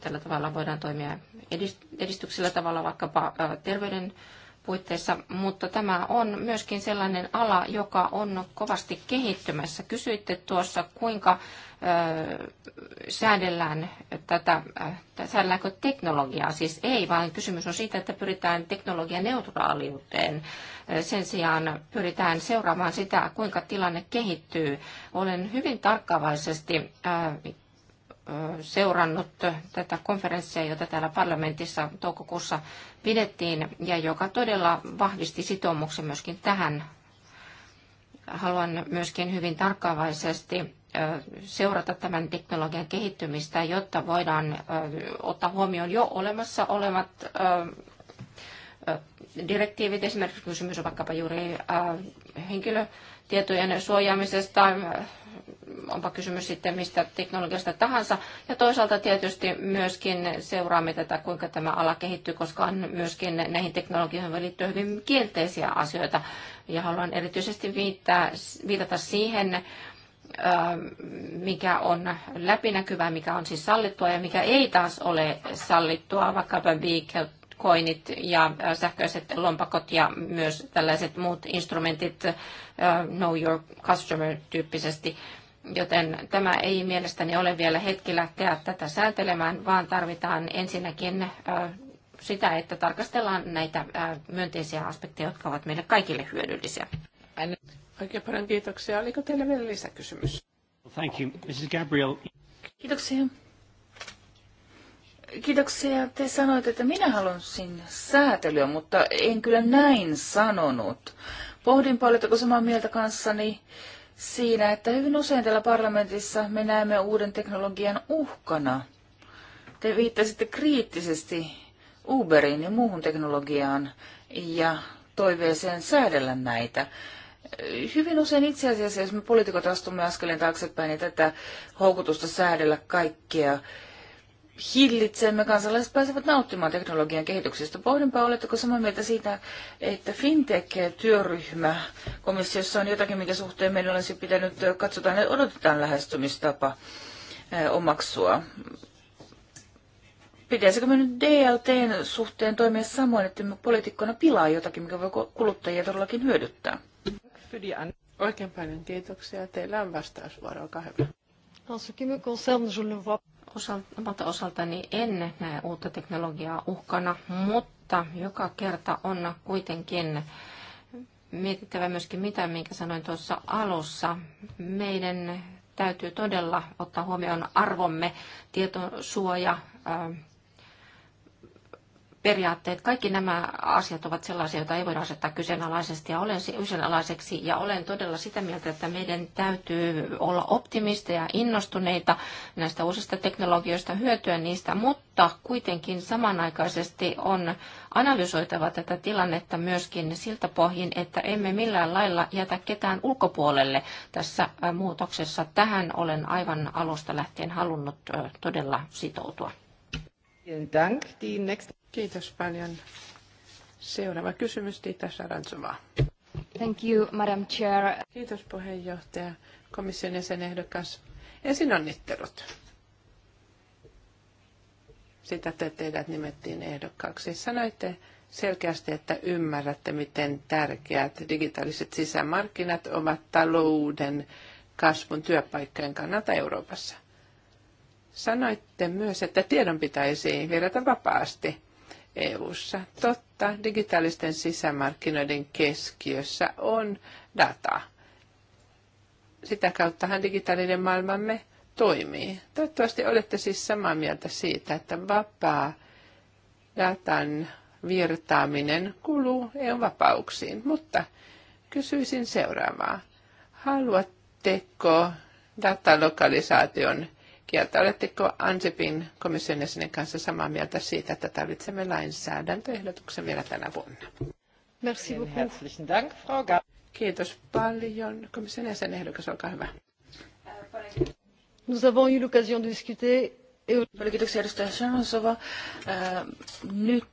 S1: tällä tavalla voidaan toimia edistyksellä tavalla vaikkapa terveyden puitteissa, mutta tämä on myöskin sellainen ala, joka on kovasti kehittymässä. Kysyitte tuossa, kuinka säädellään tätä, säädelläänkö teknologiaa, siis ei, vaan kysymys on siitä, että pyritään teknologianeutraaliuteen. Sen sijaan pyritään seuraamaan sitä, kuinka tilanne kehittyy. Olen hyvin tarkkaavaisesti seurannut tätä konferenssia, jota täällä parlamentissa toukokuussa pidettiin, ja joka todella vahvisti sitoumuksen myöskin tähän. Haluan myöskin hyvin tarkkaavaisesti seurata tämän teknologian kehittymistä, jotta voidaan ottaa huomioon jo olemassa olevat direktiivit. Esimerkiksi kysymys on vaikkapa juuri henkilötietojen suojaamisesta, onpa kysymys sitten mistä teknologiasta tahansa. Ja toisaalta tietysti myöskin seuraamme tätä, kuinka tämä ala kehittyy, koska on myöskin näihin teknologioihin liittyy hyvin kielteisiä asioita. Ja haluan erityisesti viittää, viitata siihen, mikä on läpinäkyvää, mikä on siis sallittua ja mikä ei taas ole sallittua, vaikkapa bitcoinit ja äh, sähköiset lompakot ja myös tällaiset muut instrumentit äh, know your customer tyyppisesti. Joten tämä ei mielestäni ole vielä hetki lähteä tätä sääntelemään, vaan tarvitaan ensinnäkin äh, sitä, että tarkastellaan näitä myönteisiä aspekteja, jotka ovat meille kaikille hyödyllisiä. Oikein paljon kiitoksia. Oliko teillä vielä lisäkysymys?
S2: Thank you. Mrs. Gabriel. Kiitoksia. Kiitoksia. Te sanoitte, että minä
S3: sinne säätelyä, mutta en kyllä näin sanonut. Pohdin paljon, että samaa mieltä kanssani siinä, että hyvin usein täällä parlamentissa me näemme uuden teknologian uhkana. Te viittasitte kriittisesti Uberiin ja muuhun teknologiaan ja toiveeseen säädellä näitä. Hyvin usein itse asiassa, jos me poliitikot astumme askeleen taaksepäin, niin tätä houkutusta säädellä kaikkea hillitsemme, kansalaiset pääsevät nauttimaan teknologian kehityksestä. Pohdinpa, oletteko samaa mieltä siitä, että fintech-työryhmä komissiossa on jotakin, minkä suhteen meidän olisi pitänyt, katsotaan ja odotetaan lähestymistapa eh, omaksua. Pitäisikö me nyt DLTn suhteen toimia samoin, että me poliitikkoina pilaa jotakin, mikä voi kuluttajia todellakin hyödyttää?
S2: Oikein paljon kiitoksia. Teillä on vastausvuoro, olkaa hyvä.
S1: En ce qui me concerne, je vois osalta, omalta osaltani en näe uutta teknologiaa uhkana, mutta joka kerta on kuitenkin mietittävä myöskin mitä, minkä sanoin tuossa alussa. Meidän täytyy todella ottaa huomioon arvomme, tietosuoja, periaatteet, kaikki nämä asiat ovat sellaisia, joita ei voida asettaa kyseenalaisesti ja olen, kyseenalaiseksi. Ja olen todella sitä mieltä, että meidän täytyy olla optimisteja, innostuneita näistä uusista teknologioista, hyötyä niistä, mutta kuitenkin samanaikaisesti on analysoitava tätä tilannetta myöskin siltä pohjin, että emme millään lailla jätä ketään ulkopuolelle tässä äh, muutoksessa. Tähän olen aivan alusta lähtien halunnut äh, todella sitoutua.
S2: Dank. Die nächste Kiitos paljon. Seuraava kysymys, Tiita Sarantsova. Thank you, Madam Chair. Kiitos puheenjohtaja, komission jäsenehdokas. Ensin onnittelut. Sitä te teidät nimettiin ehdokkaaksi. Sanoitte selkeästi, että ymmärrätte, miten tärkeät digitaaliset sisämarkkinat ovat talouden kasvun työpaikkojen kannalta Euroopassa. Sanoitte myös, että tiedon pitäisi virrata vapaasti EU-ssa. Totta, digitaalisten sisämarkkinoiden keskiössä on data. Sitä kauttahan digitaalinen maailmamme toimii. Toivottavasti olette siis samaa mieltä siitä, että vapaa datan virtaaminen kuluu eu vapauksiin, mutta kysyisin seuraavaa. Haluatteko datalokalisaation kieltä. Oletteko Ansipin komission jäsenen kanssa samaa mieltä siitä, että tarvitsemme lainsäädäntöehdotuksen vielä tänä vuonna? Merci beaucoup. Kiitos paljon. Komission jäsen ehdokas, olkaa hyvä. Nous avons eu l'occasion de discuter. Paljon kiitoksia edustaja Shanosova. Nyt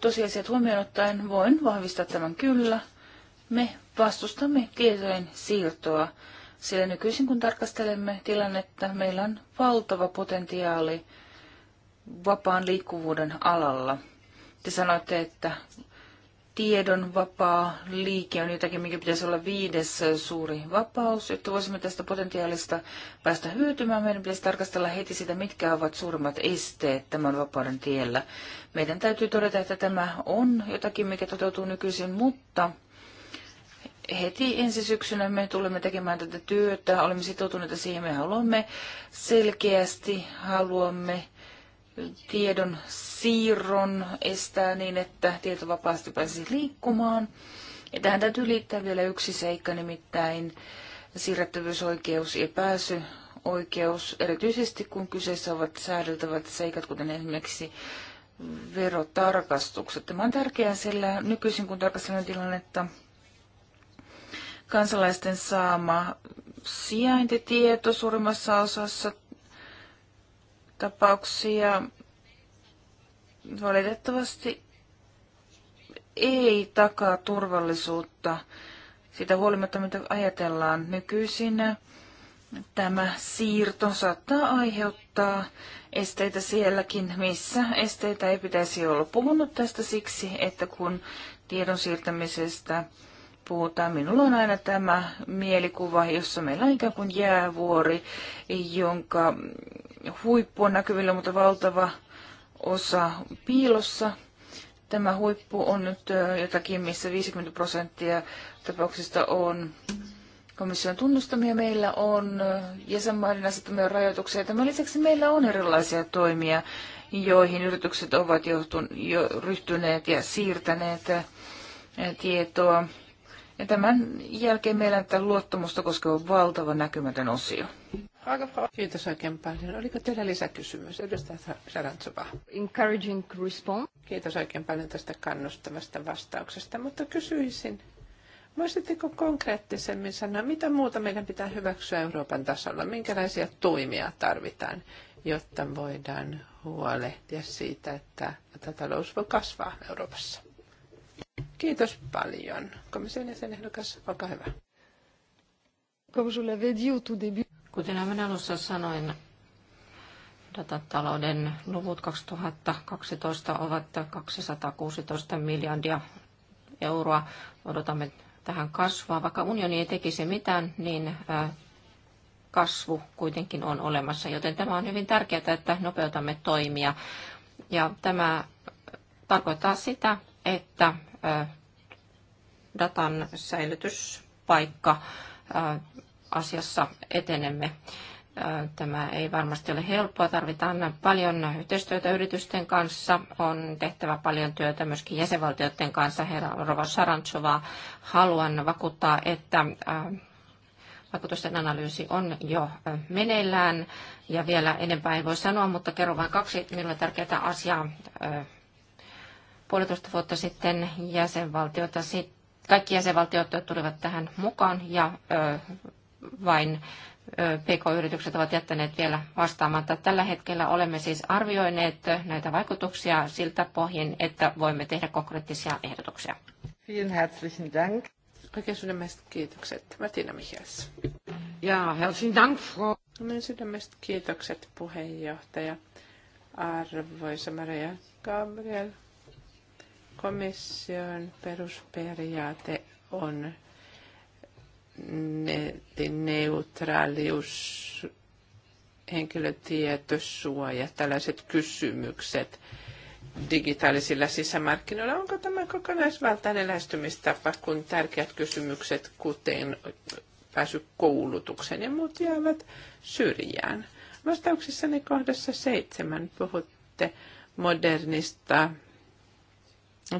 S3: tosiasiat huomioon ottaen voin vahvistaa tämän kyllä. Me vastustamme tietojen siirtoa sillä nykyisin kun tarkastelemme tilannetta, meillä on valtava potentiaali vapaan liikkuvuuden alalla. Te sanoitte, että tiedon vapaa liike on jotakin, mikä pitäisi olla viides suuri vapaus, jotta voisimme tästä potentiaalista päästä hyötymään. Meidän pitäisi tarkastella heti sitä, mitkä ovat suurimmat esteet tämän vapauden tiellä. Meidän täytyy todeta, että tämä on jotakin, mikä toteutuu nykyisin, mutta heti ensi syksynä me tulemme tekemään tätä työtä, olemme sitoutuneita siihen, me haluamme selkeästi, haluamme tiedon siirron estää niin, että tieto vapaasti pääsisi liikkumaan. Ja tähän täytyy liittää vielä yksi seikka, nimittäin siirrettävyysoikeus ja pääsy oikeus, erityisesti kun kyseessä ovat säädeltävät seikat, kuten esimerkiksi verotarkastukset. Tämä on tärkeää, sillä nykyisin kun tarkastellaan tilannetta, kansalaisten saama sijaintitieto suurimmassa osassa tapauksia valitettavasti ei takaa turvallisuutta. Sitä huolimatta, mitä ajatellaan nykyisin, tämä siirto saattaa aiheuttaa esteitä sielläkin, missä esteitä ei pitäisi olla. Puhunut tästä siksi, että kun tiedon siirtämisestä puhutaan. Minulla on aina tämä mielikuva, jossa meillä on ikään kuin jäävuori, jonka huippu on näkyvillä, mutta valtava osa piilossa. Tämä huippu on nyt jotakin, missä 50 prosenttia tapauksista on komission tunnustamia. Meillä on jäsenmaiden asettamia rajoituksia. Tämän lisäksi meillä on erilaisia toimia, joihin yritykset ovat johtun, jo ryhtyneet ja siirtäneet tietoa ja tämän jälkeen meillä on tätä luottamusta koskeva valtava näkymätön osio.
S2: Kiitos oikein paljon. Oliko teillä lisäkysymys? Edustaja Sarantsova. Encouraging response. Kiitos oikein paljon tästä kannustavasta vastauksesta, mutta kysyisin, voisitteko konkreettisemmin sanoa, mitä muuta meidän pitää hyväksyä Euroopan tasolla? Minkälaisia toimia tarvitaan, jotta voidaan huolehtia siitä, että talous voi kasvaa Euroopassa? Kiitos paljon. Komission jäsenehdokas, olkaa
S1: hyvä. Kuten aivan alussa sanoin, datatalouden luvut 2012 ovat 216 miljardia euroa. Odotamme tähän kasvaa. Vaikka unioni ei tekisi mitään, niin kasvu kuitenkin on olemassa, joten tämä on hyvin tärkeää, että nopeutamme toimia. Ja tämä tarkoittaa sitä, että datan säilytyspaikka asiassa etenemme. Tämä ei varmasti ole helppoa. Tarvitaan paljon yhteistyötä yritysten kanssa. On tehtävä paljon työtä myöskin jäsenvaltioiden kanssa. Herra Rova Sarantsova, haluan vakuuttaa, että vakuutusten analyysi on jo meneillään. Ja vielä enempää ei voi sanoa, mutta kerron vain kaksi minulle tärkeää asiaa Puolitoista vuotta sitten jäsenvaltiota, kaikki jäsenvaltiot tulivat tähän mukaan ja vain PK-yritykset ovat jättäneet vielä vastaamatta. Tällä hetkellä olemme siis arvioineet näitä vaikutuksia siltä pohjin, että voimme tehdä konkreettisia ehdotuksia.
S2: Vielen herzlichen Dank. Oikein sydämestä kiitokset. Martina Michels.
S1: Ja herzlichen Dank, Frau. No niin sydämestä
S2: kiitokset puheenjohtaja. Arvoisa Maria Gabriel. Komission perusperiaate on neutraalius, henkilötietosuoja, tällaiset kysymykset digitaalisilla sisämarkkinoilla. Onko tämä kokonaisvaltainen lähestymistapa, kun tärkeät kysymykset, kuten pääsy koulutukseen ja muut jäävät syrjään? Vastauksessani kohdassa seitsemän puhutte modernista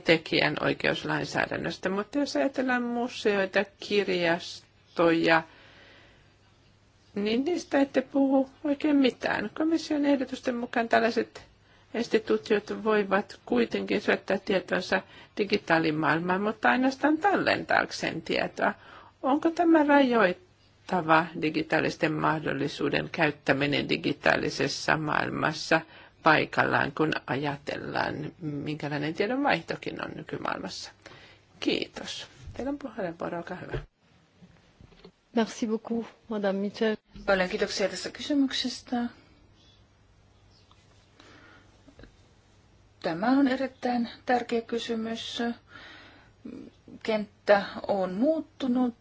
S2: tekijän oikeuslainsäädännöstä. Mutta jos ajatellaan museoita, kirjastoja, niin niistä ette puhu oikein mitään. Komission ehdotusten mukaan tällaiset instituutiot voivat kuitenkin syöttää tietonsa digitaalimaailmaan, mutta ainoastaan tallentaakseen tietoa. Onko tämä rajoittava digitaalisten mahdollisuuden käyttäminen digitaalisessa maailmassa paikallaan, kun ajatellaan, minkälainen tiedonvaihtokin on nykymaailmassa. Kiitos. Teillä on puheenvuoro, olkaa hyvä. Merci beaucoup, Madame Mitchell. Paljon kiitoksia tästä kysymyksestä.
S3: Tämä on erittäin tärkeä kysymys. Kenttä on muuttunut,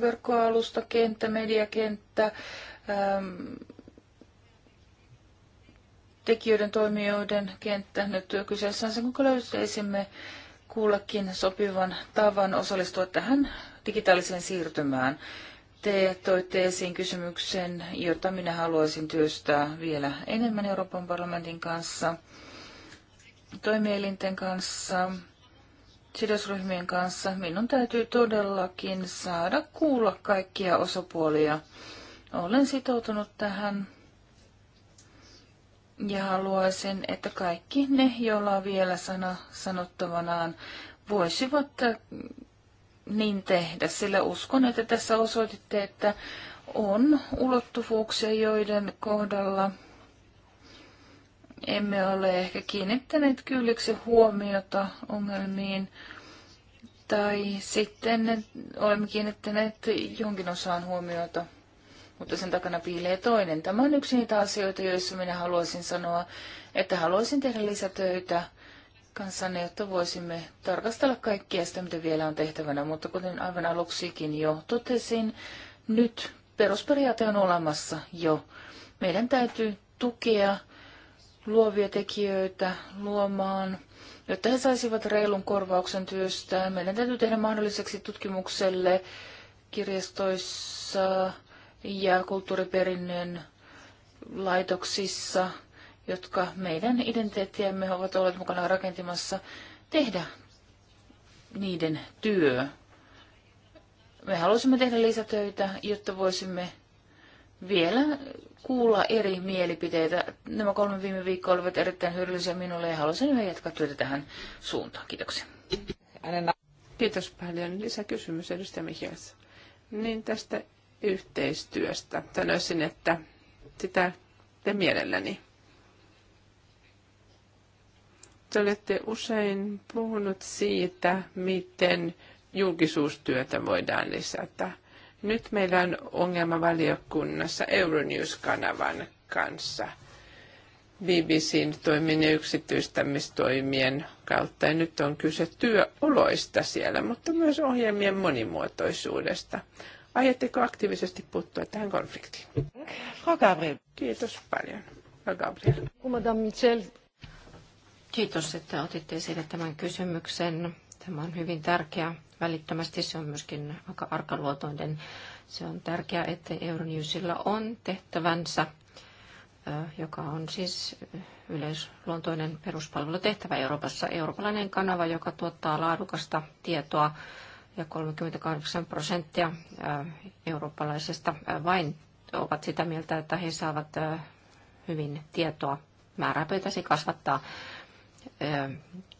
S3: verkkoalusta, kenttä, mediakenttä, ähm, tekijöiden, toimijoiden kenttä nyt kyseessä on se, kun löysimme kullakin sopivan tavan osallistua tähän digitaaliseen siirtymään. Te toitte esiin kysymyksen, jota minä haluaisin työstää vielä enemmän Euroopan parlamentin kanssa, toimielinten kanssa, sidosryhmien kanssa. Minun täytyy todellakin saada kuulla kaikkia osapuolia. Olen sitoutunut tähän ja haluaisin, että kaikki ne, joilla on vielä sana sanottavanaan, voisivat äh, niin tehdä, sillä uskon, että tässä osoititte, että on ulottuvuuksia, joiden kohdalla emme ole ehkä kiinnittäneet kylliksi huomiota ongelmiin, tai sitten olemme kiinnittäneet jonkin osaan huomiota mutta sen takana piilee toinen. Tämä on yksi niitä asioita, joissa minä haluaisin sanoa, että haluaisin tehdä lisätöitä kanssanne, jotta voisimme tarkastella kaikkia sitä, mitä vielä on tehtävänä. Mutta kuten aivan aluksikin jo totesin, nyt perusperiaate on olemassa jo. Meidän täytyy tukea luovia tekijöitä luomaan, jotta he saisivat reilun korvauksen työstään. Meidän täytyy tehdä mahdolliseksi tutkimukselle kirjastoissa, ja kulttuuriperinnön laitoksissa, jotka meidän identiteettiämme ovat olleet mukana rakentamassa, tehdä niiden työ. Me halusimme tehdä lisätöitä, jotta voisimme vielä kuulla eri mielipiteitä. Nämä kolme viime viikkoa olivat erittäin hyödyllisiä minulle ja haluaisin yhä jatkaa työtä tähän
S2: suuntaan. Kiitoksia. Kiitos paljon. Lisäkysymys, edustaja Mihias. Niin tästä yhteistyöstä. Sanoisin, että sitä te mielelläni. Te olette usein puhunut siitä, miten julkisuustyötä voidaan lisätä. Nyt meillä on ongelma valiokunnassa Euronews-kanavan kanssa – BBCn toimien ja yksityistämistoimien kautta. Ja nyt on kyse työoloista siellä, mutta myös ohjelmien monimuotoisuudesta. Aiotteko aktiivisesti puuttua tähän konfliktiin? Gabriel. Kiitos paljon. Gabriel.
S1: Madame Michel. Kiitos, että otitte esille tämän kysymyksen. Tämä on hyvin tärkeä välittömästi. Se on myöskin aika arkaluotoinen. Se on tärkeää, että Euronewsilla on tehtävänsä, joka on siis yleisluontoinen peruspalvelutehtävä Euroopassa. Eurooppalainen kanava, joka tuottaa laadukasta tietoa ja 38 prosenttia eurooppalaisista vain ovat sitä mieltä, että he saavat hyvin tietoa. Määrää pitäisi kasvattaa.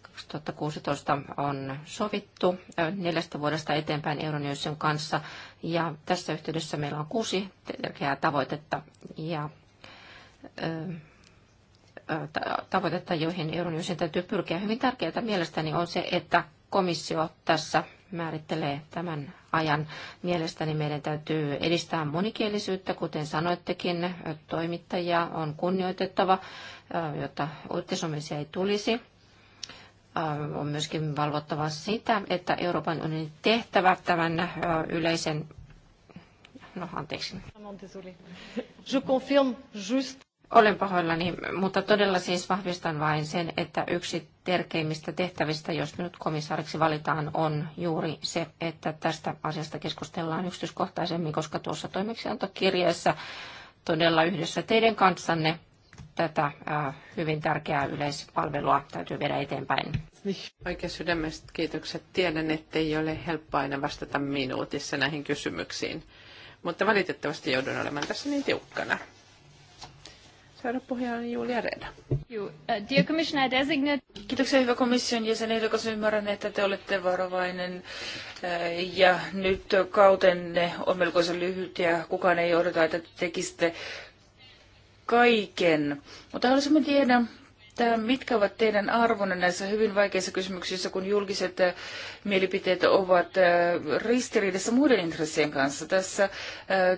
S1: 2016 on sovittu neljästä vuodesta eteenpäin Euronewsin kanssa. Ja tässä yhteydessä meillä on kuusi tärkeää tavoitetta. Ja, tavoitetta, joihin Euronewsin täytyy pyrkiä. Hyvin tärkeää mielestäni on se, että komissio tässä määrittelee tämän ajan. Mielestäni meidän täytyy edistää monikielisyyttä, kuten sanoittekin, toimittajia on kunnioitettava, jotta uutisomisia ei tulisi. On myöskin valvottava sitä, että Euroopan unionin tehtävä tämän yleisen No, anteeksi. Je confirme just olen pahoillani, mutta todella siis vahvistan vain sen, että yksi tärkeimmistä tehtävistä, jos minut komissaariksi valitaan, on juuri se, että tästä asiasta keskustellaan yksityiskohtaisemmin, koska tuossa toimeksiantokirjeessä todella yhdessä teidän kanssanne tätä hyvin tärkeää yleispalvelua täytyy viedä eteenpäin.
S2: Oikein sydämestä kiitokset. Tiedän, että ei ole helppo aina vastata minuutissa näihin kysymyksiin, mutta valitettavasti joudun olemaan tässä niin tiukkana.
S3: Seuraava on Julia Reda. Äh, Dear Commissioner Designate. Kiitoksia hyvä komission jäsen ehdokas. Ymmärrän, että te olette varovainen äh, ja nyt kautenne on melkoisen lyhyt ja kukaan ei odota, että te tekisitte kaiken. Mutta haluaisimme tiedä, Tämä, mitkä ovat teidän arvonne näissä hyvin vaikeissa kysymyksissä, kun julkiset äh, mielipiteet ovat äh, ristiriidassa muiden intressien kanssa. Tässä äh,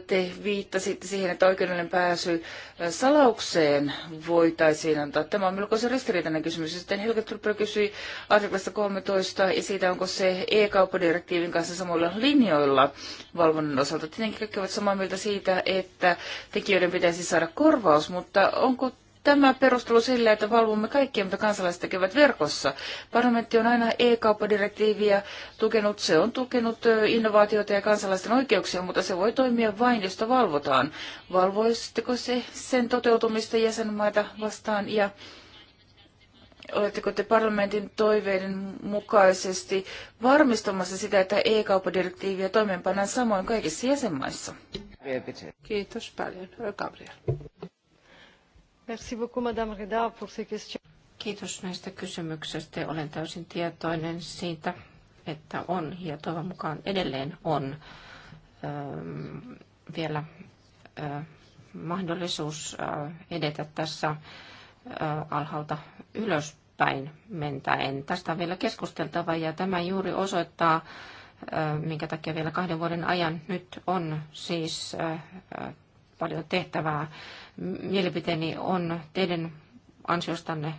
S3: te viittasitte siihen, että oikeudellinen pääsy salaukseen voitaisiin antaa. Tämä on melkoisen ristiriitainen kysymys. Sitten Helge Trupper kysyi artiklasta 13 ja siitä, onko se e-kauppadirektiivin kanssa samoilla linjoilla valvonnan osalta. Tietenkin kaikki ovat samaa mieltä siitä, että tekijöiden pitäisi saada korvaus, mutta onko tämä perustelu sille, että valvomme kaikkea, mitä kansalaiset tekevät verkossa. Parlamentti on aina e-kauppadirektiiviä tukenut, se on tukenut innovaatioita ja kansalaisten oikeuksia, mutta se voi toimia vain, jos sitä valvotaan. Valvoisitteko se sen toteutumista jäsenmaita vastaan ja oletteko te parlamentin toiveiden mukaisesti varmistamassa sitä, että e-kauppadirektiiviä toimeenpannaan samoin kaikissa jäsenmaissa?
S1: Kiitos paljon. Gabriel. Kiitos näistä kysymyksistä. Olen täysin tietoinen siitä, että on ja toivon mukaan edelleen on ähm, vielä äh, mahdollisuus äh, edetä tässä äh, alhaalta ylöspäin mentäen. Tästä on vielä keskusteltava ja tämä juuri osoittaa, minkä takia vielä kahden vuoden ajan nyt on siis paljon tehtävää. Mielipiteeni on teidän ansiostanne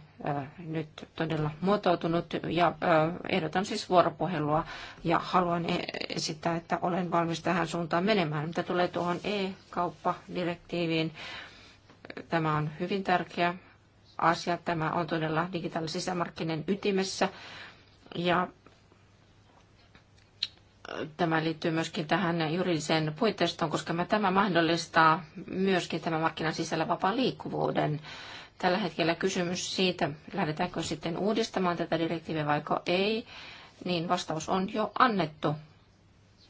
S1: nyt todella muotoutunut ja ehdotan siis vuoropuhelua ja haluan e-, esittää, että olen valmis tähän suuntaan menemään. Mitä tulee tuohon e-kauppadirektiiviin, tämä on hyvin tärkeä asia. Tämä on todella digitaalisen sisämarkkinen ytimessä ja tämä liittyy myöskin tähän juridiseen puitteistoon, koska tämä mahdollistaa myöskin tämän markkinan sisällä vapaan liikkuvuuden. Tällä hetkellä kysymys siitä, lähdetäänkö sitten uudistamaan tätä direktiiviä vai ei, niin vastaus on jo annettu.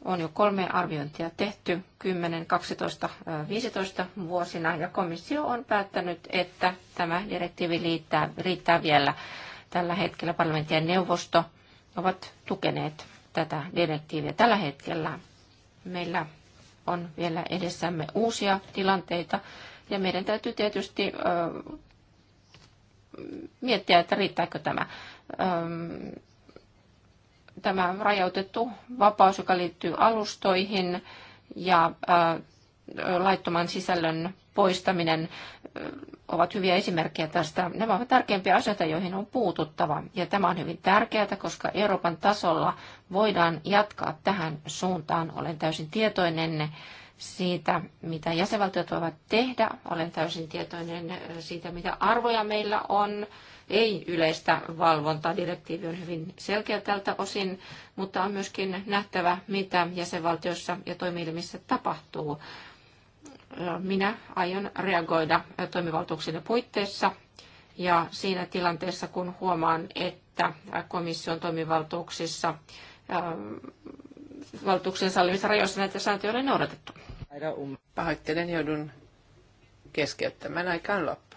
S1: On jo kolme arviointia tehty 10, 12, 15 vuosina ja komissio on päättänyt, että tämä direktiivi riittää, riittää vielä. Tällä hetkellä parlamentti ja neuvosto ovat tukeneet tätä direktiiviä. Tällä hetkellä meillä on vielä edessämme uusia tilanteita ja meidän täytyy tietysti miettiä, että riittääkö tämä tämä rajoitettu vapaus, joka liittyy alustoihin ja laittoman sisällön poistaminen ovat hyviä esimerkkejä tästä. Nämä ovat tärkeimpiä asioita, joihin on puututtava. Ja tämä on hyvin tärkeää, koska Euroopan tasolla voidaan jatkaa tähän suuntaan. Olen täysin tietoinen siitä, mitä jäsenvaltiot voivat tehdä. Olen täysin tietoinen siitä, mitä arvoja meillä on. Ei yleistä valvontaa. Direktiivi on hyvin selkeä tältä osin, mutta on myöskin nähtävä, mitä jäsenvaltiossa ja toimielimissä tapahtuu. Minä aion reagoida toimivaltuuksien puitteissa ja siinä tilanteessa, kun huomaan, että komission toimivaltuuksissa valtuuksien sallimissa rajoissa näitä sääntöjä on noudatettu. Pahoittelen, joudun keskeyttämään aikaan
S2: loppu.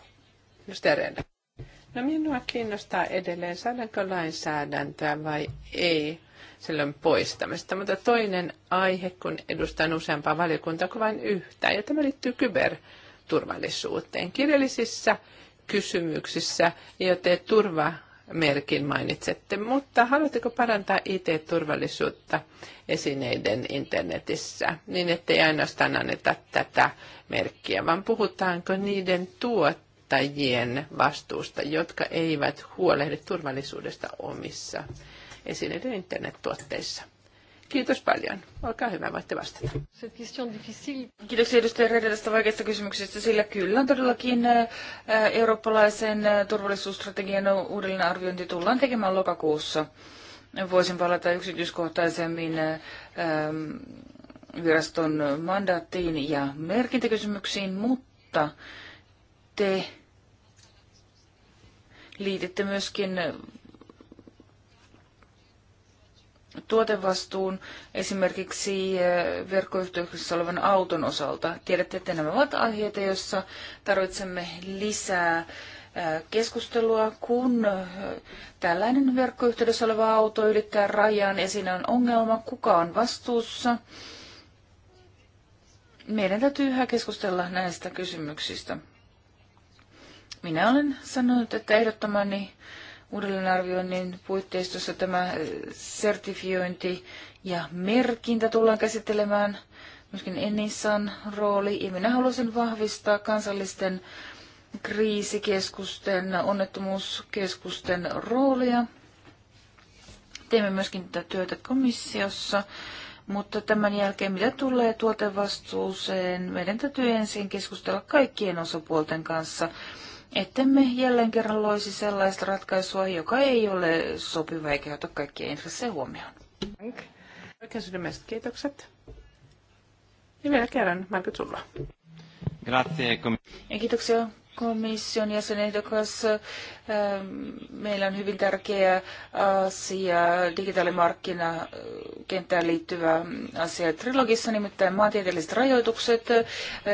S2: No minua kiinnostaa edelleen, saadaanko lainsäädäntöä vai ei silloin poistamista. Mutta toinen aihe, kun edustan useampaa valiokuntaa kuin vain yhtä, ja tämä liittyy kyberturvallisuuteen. Kirjallisissa kysymyksissä, joten turva merkin mainitsette, mutta haluatteko parantaa IT-turvallisuutta esineiden internetissä niin, ettei ainoastaan anneta tätä merkkiä, vaan puhutaanko niiden tuottajien vastuusta, jotka eivät huolehdi turvallisuudesta omissa esineiden internettuotteissa. Kiitos paljon. Olkaa hyvä, voitte vastata. Kiitoksia edustaja Rede tästä vaikeasta kysymyksestä, sillä kyllä on todellakin äh, äh,
S3: eurooppalaisen äh, turvallisuusstrategian uudelleenarviointi tullaan tekemään lokakuussa. Voisin palata yksityiskohtaisemmin ähm, viraston mandaattiin ja merkintäkysymyksiin, mutta te liititte myöskin tuotevastuun esimerkiksi eh, verkkoyhteyksissä olevan auton osalta. Tiedätte, että nämä ovat aiheita, joissa tarvitsemme lisää eh, keskustelua, kun eh, tällainen verkkoyhteydessä oleva auto ylittää rajan ja siinä on ongelma, kuka on vastuussa. Meidän täytyy yhä keskustella näistä kysymyksistä. Minä olen sanonut, että ehdottamani uudelleenarvioinnin puitteistossa tämä äh, sertifiointi ja merkintä tullaan käsittelemään, myöskin Enissan rooli. Ja minä haluaisin vahvistaa kansallisten kriisikeskusten, onnettomuuskeskusten roolia. Teemme myöskin tätä työtä komissiossa, mutta tämän jälkeen mitä tulee tuotevastuuseen, meidän täytyy ensin keskustella kaikkien osapuolten kanssa ettemme jälleen kerran loisi sellaista ratkaisua, joka ei ole sopiva eikä ota kaikkia intressejä huomioon. Oikein sydämestä kiitokset. Ja vielä kerran, Marko Sulla. Grazie. Ja kiitoksia komission jäsenehdokas. Ähm, meillä on hyvin tärkeä asia, digitaalimarkkinakenttään liittyvä asia trilogissa, nimittäin maantieteelliset rajoitukset.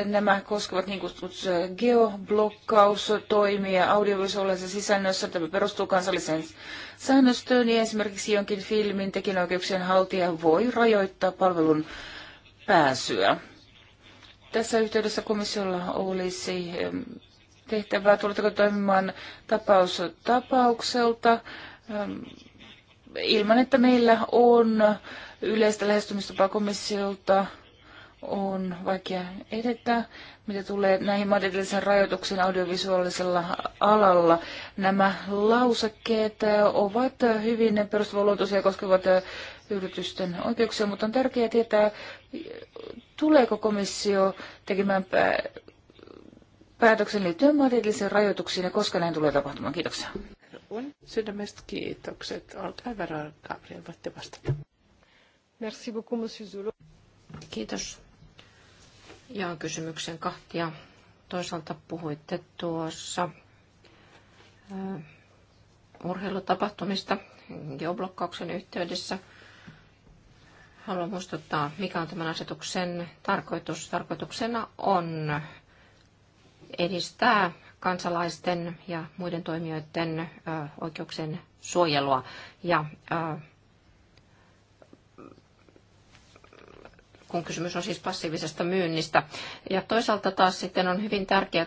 S3: Nämä koskevat niin kutsutut geoblokkaustoimia audiovisuaalisessa sisällössä. Tämä perustuu kansalliseen säännöstöön ja esimerkiksi jonkin filmin tekijänoikeuksien haltija voi rajoittaa palvelun pääsyä. Tässä yhteydessä komissiolla olisi tehtävää? Tuletteko toimimaan tapaus tapaukselta ähm, ilman, että meillä on yleistä lähestymistapaa komissiolta? On vaikea edetä. Mitä tulee näihin materiaalisiin rajoituksiin audiovisuaalisella alalla, nämä lausekkeet ovat hyvin perustavanluontoisia koskevat yritysten oikeuksia, mutta on tärkeää tietää, tuleeko komissio tekemään päätöksen liittyen maantieteellisiin rajoituksiin ja koska näin tulee tapahtumaan. Kiitoksia. Sydämestä kiitokset. Olkaa
S1: hyvä, Gabriel, voitte vastata.
S2: Merci beaucoup, monsieur Zulo.
S3: Kiitos.
S1: Jaan kysymyksen kahtia. Toisaalta puhuitte tuossa uh, urheilutapahtumista geoblokkauksen yhteydessä. Haluan muistuttaa, mikä on tämän asetuksen tarkoitus. Tarkoituksena on edistää kansalaisten ja muiden toimijoiden oikeuksien suojelua ja kun kysymys on siis passiivisesta myynnistä. Ja toisaalta taas sitten on hyvin tärkeää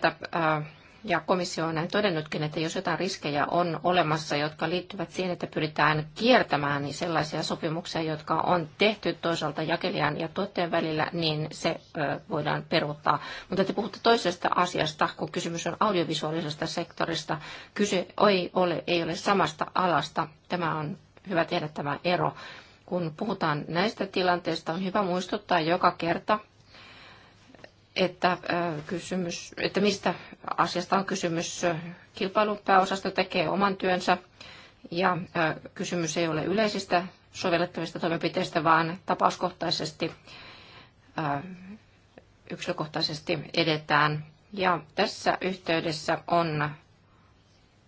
S1: ja komissio on näin todennutkin, että jos jotain riskejä on olemassa, jotka liittyvät siihen, että pyritään kiertämään niin sellaisia sopimuksia, jotka on tehty toisaalta jakelijan ja tuotteen välillä, niin se ö, voidaan peruuttaa. Mutta te puhutte toisesta asiasta, kun kysymys on audiovisuaalisesta sektorista. Kyse ei ole, ei ole samasta alasta. Tämä on hyvä tehdä tämä ero. Kun puhutaan näistä tilanteista, on hyvä muistuttaa joka kerta, että, äh, kysymys, että mistä asiasta on kysymys. Kilpailupääosasto tekee oman työnsä ja äh, kysymys ei ole yleisistä sovellettavista toimenpiteistä, vaan tapauskohtaisesti äh, yksilökohtaisesti edetään. Ja tässä yhteydessä on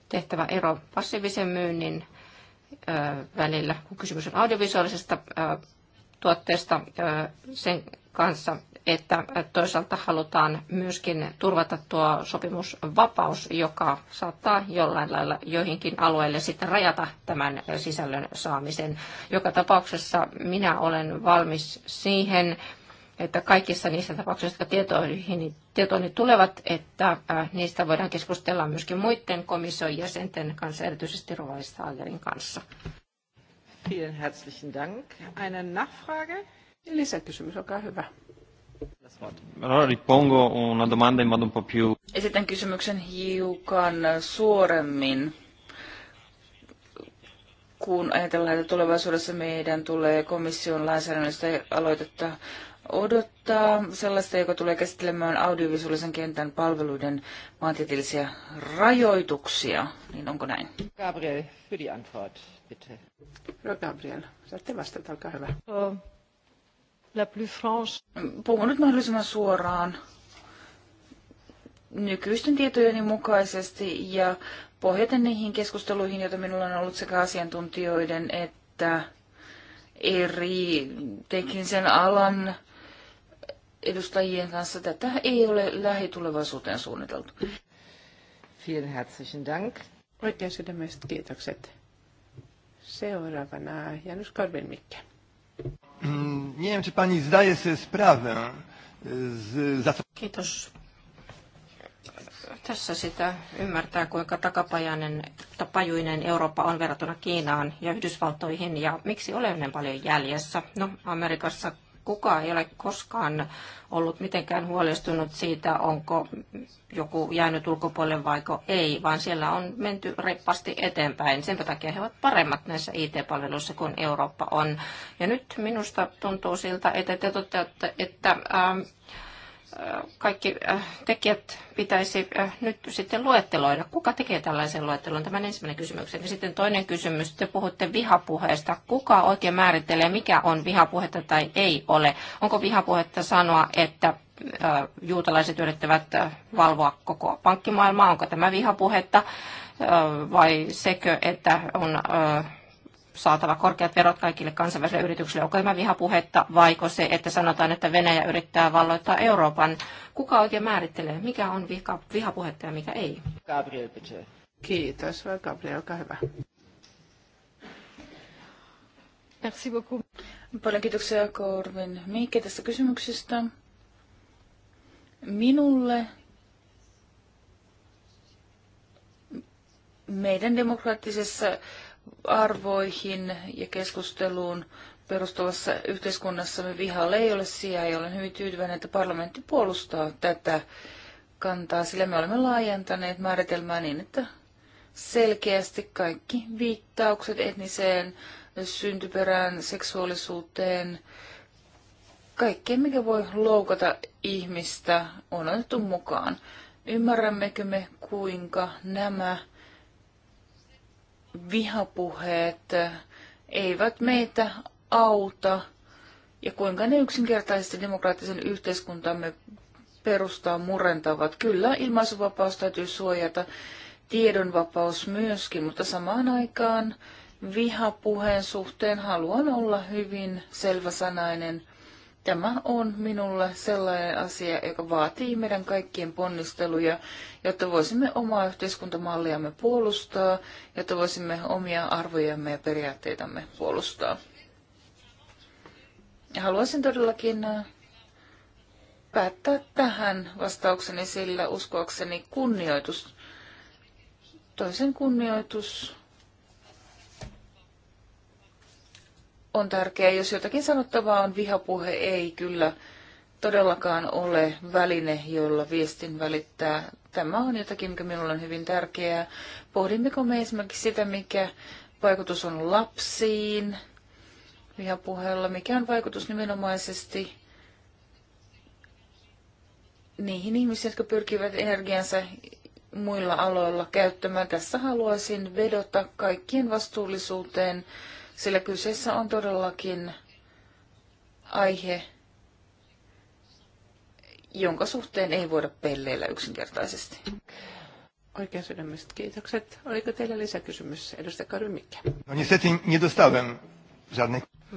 S1: tehtävä ero passiivisen myynnin välillä, kun kysymys on audiovisuaalisesta tuotteesta sen kanssa, että toisaalta halutaan myöskin turvata tuo sopimusvapaus, joka saattaa jollain lailla joihinkin alueille sitten rajata tämän sisällön saamisen. Joka tapauksessa minä olen valmis siihen, että kaikissa niissä tapauksissa, jotka tietoihin, tietoihin tulevat, että niistä voidaan keskustella myöskin muiden komission jäsenten kanssa, erityisesti Rovaistaalerin kanssa.
S2: Vielen herzlichen Dank. Eine Nachfrage? Lisäkysymys, olkaa hyvä.
S3: Ripongo una domanda in modo un po' più...
S2: Esitän kysymyksen
S3: hiukan suoremmin. Kun ajatellaan, että tulevaisuudessa meidän tulee komission lainsäädännöstä aloitetta odottaa sellaista, joka tulee käsittelemään audiovisuaalisen kentän palveluiden maantieteellisiä rajoituksia, niin onko näin? Gabriel, für die
S2: Antwort, bitte.
S3: No Gabriel, saatte vastata, olkaa hyvä. Oh la plus franche. Puhun nyt mahdollisimman suoraan nykyisten tietojeni mukaisesti ja pohjaten niihin keskusteluihin, joita minulla on ollut sekä asiantuntijoiden että eri teknisen alan edustajien kanssa. Tätä ei ole lähitulevaisuuteen suunniteltu.
S2: Vielen herzlichen Dank. Oikein sydämestä kiitokset. Seuraavana Janus Korvin-Mikke.
S1: Nie wiem, czy pani zdaje sobie sprawę e, z... Kiitos. Tässä sitä ymmärtää, kuinka takapajainen, tapajuinen Eurooppa on verrattuna Kiinaan ja Yhdysvaltoihin ja miksi olemme paljon jäljessä. No, Amerikassa kukaan ei ole koskaan ollut mitenkään huolestunut siitä, onko joku jäänyt ulkopuolelle vaiko ei, vaan siellä on menty reippaasti eteenpäin. Sen takia he ovat paremmat näissä IT-palveluissa kuin Eurooppa on. Ja nyt minusta tuntuu siltä, että te toteatte, että ähm, kaikki äh, tekijät pitäisi äh, nyt sitten luetteloida. Kuka tekee tällaisen luettelon? Tämä ensimmäinen Ja Sitten toinen kysymys. Te puhutte vihapuheesta. Kuka oikein määrittelee, mikä on vihapuhetta tai ei ole? Onko vihapuhetta sanoa, että äh, juutalaiset yrittävät valvoa koko pankkimaailmaa? Onko tämä vihapuhetta? Vai sekö, että on saatava korkeat verot kaikille kansainvälisille yrityksille. Onko tämä vihapuhetta vaiko se, että sanotaan, että Venäjä yrittää valloittaa Euroopan? Kuka oikein määrittelee, mikä on viha, vihapuhetta ja mikä ei? Gabriel, bitte. Kiitos. Gabriel, olkaa hyvä.
S3: Merci beaucoup. Paljon kiitoksia Korvin Miikki tästä kysymyksestä. Minulle meidän demokraattisessa arvoihin ja keskusteluun perustuvassa yhteiskunnassamme vihalle ei ole sijaa ja olen hyvin tyytyväinen, että parlamentti puolustaa tätä kantaa, sillä me olemme laajentaneet määritelmää niin, että selkeästi kaikki viittaukset etniseen syntyperään, seksuaalisuuteen, kaikkeen mikä voi loukata ihmistä on otettu mukaan. Ymmärrämmekö me, kuinka nämä vihapuheet eivät meitä auta ja kuinka ne yksinkertaisesti demokraattisen yhteiskuntamme perustaa murentavat. Kyllä, ilmaisuvapaus täytyy suojata, tiedonvapaus myöskin, mutta samaan aikaan vihapuheen suhteen haluan olla hyvin selväsanainen. Tämä on minulle sellainen asia, joka vaatii meidän kaikkien ponnisteluja, jotta voisimme omaa yhteiskuntamalliamme puolustaa, jotta voisimme omia arvojamme ja periaatteitamme puolustaa. Ja haluaisin todellakin äh, päättää tähän vastaukseni, sillä uskoakseni kunnioitus, toisen kunnioitus on tärkeää. Jos jotakin sanottavaa on, vihapuhe ei kyllä todellakaan ole väline, jolla viestin välittää. Tämä on jotakin, mikä minulle on hyvin tärkeää. Pohdimmeko me esimerkiksi sitä, mikä vaikutus on lapsiin vihapuheella, mikä on vaikutus nimenomaisesti niihin ihmisiin, jotka pyrkivät energiansa muilla aloilla käyttämään. Tässä haluaisin vedota kaikkien vastuullisuuteen sillä kyseessä on todellakin aihe,
S2: jonka suhteen ei voida pelleillä yksinkertaisesti.
S1: Oikein sydämiset kiitokset. Oliko teillä lisäkysymys, edustaja Kari Mikke?
S2: No niestety nie dostałem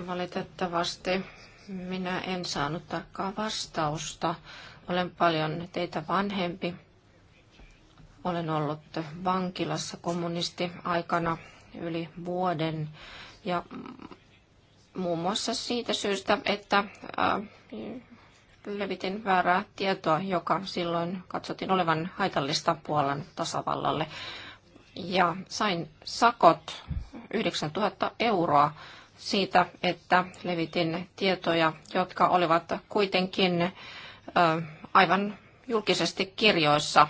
S1: Valitettavasti minä en saanut tarkkaa vastausta. Olen paljon teitä vanhempi. Olen ollut vankilassa kommunisti aikana yli vuoden ja mm, muun muassa siitä syystä, että äh, levitin väärää tietoa, joka silloin katsottiin olevan haitallista Puolan tasavallalle. Ja sain sakot 9000 euroa siitä, että levitin tietoja, jotka olivat kuitenkin äh, aivan julkisesti kirjoissa.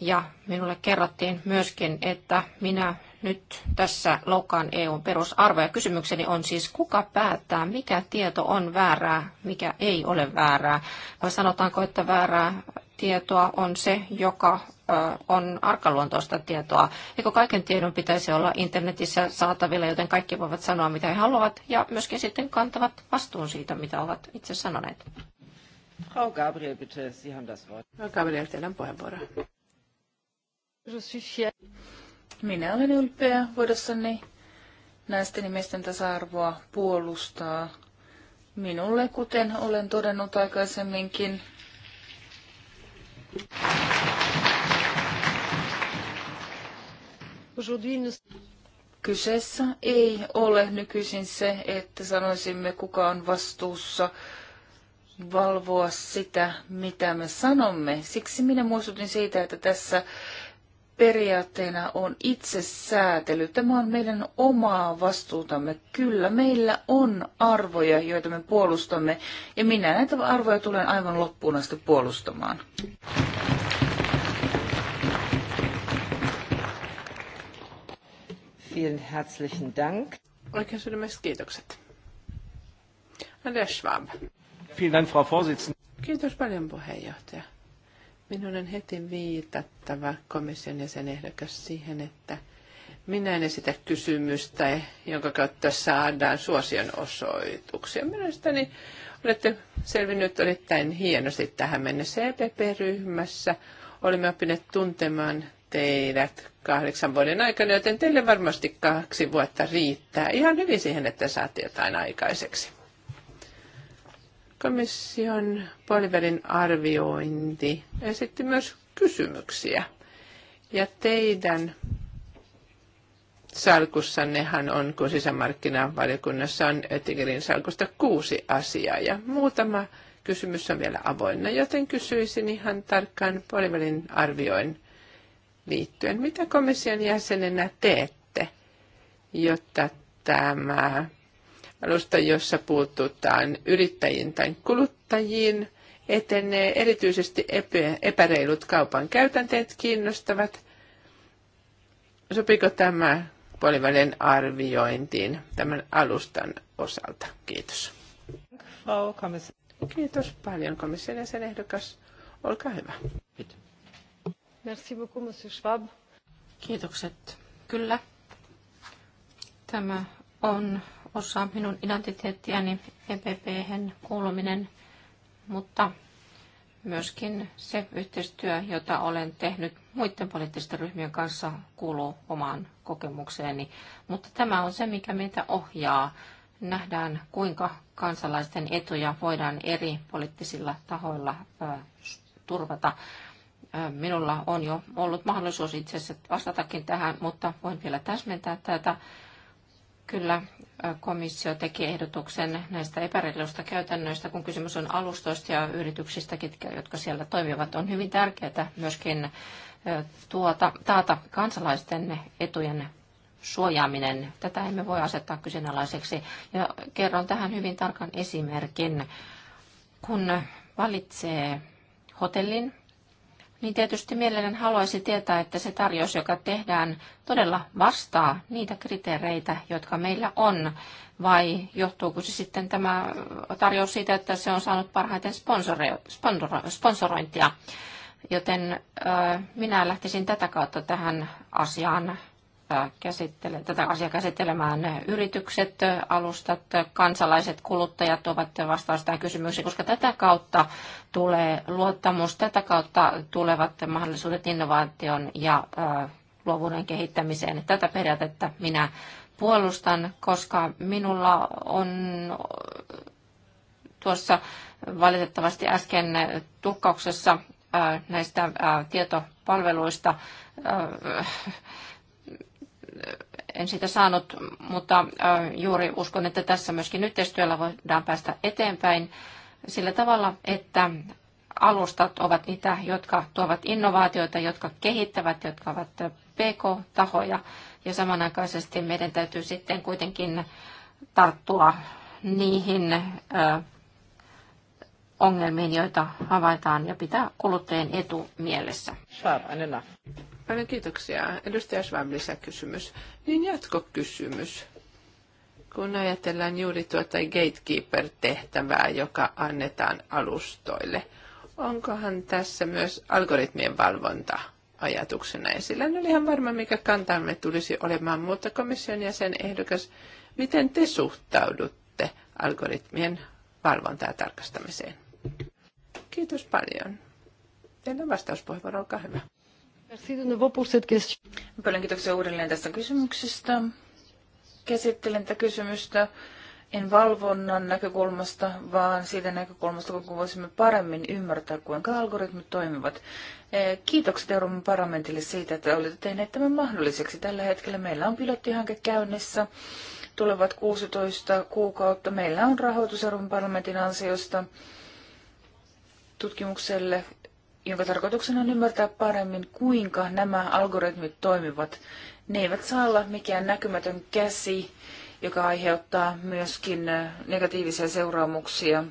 S1: Ja minulle kerrottiin myöskin, että minä nyt tässä loukkaan EUn perusarvoja. Kysymykseni on siis, kuka päättää, mikä tieto on väärää, mikä ei ole väärää? Vai sanotaanko, että väärää tietoa on se, joka on arkaluontoista tietoa. Eikö kaiken tiedon pitäisi olla internetissä saatavilla, joten kaikki voivat sanoa, mitä he haluavat, ja myöskin sitten kantavat vastuun siitä, mitä ovat itse sanoneet.
S2: Frau Gabriel, bitte, Sie haben das Wort. Frau Gabriel, teillä on puheenvuoro.
S3: Minä olen ylpeä voidessani näistä nimesten tasa-arvoa puolustaa. Minulle, kuten olen todennut aikaisemminkin, Kyseessä ei ole nykyisin se, että sanoisimme kuka on vastuussa valvoa sitä, mitä me sanomme. Siksi minä muistutin siitä, että tässä periaatteena on itsesäätely. Tämä on meidän omaa vastuutamme. Kyllä, meillä on arvoja, joita me puolustamme, ja minä näitä arvoja tulen aivan loppuun asti puolustamaan.
S1: Vielen herzlichen Dank.
S2: Oikein sydämestä kiitokset. Andreas Schwab.
S1: Vielen Dank, Frau Vorsitzende.
S2: Kiitos paljon puheenjohtaja. Minun on heti viitattava komission jäsenehdokas siihen, että minä en esitä kysymystä, jonka kautta saadaan suosion osoituksia. Mielestäni olette selvinnyt erittäin hienosti tähän mennessä EPP-ryhmässä. Olimme oppineet tuntemaan teidät kahdeksan vuoden aikana, joten teille varmasti kaksi vuotta riittää ihan hyvin siihen, että saatte jotain aikaiseksi. Komission puolivälin arviointi esitti myös kysymyksiä. Ja teidän salkussannehan on, kun sisämarkkinavaliokunnassa on Ötigerin salkusta kuusi asiaa ja muutama kysymys on vielä avoinna, joten kysyisin ihan tarkkaan puolivälin arvioin liittyen, mitä komission jäsenenä teette, jotta tämä alusta, jossa puututaan yrittäjiin tai kuluttajiin, etenee erityisesti epäreilut kaupan käytänteet kiinnostavat. Sopiko tämä puolivälin arviointiin tämän alustan osalta? Kiitos. Kiitos paljon komission sen ehdokas. Olkaa hyvä. Merci beaucoup, monsieur
S3: Schwab.
S1: Kiitokset. Kyllä. Tämä on osa minun identiteettiäni, epp kuuluminen, mutta myöskin se yhteistyö, jota olen tehnyt muiden poliittisten ryhmien kanssa, kuuluu omaan kokemukseeni. Mutta tämä on se, mikä meitä ohjaa. Nähdään, kuinka kansalaisten etuja voidaan eri poliittisilla tahoilla turvata. Minulla on jo ollut mahdollisuus itse asiassa vastatakin tähän, mutta voin vielä täsmentää tätä. Kyllä, komissio teki ehdotuksen näistä epäreiluista käytännöistä, kun kysymys on alustoista ja yrityksistä, ketkä, jotka siellä toimivat. On hyvin tärkeää myöskin tuota, taata kansalaisten etujen suojaaminen. Tätä emme voi asettaa kyseenalaiseksi. Ja kerron tähän hyvin tarkan esimerkin. Kun valitsee hotellin, niin tietysti mielellään haluaisi tietää, että se tarjous, joka tehdään, todella vastaa niitä kriteereitä, jotka meillä on, vai johtuuko se sitten tämä tarjous siitä, että se on saanut parhaiten sponsoro, sponsorointia. Joten ö, minä lähtisin tätä kautta tähän asiaan käsittele, tätä asiaa käsittelemään yritykset, alustat, kansalaiset, kuluttajat ovat vastaus tähän kysymykseen, koska tätä kautta tulee luottamus, tätä kautta tulevat mahdollisuudet innovaation ja luovuuden kehittämiseen. Tätä periaatetta minä puolustan, koska minulla on tuossa valitettavasti äsken tukkauksessa näistä tietopalveluista en sitä saanut, mutta juuri uskon, että tässä myöskin yhteistyöllä voidaan päästä eteenpäin sillä tavalla, että alustat ovat niitä, jotka tuovat innovaatioita, jotka kehittävät, jotka ovat PK-tahoja. Ja samanaikaisesti meidän täytyy sitten kuitenkin tarttua niihin ongelmiin, joita havaitaan ja pitää kuluttajien etu mielessä. Paljon
S2: kiitoksia. Edustaja Schwab, lisäkysymys. Niin jatkokysymys. Kun ajatellaan juuri tuota gatekeeper-tehtävää, joka annetaan alustoille, onkohan tässä myös algoritmien valvonta ajatuksena esillä? En ole ihan varma, mikä kantamme tulisi olemaan, mutta komission jäsen ehdokas, miten te suhtaudutte algoritmien valvontaa tarkastamiseen? Kiitos paljon. Teillä on vastauspuheenvuoro, olkaa hyvä.
S3: Paljon kiitoksia uudelleen tästä kysymyksestä. Käsittelen tätä kysymystä en valvonnan näkökulmasta, vaan siitä näkökulmasta, kun voisimme paremmin ymmärtää, kuinka algoritmit toimivat. E, kiitokset Euroopan parlamentille siitä, että olette tehneet tämän mahdolliseksi. Tällä hetkellä meillä on pilottihanke käynnissä. Tulevat 16 kuukautta meillä on rahoitus Euroopan parlamentin ansiosta tutkimukselle jonka tarkoituksena on ymmärtää paremmin, kuinka nämä algoritmit toimivat. Ne eivät saa olla mikään näkymätön käsi, joka aiheuttaa myöskin äh, negatiivisia seuraamuksia,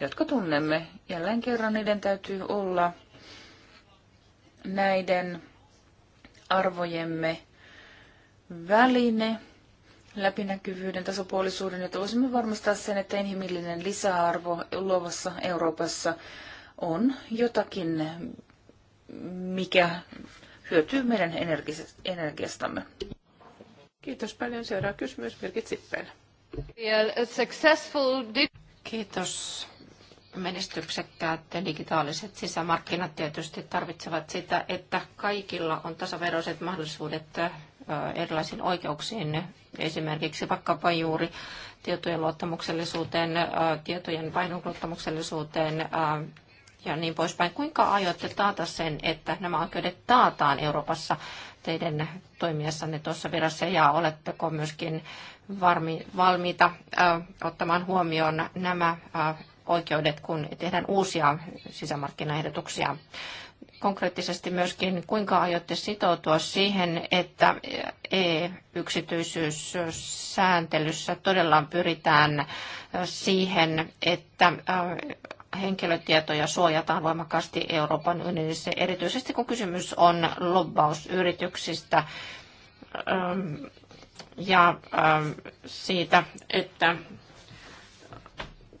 S3: jotka tunnemme. Jälleen kerran niiden täytyy olla näiden arvojemme väline läpinäkyvyyden, tasapuolisuuden, jotta voisimme varmistaa sen, että inhimillinen lisäarvo luovassa Euroopassa on jotakin, mikä hyötyy meidän energiastamme. Kiitos paljon. Seuraava kysymys Birgit Sippel.
S1: Kiitos. Menestyksekkäät digitaaliset sisämarkkinat tietysti tarvitsevat sitä, että kaikilla on tasaveroiset mahdollisuudet erilaisiin oikeuksiin, esimerkiksi vaikkapa juuri tietojen luottamuksellisuuteen, tietojen painon luottamuksellisuuteen, ja niin poispäin. Kuinka aiotte taata sen, että nämä oikeudet taataan Euroopassa teidän toimijassanne tuossa virassa ja oletteko myöskin varmi, valmiita äh, ottamaan huomioon nämä äh, oikeudet, kun tehdään uusia sisämarkkinaehdotuksia? konkreettisesti myöskin, kuinka aiotte sitoutua siihen, että e-yksityisyyssääntelyssä todella pyritään siihen, että henkilötietoja suojataan voimakkaasti Euroopan unionissa, erityisesti kun kysymys on lobbausyrityksistä ähm, ja ähm, siitä, että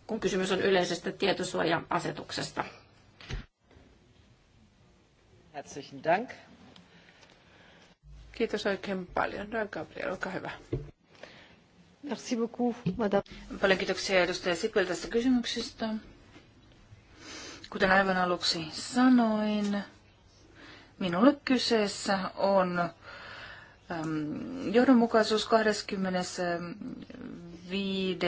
S1: kun kysymys on yleisestä tietosuoja-asetuksesta.
S2: Herzlichen Dank. Kiitos oikein paljon. Noin Gabriel, olkaa hyvä.
S3: Merci beaucoup, madame. Paljon kiitoksia edustaja Sipil tästä kysymyksestä. Kuten aivan aluksi sanoin, minulle kyseessä on johdonmukaisuus 25.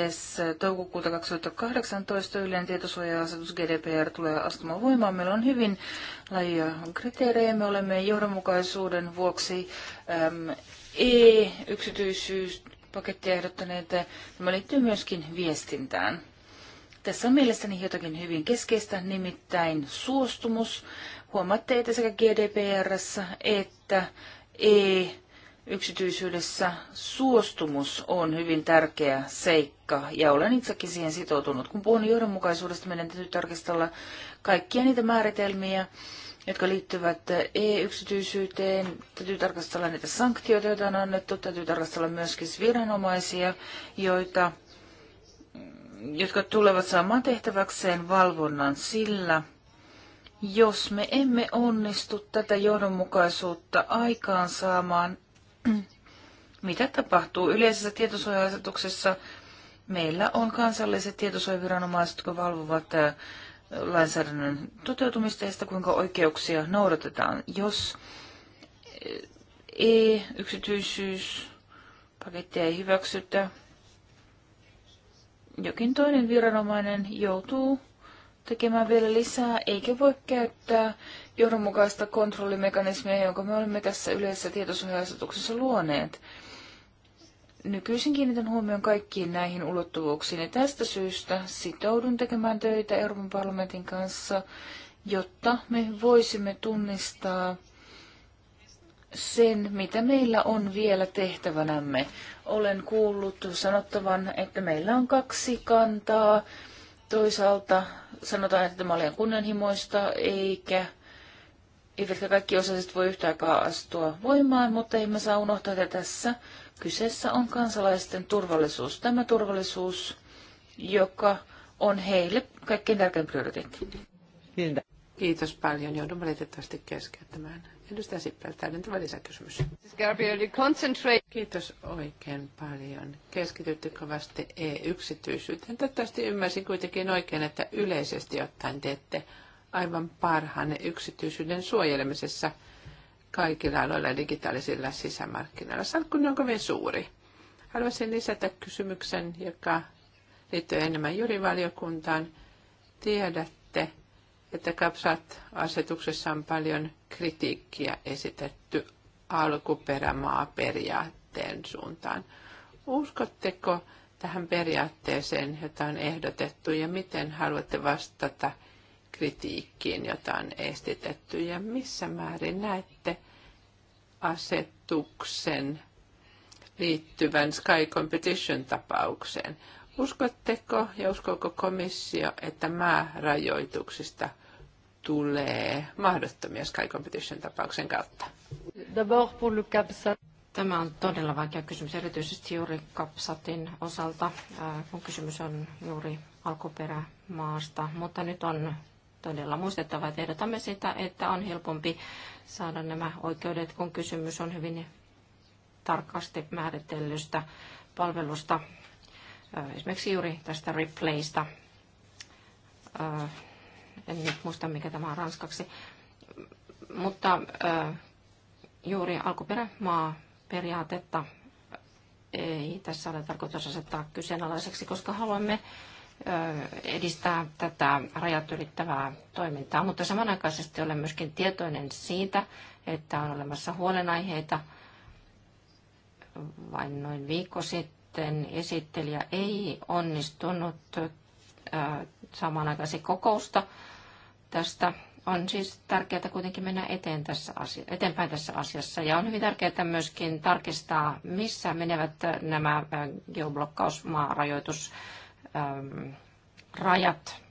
S3: toukokuuta 2018 yleinen tietosuoja-asetus GDPR tulee astumaan voimaan. Meillä on hyvin laajia kriteerejä. Me olemme johdonmukaisuuden vuoksi e yksityisyyspakettia ehdottaneet. Tämä liittyy myöskin viestintään. Tässä on mielestäni jotakin hyvin keskeistä, nimittäin suostumus. Huomaatte, että sekä gdpr että e-yksityisyydessä suostumus on hyvin tärkeä seikka, ja olen itsekin siihen sitoutunut. Kun puhun johdonmukaisuudesta, meidän täytyy tarkistella kaikkia niitä määritelmiä, jotka liittyvät e-yksityisyyteen. Täytyy tarkastella niitä sanktioita, joita on annettu. Täytyy tarkastella myöskin viranomaisia, joita jotka tulevat saamaan tehtäväkseen valvonnan sillä, jos me emme onnistu tätä johdonmukaisuutta aikaan saamaan, mitä tapahtuu? Yleisessä tietosuoja meillä on kansalliset tietosuojaviranomaiset, jotka valvovat äh, lainsäädännön toteutumista ja sitä, kuinka oikeuksia noudatetaan. Jos äh, e-yksityisyys ei hyväksytä, jokin toinen viranomainen joutuu tekemään vielä lisää, eikä voi käyttää johdonmukaista kontrollimekanismia, jonka me olemme tässä yleisessä tietosuoja luoneet. Nykyisin kiinnitän huomioon kaikkiin näihin ulottuvuuksiin ja tästä syystä sitoudun tekemään töitä Euroopan parlamentin kanssa, jotta me voisimme tunnistaa sen, mitä meillä on vielä tehtävänämme. Olen kuullut sanottavan, että meillä on kaksi kantaa. Toisaalta sanotaan, että tämä on kunnanhimoista kunnianhimoista, eikä eivätkä kaikki osaiset voi yhtä aikaa astua voimaan, mutta emme saa unohtaa, että tässä kyseessä on kansalaisten turvallisuus.
S2: Tämä turvallisuus, joka on heille kaikkein tärkein prioriteetti. Kiitos paljon. Joudun valitettavasti keskeyttämään Edustaja Sippel, täydentävä lisäkysymys. Kiitos oikein paljon. Keskitytte kovasti e-yksityisyyteen. Toivottavasti ymmärsin kuitenkin oikein, että yleisesti ottaen teette aivan parhaan yksityisyyden suojelemisessa kaikilla aloilla digitaalisilla sisämarkkinoilla. Salkkuni on kovin suuri. Haluaisin lisätä kysymyksen, joka liittyy enemmän jurivaliokuntaan. Tiedätte, että kapsat asetuksessa on paljon kritiikkiä esitetty alkuperämaaperiaatteen suuntaan. Uskotteko tähän periaatteeseen, jota on ehdotettu, ja miten haluatte vastata kritiikkiin, jota on esitetty, ja missä määrin näette asetuksen liittyvän Sky Competition-tapaukseen? Uskotteko ja uskoko komissio, että maarajoituksista – tulee mahdottomia Sky Competition tapauksen kautta?
S1: Tämä on todella vaikea kysymys, erityisesti juuri Kapsatin osalta, kun kysymys on juuri alkuperämaasta. Mutta nyt on todella muistettava, että ehdotamme sitä, että on helpompi saada nämä oikeudet, kun kysymys on hyvin tarkasti määritellystä palvelusta, esimerkiksi juuri tästä replaysta en nyt muista mikä tämä on ranskaksi. Mutta juuri alkuperämaa periaatetta ei tässä ole tarkoitus asettaa kyseenalaiseksi, koska haluamme edistää tätä rajat ylittävää toimintaa, mutta samanaikaisesti olen myöskin tietoinen siitä, että on olemassa huolenaiheita. Vain noin viikko sitten esittelijä ei onnistunut samanaikaisesti kokousta tästä on siis tärkeää kuitenkin mennä eteen tässä asia, eteenpäin tässä asiassa. Ja on hyvin tärkeää myöskin tarkistaa, missä menevät nämä äh, geoblokkausmaarajoitusrajat. Ähm,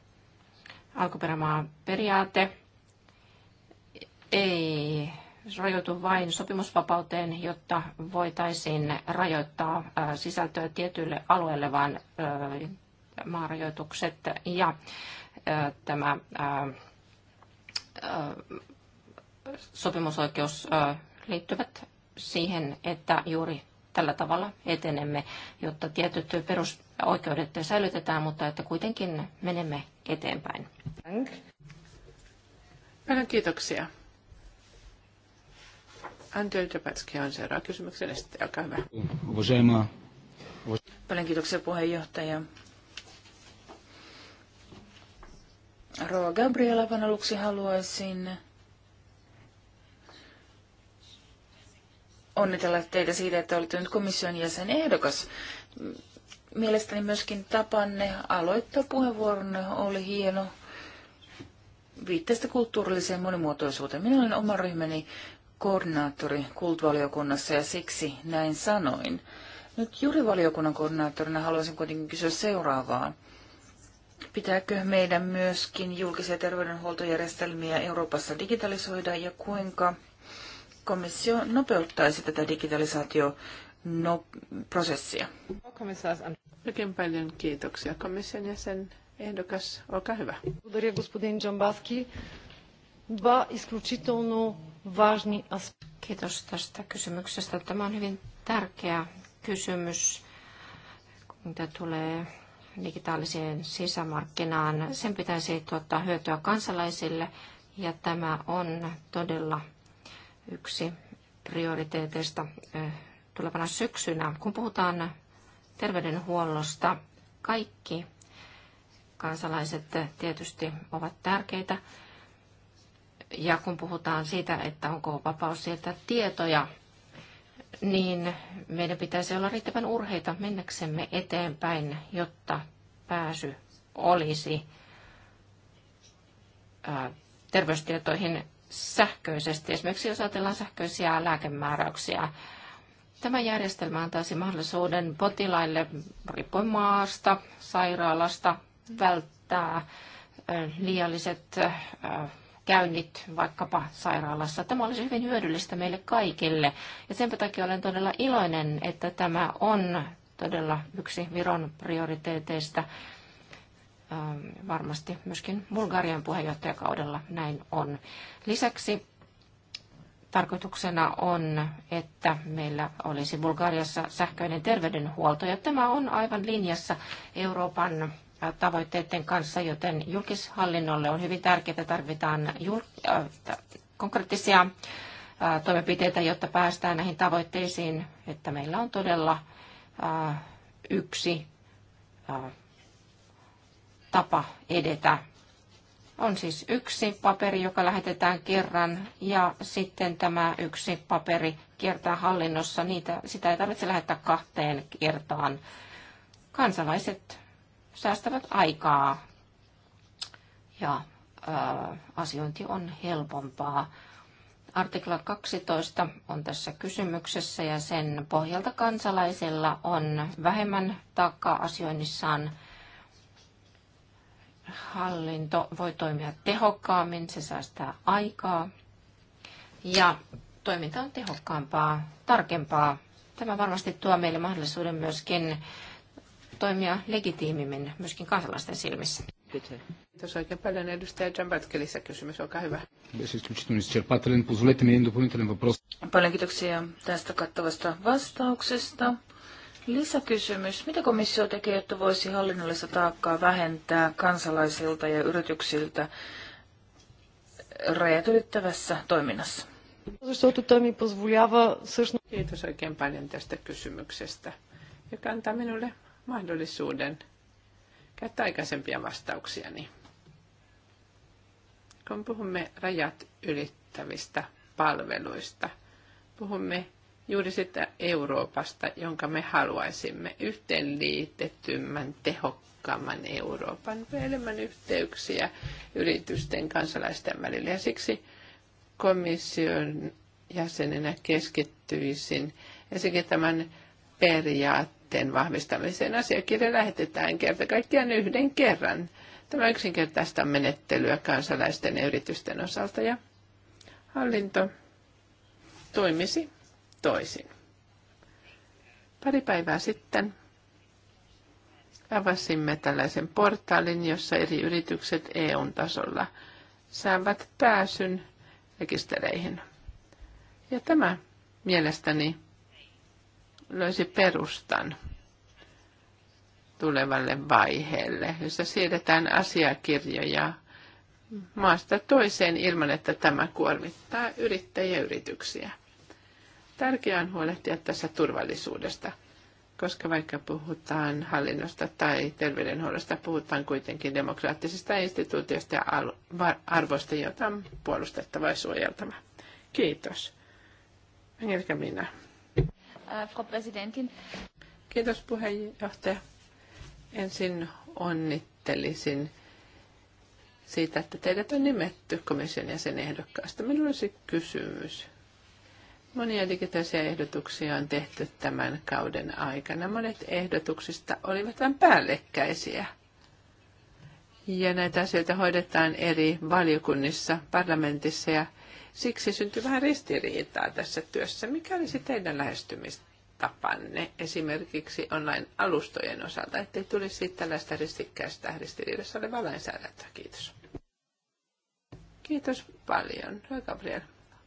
S1: Alkuperämaan alkuperämaa periaate ei rajoitu vain sopimusvapauteen, jotta voitaisiin rajoittaa äh, sisältöä tietyille alueille, vaan äh, maarajoitukset ja tämä sopimusoikeus liittyvät siihen, että juuri tällä tavalla etenemme, jotta tietyt perusoikeudet säilytetään, mutta että kuitenkin menemme eteenpäin.
S2: Paljon kiitoksia. Antti Drapatski on seuraava kysymyksen esittäjä. Olkaa hyvä. Paljon kiitoksia puheenjohtaja. Rova
S3: Gabriela, vaan aluksi haluaisin onnitella teitä siitä, että olette nyt komission ehdokas. Mielestäni myöskin tapanne aloittaa puheenvuoronne oli hieno viitteestä kulttuurilliseen monimuotoisuuteen. Minä olen oman ryhmäni koordinaattori kultvaliokunnassa ja siksi näin sanoin. Nyt juurivaliokunnan koordinaattorina haluaisin kuitenkin kysyä seuraavaa. Pitääkö meidän myöskin julkisia terveydenhuoltojärjestelmiä Euroopassa digitalisoida ja kuinka komissio nopeuttaisi tätä digitalisaatioprosessia?
S2: Oikein paljon kiitoksia komission jäsen ehdokas. Olkaa hyvä.
S1: Kiitos tästä kysymyksestä. Tämä on hyvin tärkeä kysymys, mitä tulee digitaaliseen sisämarkkinaan. Sen pitäisi tuottaa hyötyä kansalaisille ja tämä on todella yksi prioriteeteista tulevana syksynä. Kun puhutaan terveydenhuollosta, kaikki kansalaiset tietysti ovat tärkeitä. Ja kun puhutaan siitä, että onko vapaus siirtää tietoja niin meidän pitäisi olla riittävän urheita mennäksemme eteenpäin, jotta pääsy olisi terveystietoihin sähköisesti. Esimerkiksi jos ajatellaan sähköisiä lääkemääräyksiä, Tämä järjestelmä antaisi mahdollisuuden potilaille riippuen maasta, sairaalasta välttää liialliset käynnit vaikkapa sairaalassa. Tämä olisi hyvin hyödyllistä meille kaikille. Ja sen takia olen todella iloinen, että tämä on todella yksi Viron prioriteeteista. Ähm, varmasti myöskin Bulgarian puheenjohtajakaudella näin on. Lisäksi tarkoituksena on, että meillä olisi Bulgariassa sähköinen terveydenhuolto, ja tämä on aivan linjassa Euroopan tavoitteiden kanssa, joten julkishallinnolle on hyvin tärkeää, että tarvitaan jul- äh, konkreettisia äh, toimenpiteitä, jotta päästään näihin tavoitteisiin, että meillä on todella äh, yksi äh, tapa edetä. On siis yksi paperi, joka lähetetään kerran, ja sitten tämä yksi paperi kiertää hallinnossa. Niitä, sitä ei tarvitse lähettää kahteen kertaan. Kansalaiset säästävät aikaa ja ää, asiointi on helpompaa. Artikla 12 on tässä kysymyksessä ja sen pohjalta kansalaisella on vähemmän taakkaa asioinnissaan. Hallinto voi toimia tehokkaammin, se säästää aikaa ja toiminta on tehokkaampaa, tarkempaa. Tämä varmasti tuo meille mahdollisuuden myöskin toimia legitiimimmin myöskin kansalaisten silmissä.
S2: Kiitos oikein
S1: paljon. Edustaja
S2: Jambatke, lisäkysymys, olkaa hyvä. Paljon
S3: kiitoksia tästä kattavasta vastauksesta. Lisäkysymys. Mitä komissio tekee, että voisi hallinnollista taakkaa vähentää kansalaisilta ja yrityksiltä
S2: rajat ylittävässä toiminnassa? Kiitos oikein paljon tästä kysymyksestä, joka antaa minulle mahdollisuuden käyttää aikaisempia vastauksiani. Kun puhumme rajat ylittävistä palveluista, puhumme juuri sitä Euroopasta, jonka me haluaisimme, yhteenliitettymän, tehokkaamman Euroopan, enemmän yhteyksiä yritysten kansalaisten välillä. Ja siksi komission jäsenenä keskittyisin ensinnäkin tämän periaatteen liitteen vahvistamiseen. Asiakirja lähetetään kerta kaikkiaan yhden kerran. Tämä yksinkertaista menettelyä kansalaisten ja yritysten osalta ja hallinto toimisi toisin. Pari päivää sitten avasimme tällaisen portaalin, jossa eri yritykset eu tasolla saavat pääsyn rekistereihin. Ja tämä mielestäni löysi perustan tulevalle vaiheelle, jossa siirretään asiakirjoja maasta toiseen ilman, että tämä kuormittaa yrittäjiä yrityksiä. Tärkeää on huolehtia tässä turvallisuudesta, koska vaikka puhutaan hallinnosta tai terveydenhuollosta, puhutaan kuitenkin demokraattisista instituutioista ja arvoista, joita on puolustettava ja suojeltava. Kiitos. Engelkä minä. Äh, Frau Präsidentin. Kiitos puheenjohtaja. Ensin onnittelisin siitä, että teidät on nimetty komission jäsenehdokkaasta. Minulla olisi kysymys. Monia digitaalisia ehdotuksia on tehty tämän kauden aikana. Monet ehdotuksista olivat vain päällekkäisiä. Ja näitä asioita hoidetaan eri valiokunnissa, parlamentissa ja Siksi syntyy vähän ristiriitaa tässä työssä. Mikä olisi teidän lähestymistapanne esimerkiksi online-alustojen osalta, ettei tulisi tällaista ristikkäistä ristiriidassa olevaa lainsäädäntöä? Kiitos. Kiitos paljon. Hyvä Gabriel,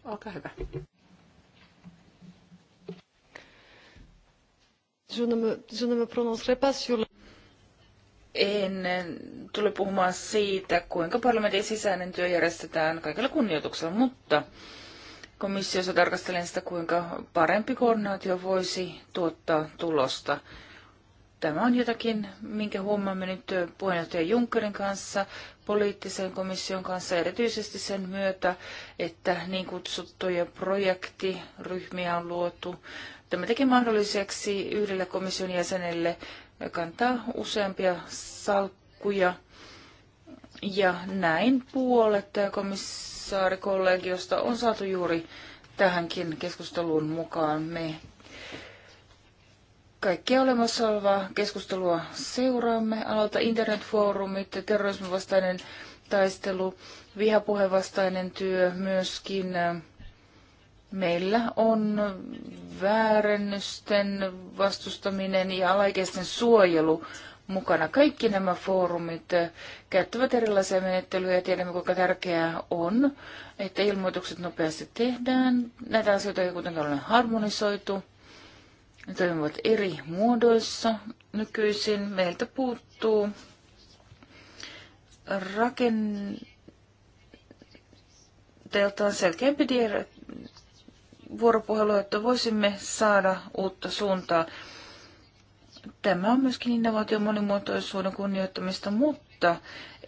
S2: olkaa hyvä. Je ne me, je ne me prononcerai pas
S3: sur le en tule puhumaan siitä, kuinka parlamentin sisäinen työ järjestetään kaikilla kunnioituksella, mutta komissiossa tarkastelen sitä, kuinka parempi koordinaatio voisi tuottaa tulosta. Tämä on jotakin, minkä huomaamme nyt puheenjohtaja Junckerin kanssa, poliittisen komission kanssa, erityisesti sen myötä, että niin kutsuttuja projektiryhmiä on luotu. Tämä teki mahdolliseksi yhdelle komission jäsenelle kantaa useampia salkkuja. Ja näin puolet komissaarikollegiosta on saatu juuri tähänkin keskusteluun mukaan. Me kaikkia olemassa olevaa keskustelua seuraamme. Aloita internetfoorumit, terrorismin vastainen taistelu, vihapuheen vastainen työ, myöskin äh, meillä on väärennysten vastustaminen ja alaikäisten suojelu mukana. Kaikki nämä foorumit käyttävät erilaisia menettelyjä ja tiedämme, kuinka tärkeää on, että ilmoitukset nopeasti tehdään. Näitä asioita ei kuitenkaan ole harmonisoitu. Ne toimivat eri muodoissa nykyisin. Meiltä puuttuu rakenteeltaan selkeämpi vuoropuhelua, että voisimme saada uutta suuntaa. Tämä on myöskin innovaation monimuotoisuuden kunnioittamista, mutta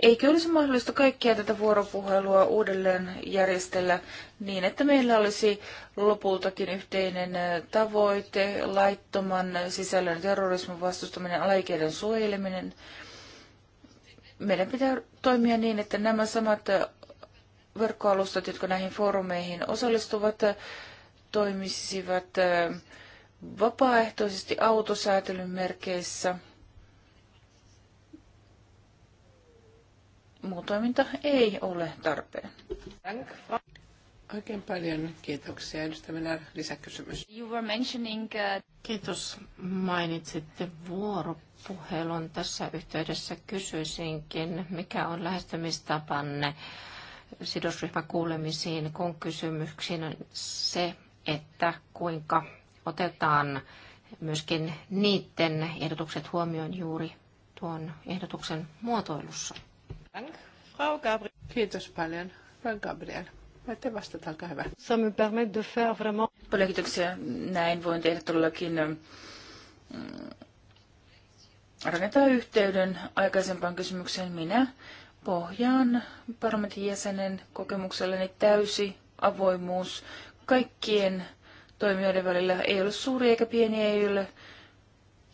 S3: eikö olisi mahdollista kaikkia tätä vuoropuhelua uudelleen järjestellä niin, että meillä olisi lopultakin yhteinen tavoite, laittoman sisällön terrorismin vastustaminen, alaikäiden suojeleminen. Meidän pitää toimia niin, että nämä samat verkkoalustat, jotka näihin foorumeihin osallistuvat, toimisivat vapaaehtoisesti autosäätelyn merkeissä.
S2: Muu toiminta ei ole tarpeen. Oikein paljon kiitoksia. Edustaja
S1: lisäkysymys. You were mentioning, uh... Kiitos. Mainitsitte vuoropuhelun. Tässä yhteydessä kysyisinkin, mikä on lähestymistapanne sidosryhmäkuulemisiin, kun kysymyksiin se, että kuinka otetaan myöskin niiden ehdotukset huomioon juuri tuon ehdotuksen muotoilussa.
S2: Kiitos paljon. Frau Gabriel. Voitte vastata, olkaa hyvä. me Paljon
S3: kiitoksia. Näin voin tehdä todellakin ähm, rakentaa yhteyden aikaisempaan kysymykseen. Minä pohjaan parlamentin jäsenen kokemukselleni täysi avoimuus kaikkien toimijoiden välillä. Ei ole suuria eikä pieniä, ei ole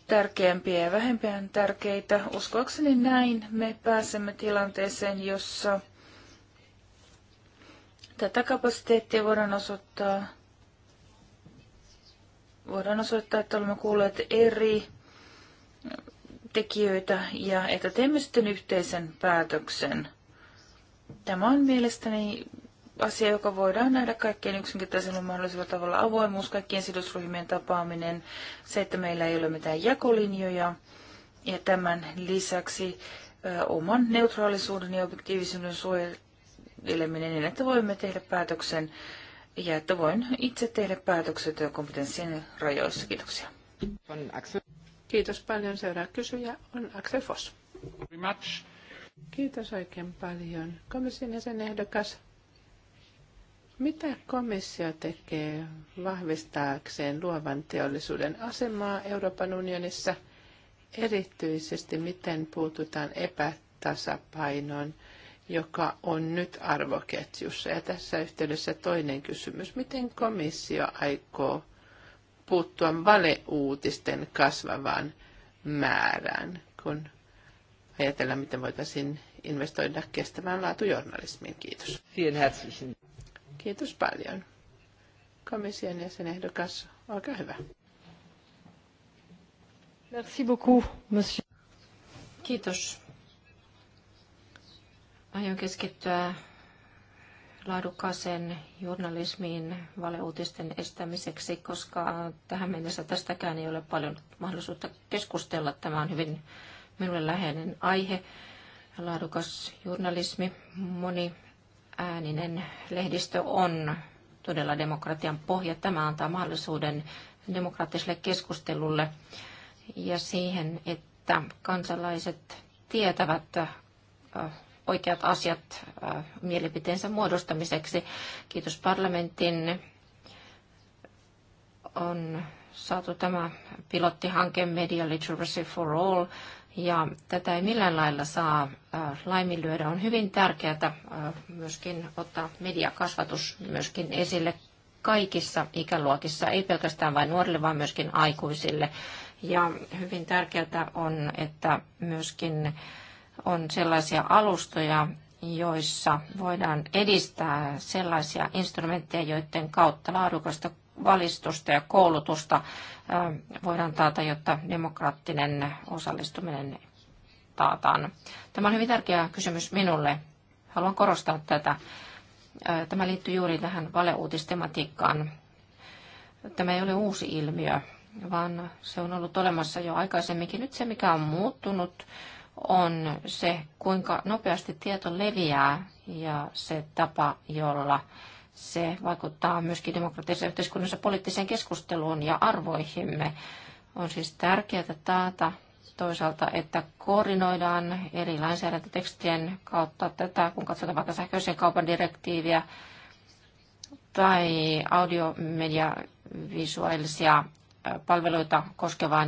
S3: tärkeämpiä ja vähempään tärkeitä. Uskoakseni näin me pääsemme tilanteeseen, jossa tätä kapasiteettia voidaan osoittaa. Voidaan osoittaa, että olemme kuulleet eri tekijöitä ja että teemme sitten yhteisen päätöksen. Tämä on mielestäni asia, joka voidaan nähdä kaikkein yksinkertaisella mahdollisella tavalla avoimuus, kaikkien sidosryhmien tapaaminen, se, että meillä ei ole mitään jakolinjoja ja tämän lisäksi oman neutraalisuuden ja objektiivisuuden suojeleminen niin, että voimme tehdä päätöksen ja että voin itse tehdä päätökset
S2: kompetenssien rajoissa. Kiitoksia. Kiitos paljon. Seuraava kysyjä on Axel Foss. Kiitos oikein paljon. Komission jäsenehdokas. ehdokas. Mitä komissio tekee vahvistaakseen luovan teollisuuden asemaa Euroopan unionissa? Erityisesti miten puututaan epätasapainoon, joka on nyt arvoketjussa? Ja tässä yhteydessä toinen kysymys. Miten komissio aikoo puuttua valeuutisten kasvavaan määrään, kun ajatellaan, miten voitaisiin investoida kestävään laatujournalismiin. Kiitos. Kiitos paljon. Komission
S1: jäsenehdokas, olkaa hyvä. Merci beaucoup, monsieur. Kiitos. Aion keskittyä laadukkaaseen journalismiin valeuutisten estämiseksi, koska tähän mennessä tästäkään ei ole paljon mahdollisuutta keskustella. Tämä on hyvin minulle läheinen aihe, laadukas journalismi. Moni ääninen lehdistö on todella demokratian pohja. Tämä antaa mahdollisuuden demokraattiselle keskustelulle ja siihen, että kansalaiset tietävät äh, oikeat asiat äh, mielipiteensä muodostamiseksi. Kiitos parlamentin. On saatu tämä pilottihanke Media Literacy for All ja tätä ei millään lailla saa äh, laiminlyödä. On hyvin tärkeää äh, myöskin ottaa mediakasvatus myöskin esille kaikissa ikäluokissa, ei pelkästään vain nuorille, vaan myöskin aikuisille. Ja hyvin tärkeää on, että myöskin on sellaisia alustoja, joissa voidaan edistää sellaisia instrumentteja, joiden kautta laadukasta valistusta ja koulutusta voidaan taata, jotta demokraattinen osallistuminen taataan. Tämä on hyvin tärkeä kysymys minulle. Haluan korostaa tätä. Tämä liittyy juuri tähän valeuutistematiikkaan. Tämä ei ole uusi ilmiö, vaan se on ollut olemassa jo aikaisemminkin. Nyt se, mikä on muuttunut, on se, kuinka nopeasti tieto leviää ja se tapa, jolla se vaikuttaa myöskin demokratiassa yhteiskunnassa poliittiseen keskusteluun ja arvoihimme. On siis tärkeää taata toisaalta, että koordinoidaan eri lainsäädäntötekstien kautta tätä, kun katsotaan vaikka sähköisen kaupan direktiiviä tai audiomediavisuaalisia palveluita koskevaa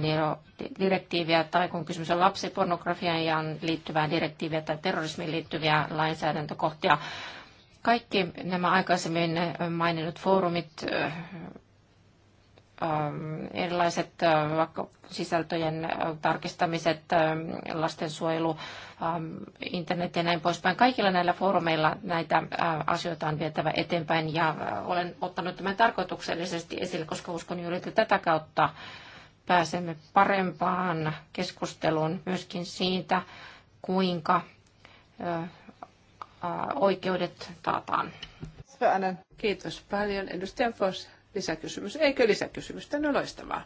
S1: direktiiviä tai kun kysymys on lapsipornografian liittyvää direktiiviä tai terrorismiin liittyviä lainsäädäntökohtia kaikki nämä aikaisemmin maininnut foorumit, erilaiset vaikka sisältöjen tarkistamiset, lastensuojelu, internet ja näin poispäin. Kaikilla näillä foorumeilla näitä asioita on vietävä eteenpäin ja olen ottanut tämän tarkoituksellisesti esille, koska uskon juuri, että tätä kautta pääsemme parempaan keskusteluun myöskin siitä, kuinka Äh, oikeudet taataan.
S2: Säänen. Kiitos paljon. Edustaja Fos, lisäkysymys. Eikö lisäkysymystä? on no loistavaa.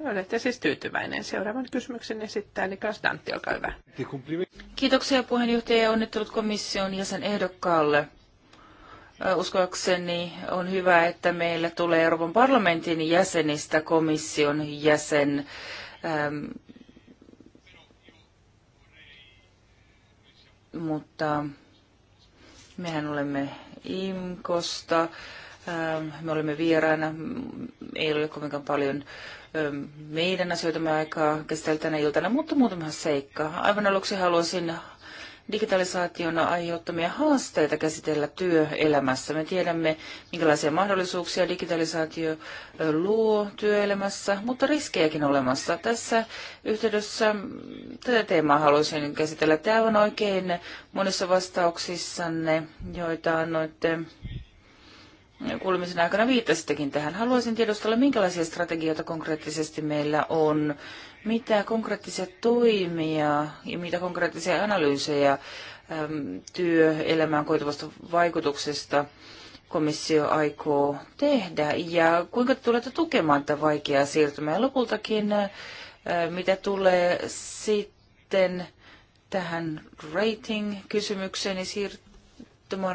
S2: Olette siis tyytyväinen. Seuraavan kysymyksen esittää Nikas Dantti, olkaa hyvä. Kiitoksia puheenjohtaja ja
S3: onnittelut komission jäsenehdokkaalle. Uskoakseni on hyvä, että meillä tulee Euroopan parlamentin jäsenistä komission jäsen. mutta mehän olemme IMKosta, ähm, me olemme vieraana, ei ole kovinkaan paljon ähm, meidän asioitamme aikaa käsitellä tänä iltana, mutta muutama seikka. Aivan aluksi haluaisin digitalisaation aiheuttamia haasteita käsitellä työelämässä. Me tiedämme, minkälaisia mahdollisuuksia digitalisaatio luo työelämässä, mutta riskejäkin olemassa. Tässä yhteydessä tätä teemaa haluaisin käsitellä. Tämä on oikein monissa vastauksissanne, joita annoitte kuulemisen aikana viittasittekin tähän. Haluaisin tiedustella, minkälaisia strategioita konkreettisesti meillä on mitä konkreettisia toimia ja mitä konkreettisia analyysejä työelämään koituvasta vaikutuksesta komissio aikoo tehdä ja kuinka te tulette tukemaan tätä vaikeaa siirtymää. Lopultakin, mitä tulee sitten tähän rating-kysymykseen ja tämä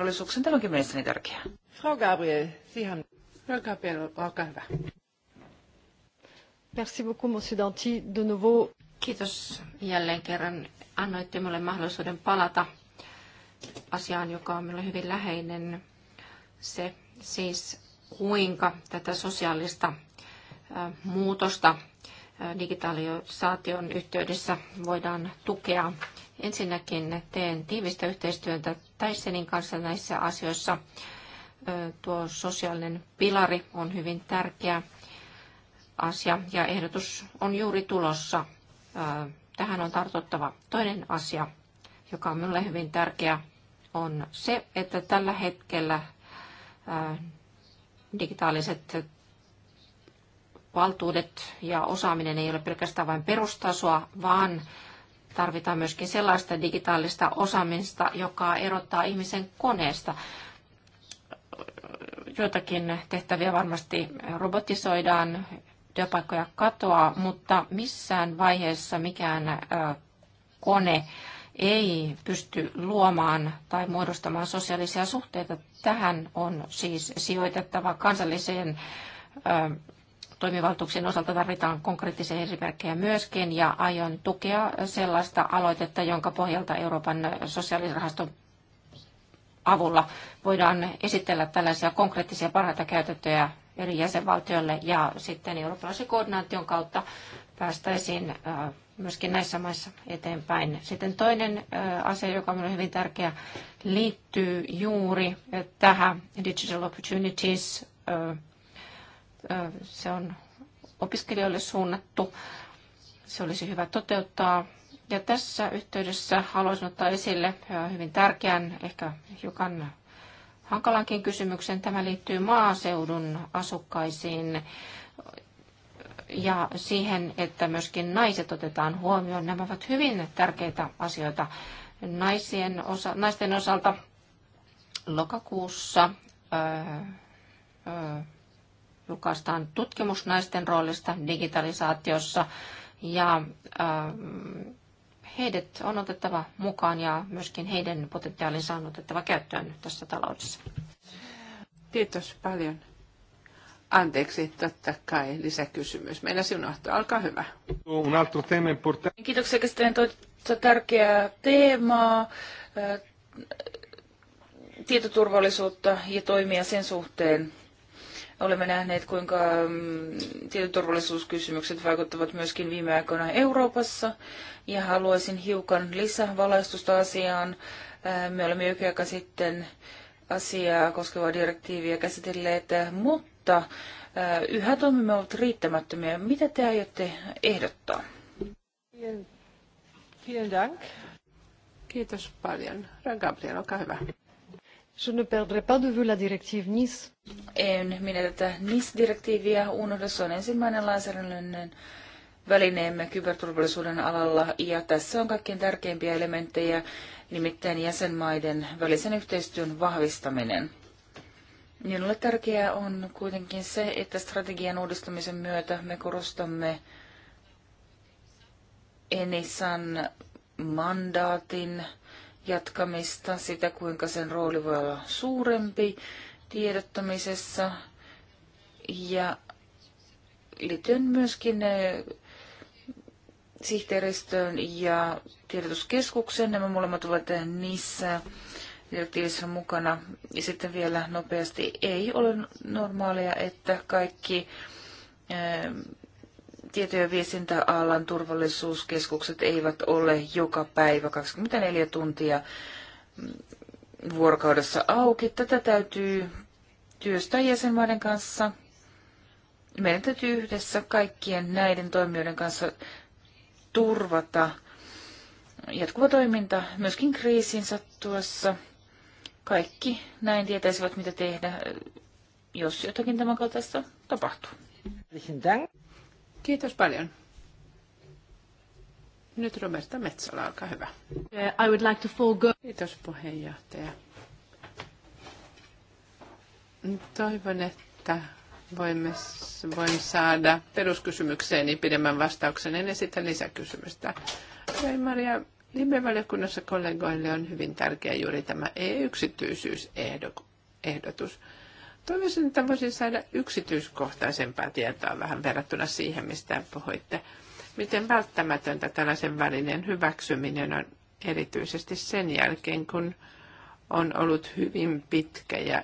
S3: onkin mielestäni tärkeää. Frau Gabriel,
S2: Frau Gabriel, olkaa hyvä.
S1: Merci beaucoup, monsieur Danti, de nouveau. Kiitos jälleen kerran. Annoitte minulle mahdollisuuden palata asiaan, joka on minulle hyvin läheinen. Se siis, kuinka tätä sosiaalista muutosta digitalisaation yhteydessä voidaan tukea. Ensinnäkin teen tiivistä yhteistyötä Täissenin kanssa näissä asioissa. Tuo sosiaalinen pilari on hyvin tärkeä asia ja ehdotus on juuri tulossa. Tähän on tartuttava. Toinen asia, joka on minulle hyvin tärkeä, on se, että tällä hetkellä digitaaliset valtuudet ja osaaminen ei ole pelkästään vain perustasoa, vaan tarvitaan myöskin sellaista digitaalista osaamista, joka erottaa ihmisen koneesta. Joitakin tehtäviä varmasti robotisoidaan, työpaikkoja katoaa, mutta missään vaiheessa mikään kone ei pysty luomaan tai muodostamaan sosiaalisia suhteita. Tähän on siis sijoitettava kansalliseen toimivaltuuksien osalta tarvitaan konkreettisia esimerkkejä myöskin ja aion tukea sellaista aloitetta, jonka pohjalta Euroopan sosiaalirahaston avulla voidaan esitellä tällaisia konkreettisia parhaita käytäntöjä eri jäsenvaltioille ja sitten eurooppalaisen koordinaation kautta päästäisiin äh, myöskin näissä maissa eteenpäin. Sitten toinen äh, asia, joka on hyvin tärkeä, liittyy juuri äh, tähän Digital Opportunities. Se on opiskelijoille suunnattu. Se olisi hyvä toteuttaa. Ja tässä yhteydessä haluaisin ottaa esille hyvin tärkeän, ehkä hiukan hankalankin kysymyksen. Tämä liittyy maaseudun asukkaisiin ja siihen, että myöskin naiset otetaan huomioon. Nämä ovat hyvin tärkeitä asioita naisien osa, naisten osalta. Lokakuussa öö, öö, julkaistaan tutkimus naisten roolista digitalisaatiossa ja öö, heidät on otettava mukaan ja myöskin heidän potentiaalinsa on otettava käyttöön tässä taloudessa. Kiitos paljon.
S2: Anteeksi, totta kai lisäkysymys. Meillä unohtui. Olkaa hyvä. Kiitoksia käsittelen toista tärkeää teemaa,
S3: tietoturvallisuutta ja toimia sen suhteen. Olemme nähneet, kuinka mm, tietoturvallisuuskysymykset vaikuttavat myöskin viime aikoina Euroopassa, ja haluaisin hiukan lisävalaistusta asiaan. Äh, me olemme jokin aika sitten asiaa koskevaa direktiiviä käsitelleet, äh, mutta äh, yhä toimimme ovat riittämättömiä. Mitä te aiotte ehdottaa?
S2: Kiitos paljon. Rankablian, olkaa hyvä. Je ne perdrai pas de vue la directive NIS. En
S3: minä tätä NIS-direktiiviä unohda. Se on ensimmäinen lainsäädännöllinen välineemme kyberturvallisuuden alalla. Ja tässä on kaikkein tärkeimpiä elementtejä, nimittäin jäsenmaiden välisen yhteistyön vahvistaminen. Minulle tärkeää on kuitenkin se, että strategian uudistamisen myötä me korostamme Enisan mandaatin jatkamista, sitä kuinka sen rooli voi olla suurempi tiedottamisessa ja liittyen myöskin eh, sihteeristöön ja tiedotuskeskukseen. Nämä molemmat ovat eh, niissä direktiivissä mukana. Ja sitten vielä nopeasti ei ole normaalia, että kaikki eh, tieto- ja viestintäalan turvallisuuskeskukset eivät ole joka päivä 24 tuntia vuorokaudessa auki. Tätä täytyy työstää jäsenmaiden kanssa. Meidän täytyy yhdessä kaikkien näiden toimijoiden kanssa turvata jatkuva toiminta myöskin kriisin sattuessa. Kaikki näin tietäisivät, mitä tehdä, jos jotakin
S2: tämän kaltaista tapahtuu. Kiitos paljon. Nyt Roberta Metsola, olkaa hyvä. Uh, I would like to forego... Kiitos puheenjohtaja. Toivon, että voimme, voin saada peruskysymykseeni pidemmän vastauksen. En esitä lisäkysymystä. Maria, Libe-valiokunnassa kollegoille on hyvin tärkeä juuri tämä e-yksityisyysehdotus. Toivoisin, että voisin saada yksityiskohtaisempaa tietoa vähän verrattuna siihen, mistä puhuitte. Miten välttämätöntä tällaisen välineen hyväksyminen on erityisesti sen jälkeen, kun on ollut hyvin pitkä ja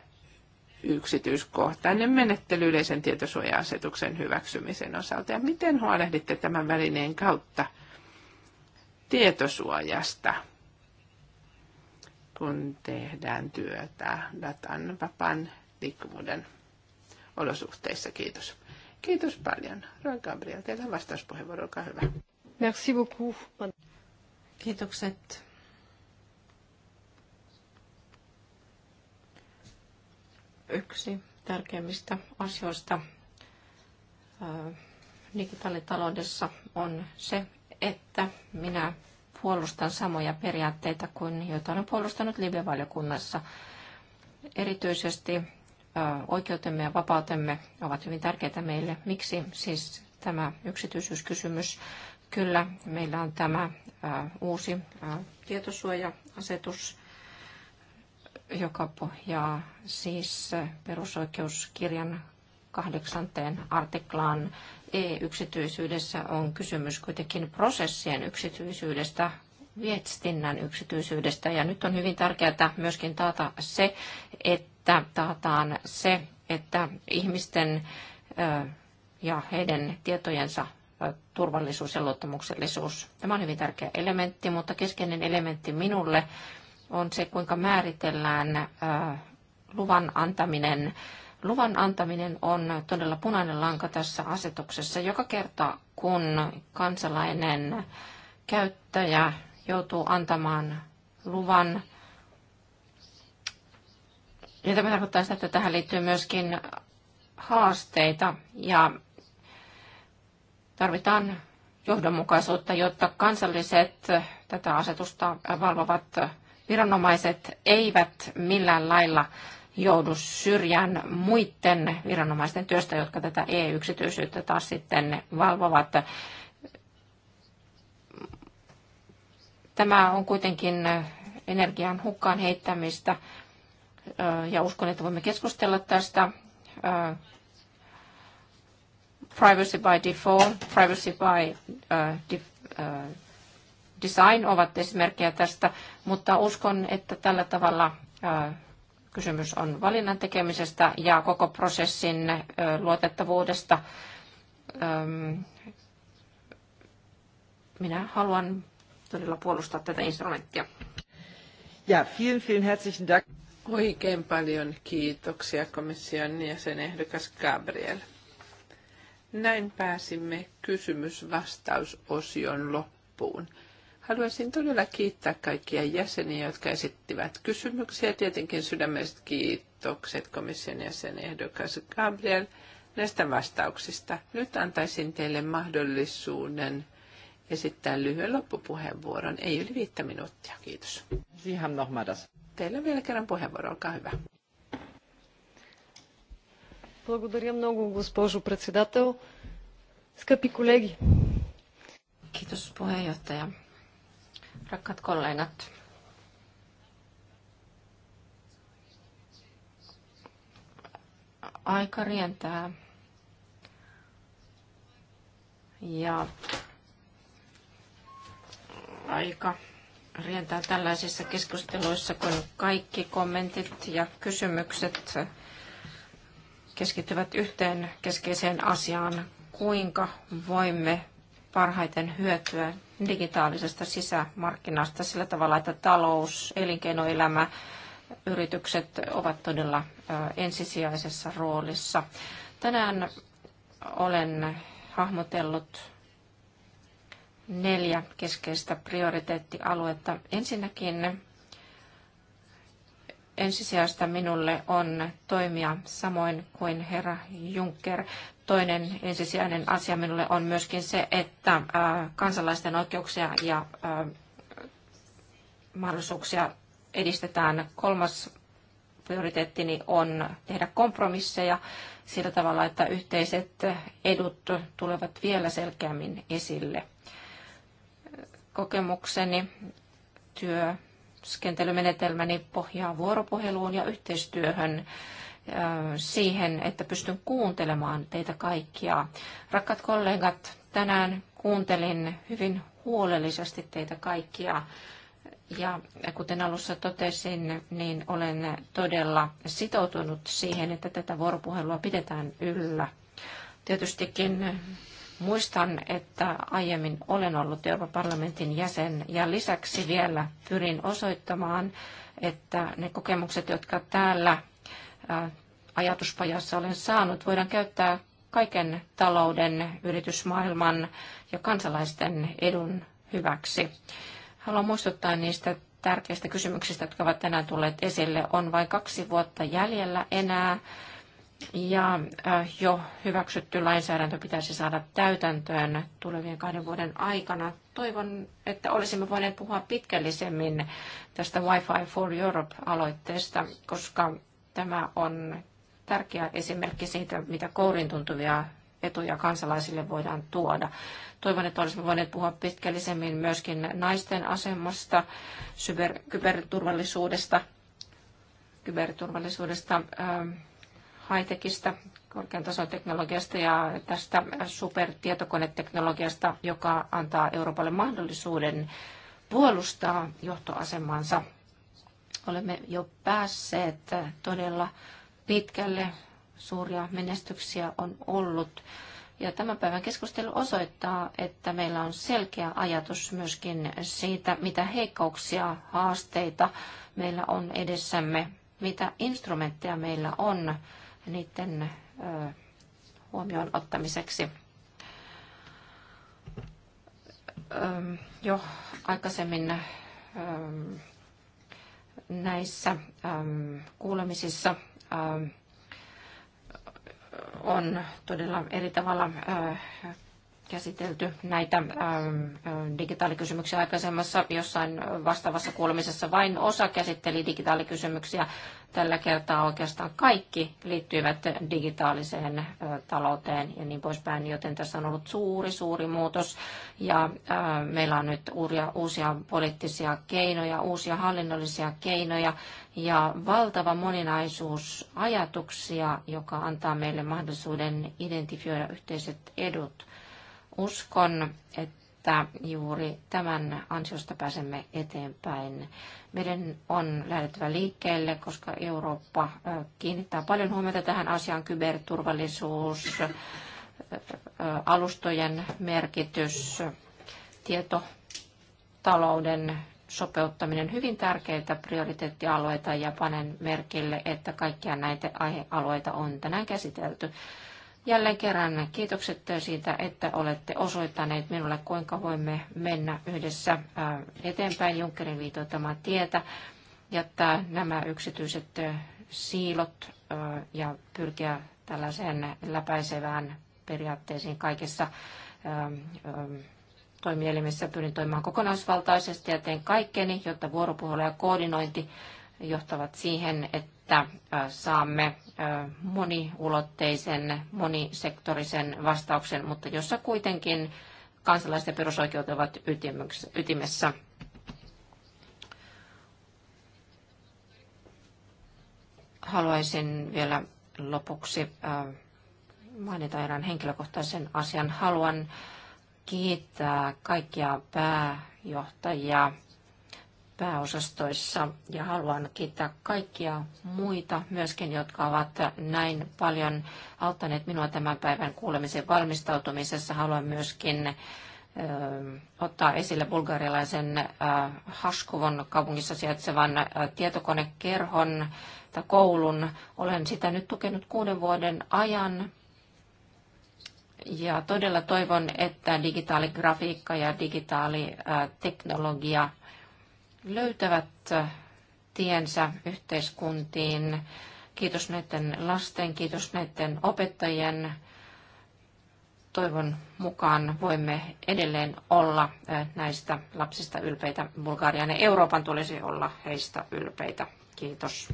S2: yksityiskohtainen menettely yleisen tietosuoja-asetuksen hyväksymisen osalta. Ja miten huolehditte tämän välineen kautta tietosuojasta, kun tehdään työtä datan vapaan liikkuvuuden olosuhteissa. Kiitos. Kiitos paljon. Roy Gabriel, teillä vastauspuheenvuoro, olkaa hyvä.
S1: Merci beaucoup. Kiitokset. Yksi tärkeimmistä asioista digitaalitaloudessa on se, että minä puolustan samoja periaatteita kuin joita olen puolustanut live-valiokunnassa. Erityisesti oikeutemme ja vapautemme ovat hyvin tärkeitä meille. Miksi siis tämä yksityisyyskysymys? Kyllä, meillä on tämä uusi tietosuoja-asetus, joka pohjaa siis perusoikeuskirjan kahdeksanteen artiklaan e-yksityisyydessä on kysymys kuitenkin prosessien yksityisyydestä, viestinnän yksityisyydestä. Ja nyt on hyvin tärkeää myöskin taata se, että että taataan se, että ihmisten ja heidän tietojensa turvallisuus ja luottamuksellisuus. Tämä on hyvin tärkeä elementti, mutta keskeinen elementti minulle on se, kuinka määritellään luvan antaminen. Luvan antaminen on todella punainen lanka tässä asetuksessa. Joka kerta, kun kansalainen käyttäjä joutuu antamaan luvan niin tämä tarkoittaa sitä, että tähän liittyy myöskin haasteita ja tarvitaan johdonmukaisuutta, jotta kansalliset tätä asetusta valvovat viranomaiset eivät millään lailla joudu syrjään muiden viranomaisten työstä, jotka tätä e-yksityisyyttä taas sitten valvovat. Tämä on kuitenkin energian hukkaan heittämistä ja uskon, että voimme keskustella tästä. Privacy by default, privacy by design ovat esimerkkejä tästä, mutta uskon, että tällä tavalla kysymys on valinnan tekemisestä ja koko prosessin luotettavuudesta. Minä haluan todella puolustaa tätä instrumenttia. Ja,
S2: vielen, vielen herzlichen Dank. Oikein paljon kiitoksia komission jäsenehdokas Gabriel. Näin pääsimme kysymys-vastausosion loppuun. Haluaisin todella kiittää kaikkia jäseniä, jotka esittivät kysymyksiä. Tietenkin sydämelliset kiitokset komission jäsenehdokas Gabriel näistä vastauksista. Nyt antaisin teille mahdollisuuden esittää lyhyen loppupuheenvuoron. Ei yli viittä minuuttia. Kiitos. Sie haben noch mal das. Teillä on vielä kerran puheenvuoro, olkaa hyvä.
S1: Благодаря много, госпожо председател. Скъпи колеги! Kiitos puheenjohtaja. Rakkaat kollegat. Aika rientää. Ja aika rientää tällaisissa keskusteluissa, kun kaikki kommentit ja kysymykset keskittyvät yhteen keskeiseen asiaan, kuinka voimme parhaiten hyötyä digitaalisesta sisämarkkinasta sillä tavalla, että talous, elinkeinoelämä, yritykset ovat todella ensisijaisessa roolissa. Tänään olen hahmotellut neljä keskeistä prioriteettialuetta. Ensinnäkin ensisijaista minulle on toimia samoin kuin herra Juncker. Toinen ensisijainen asia minulle on myöskin se, että äh, kansalaisten oikeuksia ja äh, mahdollisuuksia edistetään. Kolmas prioriteettini on tehdä kompromisseja sillä tavalla, että yhteiset edut tulevat vielä selkeämmin esille kokemukseni, työskentelymenetelmäni pohjaa vuoropuheluun ja yhteistyöhön äh, siihen, että pystyn kuuntelemaan teitä kaikkia. Rakkat kollegat, tänään kuuntelin hyvin huolellisesti teitä kaikkia. Ja kuten alussa totesin, niin olen todella sitoutunut siihen, että tätä vuoropuhelua pidetään yllä. Tietystikin Muistan, että aiemmin olen ollut Euroopan parlamentin jäsen ja lisäksi vielä pyrin osoittamaan, että ne kokemukset, jotka täällä ajatuspajassa olen saanut, voidaan käyttää kaiken talouden, yritysmaailman ja kansalaisten edun hyväksi. Haluan muistuttaa niistä tärkeistä kysymyksistä, jotka ovat tänään tulleet esille. On vain kaksi vuotta jäljellä enää ja äh, jo hyväksytty lainsäädäntö pitäisi saada täytäntöön tulevien kahden vuoden aikana. Toivon, että olisimme voineet puhua pitkällisemmin tästä Wi-Fi for Europe-aloitteesta, koska tämä on tärkeä esimerkki siitä, mitä kourin tuntuvia etuja kansalaisille voidaan tuoda. Toivon, että olisimme voineet puhua pitkällisemmin myöskin naisten asemasta, kyberturvallisuudesta, kyberturvallisuudesta, ähm, high-techistä, korkean tason teknologiasta ja tästä supertietokoneteknologiasta, joka antaa Euroopalle mahdollisuuden puolustaa johtoasemansa. Olemme jo päässeet todella pitkälle. Suuria menestyksiä on ollut. Ja tämän päivän keskustelu osoittaa, että meillä on selkeä ajatus myöskin siitä, mitä heikkouksia, haasteita meillä on edessämme, mitä instrumentteja meillä on niiden huomioon ottamiseksi. Jo aikaisemmin näissä kuulemisissa on todella eri tavalla käsitelty näitä ähm, äh, digitaalikysymyksiä aikaisemmassa jossain vastaavassa kuulemisessa. Vain osa käsitteli digitaalikysymyksiä. Tällä kertaa oikeastaan kaikki liittyivät digitaaliseen äh, talouteen ja niin poispäin, joten tässä on ollut suuri, suuri muutos. Ja äh, meillä on nyt uusia, poliittisia keinoja, uusia hallinnollisia keinoja ja valtava moninaisuus ajatuksia, joka antaa meille mahdollisuuden identifioida yhteiset edut Uskon, että juuri tämän ansiosta pääsemme eteenpäin. Meidän on lähdettävä liikkeelle, koska Eurooppa kiinnittää paljon huomiota tähän asiaan, kyberturvallisuus, alustojen merkitys, tietotalouden sopeuttaminen hyvin tärkeitä prioriteettialueita ja panen merkille, että kaikkia näitä aihealueita on tänään käsitelty. Jälleen kerran kiitokset siitä, että olette osoittaneet minulle, kuinka voimme mennä yhdessä äh, eteenpäin Junckerin viitoittamaa tietä, jättää nämä yksityiset äh, siilot äh, ja pyrkiä tällaiseen läpäisevään periaatteisiin kaikessa toimielimissä pyrin toimimaan kokonaisvaltaisesti ja teen kaikkeni, jotta vuoropuhelu ja koordinointi johtavat siihen, että että äh, saamme äh, moniulotteisen, monisektorisen vastauksen, mutta jossa kuitenkin kansalaiset ja perusoikeudet ovat ytimessä. Haluaisin vielä lopuksi äh, mainita erään henkilökohtaisen asian. Haluan kiittää kaikkia pääjohtajia pääosastoissa ja haluan kiittää kaikkia muita myöskin, jotka ovat näin paljon auttaneet minua tämän päivän kuulemisen valmistautumisessa. Haluan myöskin ottaa esille bulgarialaisen Haskovon kaupungissa sijaitsevan tietokonekerhon tai koulun. Olen sitä nyt tukenut kuuden vuoden ajan. Ja todella toivon, että digitaaligrafiikka ja digitaaliteknologia – löytävät tiensä yhteiskuntiin. Kiitos näiden lasten, kiitos näiden opettajien. Toivon mukaan voimme edelleen olla näistä lapsista ylpeitä. Bulgarian ja Euroopan tulisi olla heistä ylpeitä. Kiitos.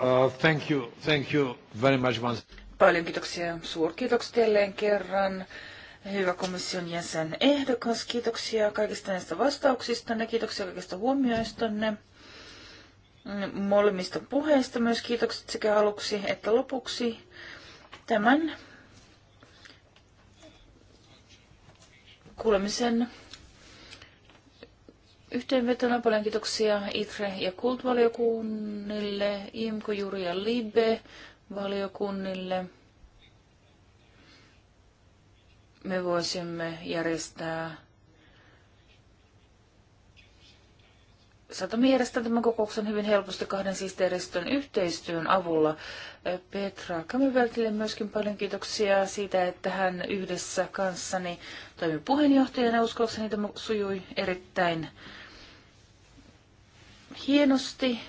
S2: Uh, thank you, thank you very much once.
S3: Paljon kiitoksia, suurkiitokset jälleen kerran. Hyvä komission jäsen ehdokas, kiitoksia kaikista näistä vastauksista ja kiitoksia kaikista huomioistanne. Molemmista puheista myös kiitokset sekä aluksi että lopuksi tämän kuulemisen Yhteenvetona paljon kiitoksia ITRE- ja KULT-valiokunnille, IMKO, Juri ja LIBE-valiokunnille. Me voisimme järjestää saatamme järjestää tämän kokouksen hyvin helposti kahden sihteeristön yhteistyön avulla. Petra Kamiveltille myöskin paljon kiitoksia siitä, että hän yhdessä kanssani toimi puheenjohtajana. Uskoakseni tämä sujui erittäin hienosti.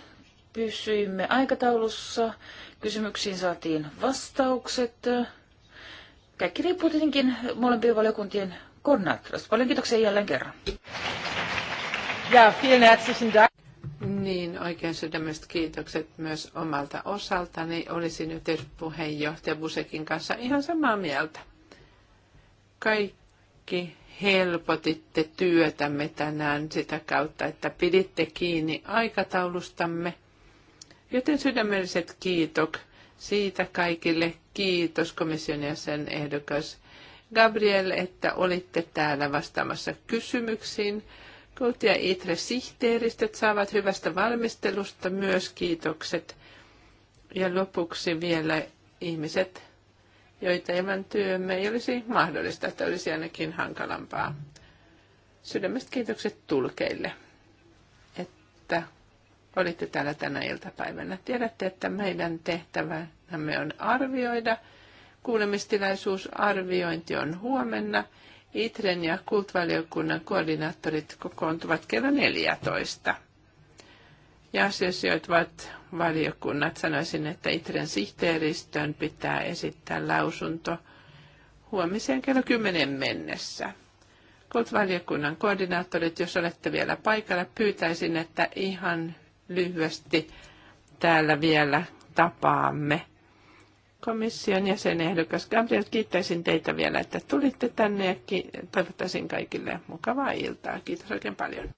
S3: Pysyimme aikataulussa. Kysymyksiin saatiin vastaukset. Kaikki riippuu tietenkin molempien valiokuntien koordinaattorista.
S2: Paljon kiitoksia jälleen kerran. Ja, vielen herzlichen Dank. Niin, oikein sydämestä kiitokset myös omalta osaltani. Olisin puheenjohtaja Busekin kanssa ihan samaa mieltä. Kaikki helpotitte työtämme tänään sitä kautta, että piditte kiinni aikataulustamme. Joten sydämelliset kiitok siitä kaikille. Kiitos komission jäsen ehdokas Gabriel, että olitte täällä vastaamassa kysymyksiin. Kout ja Itre sihteeristöt saavat hyvästä valmistelusta myös kiitokset. Ja lopuksi vielä ihmiset joita ilman työmme ei olisi mahdollista, että olisi ainakin hankalampaa. Sydämestä kiitokset tulkeille, että olitte täällä tänä iltapäivänä. Tiedätte, että meidän tehtävänämme on arvioida. Kuulemistilaisuusarviointi on huomenna. ITREN ja kultvaliokunnan koordinaattorit kokoontuvat kello 14 ja asiasioitvat valiokunnat. Sanoisin, että Itren sihteeristön pitää esittää lausunto huomiseen kello 10 mennessä. Kult-valiokunnan koordinaattorit, jos olette vielä paikalla, pyytäisin, että ihan lyhyesti täällä vielä tapaamme. Komission jäsenehdokas Gabriel, kiittäisin teitä vielä, että tulitte tänne ja toivottaisin kaikille mukavaa iltaa. Kiitos oikein paljon.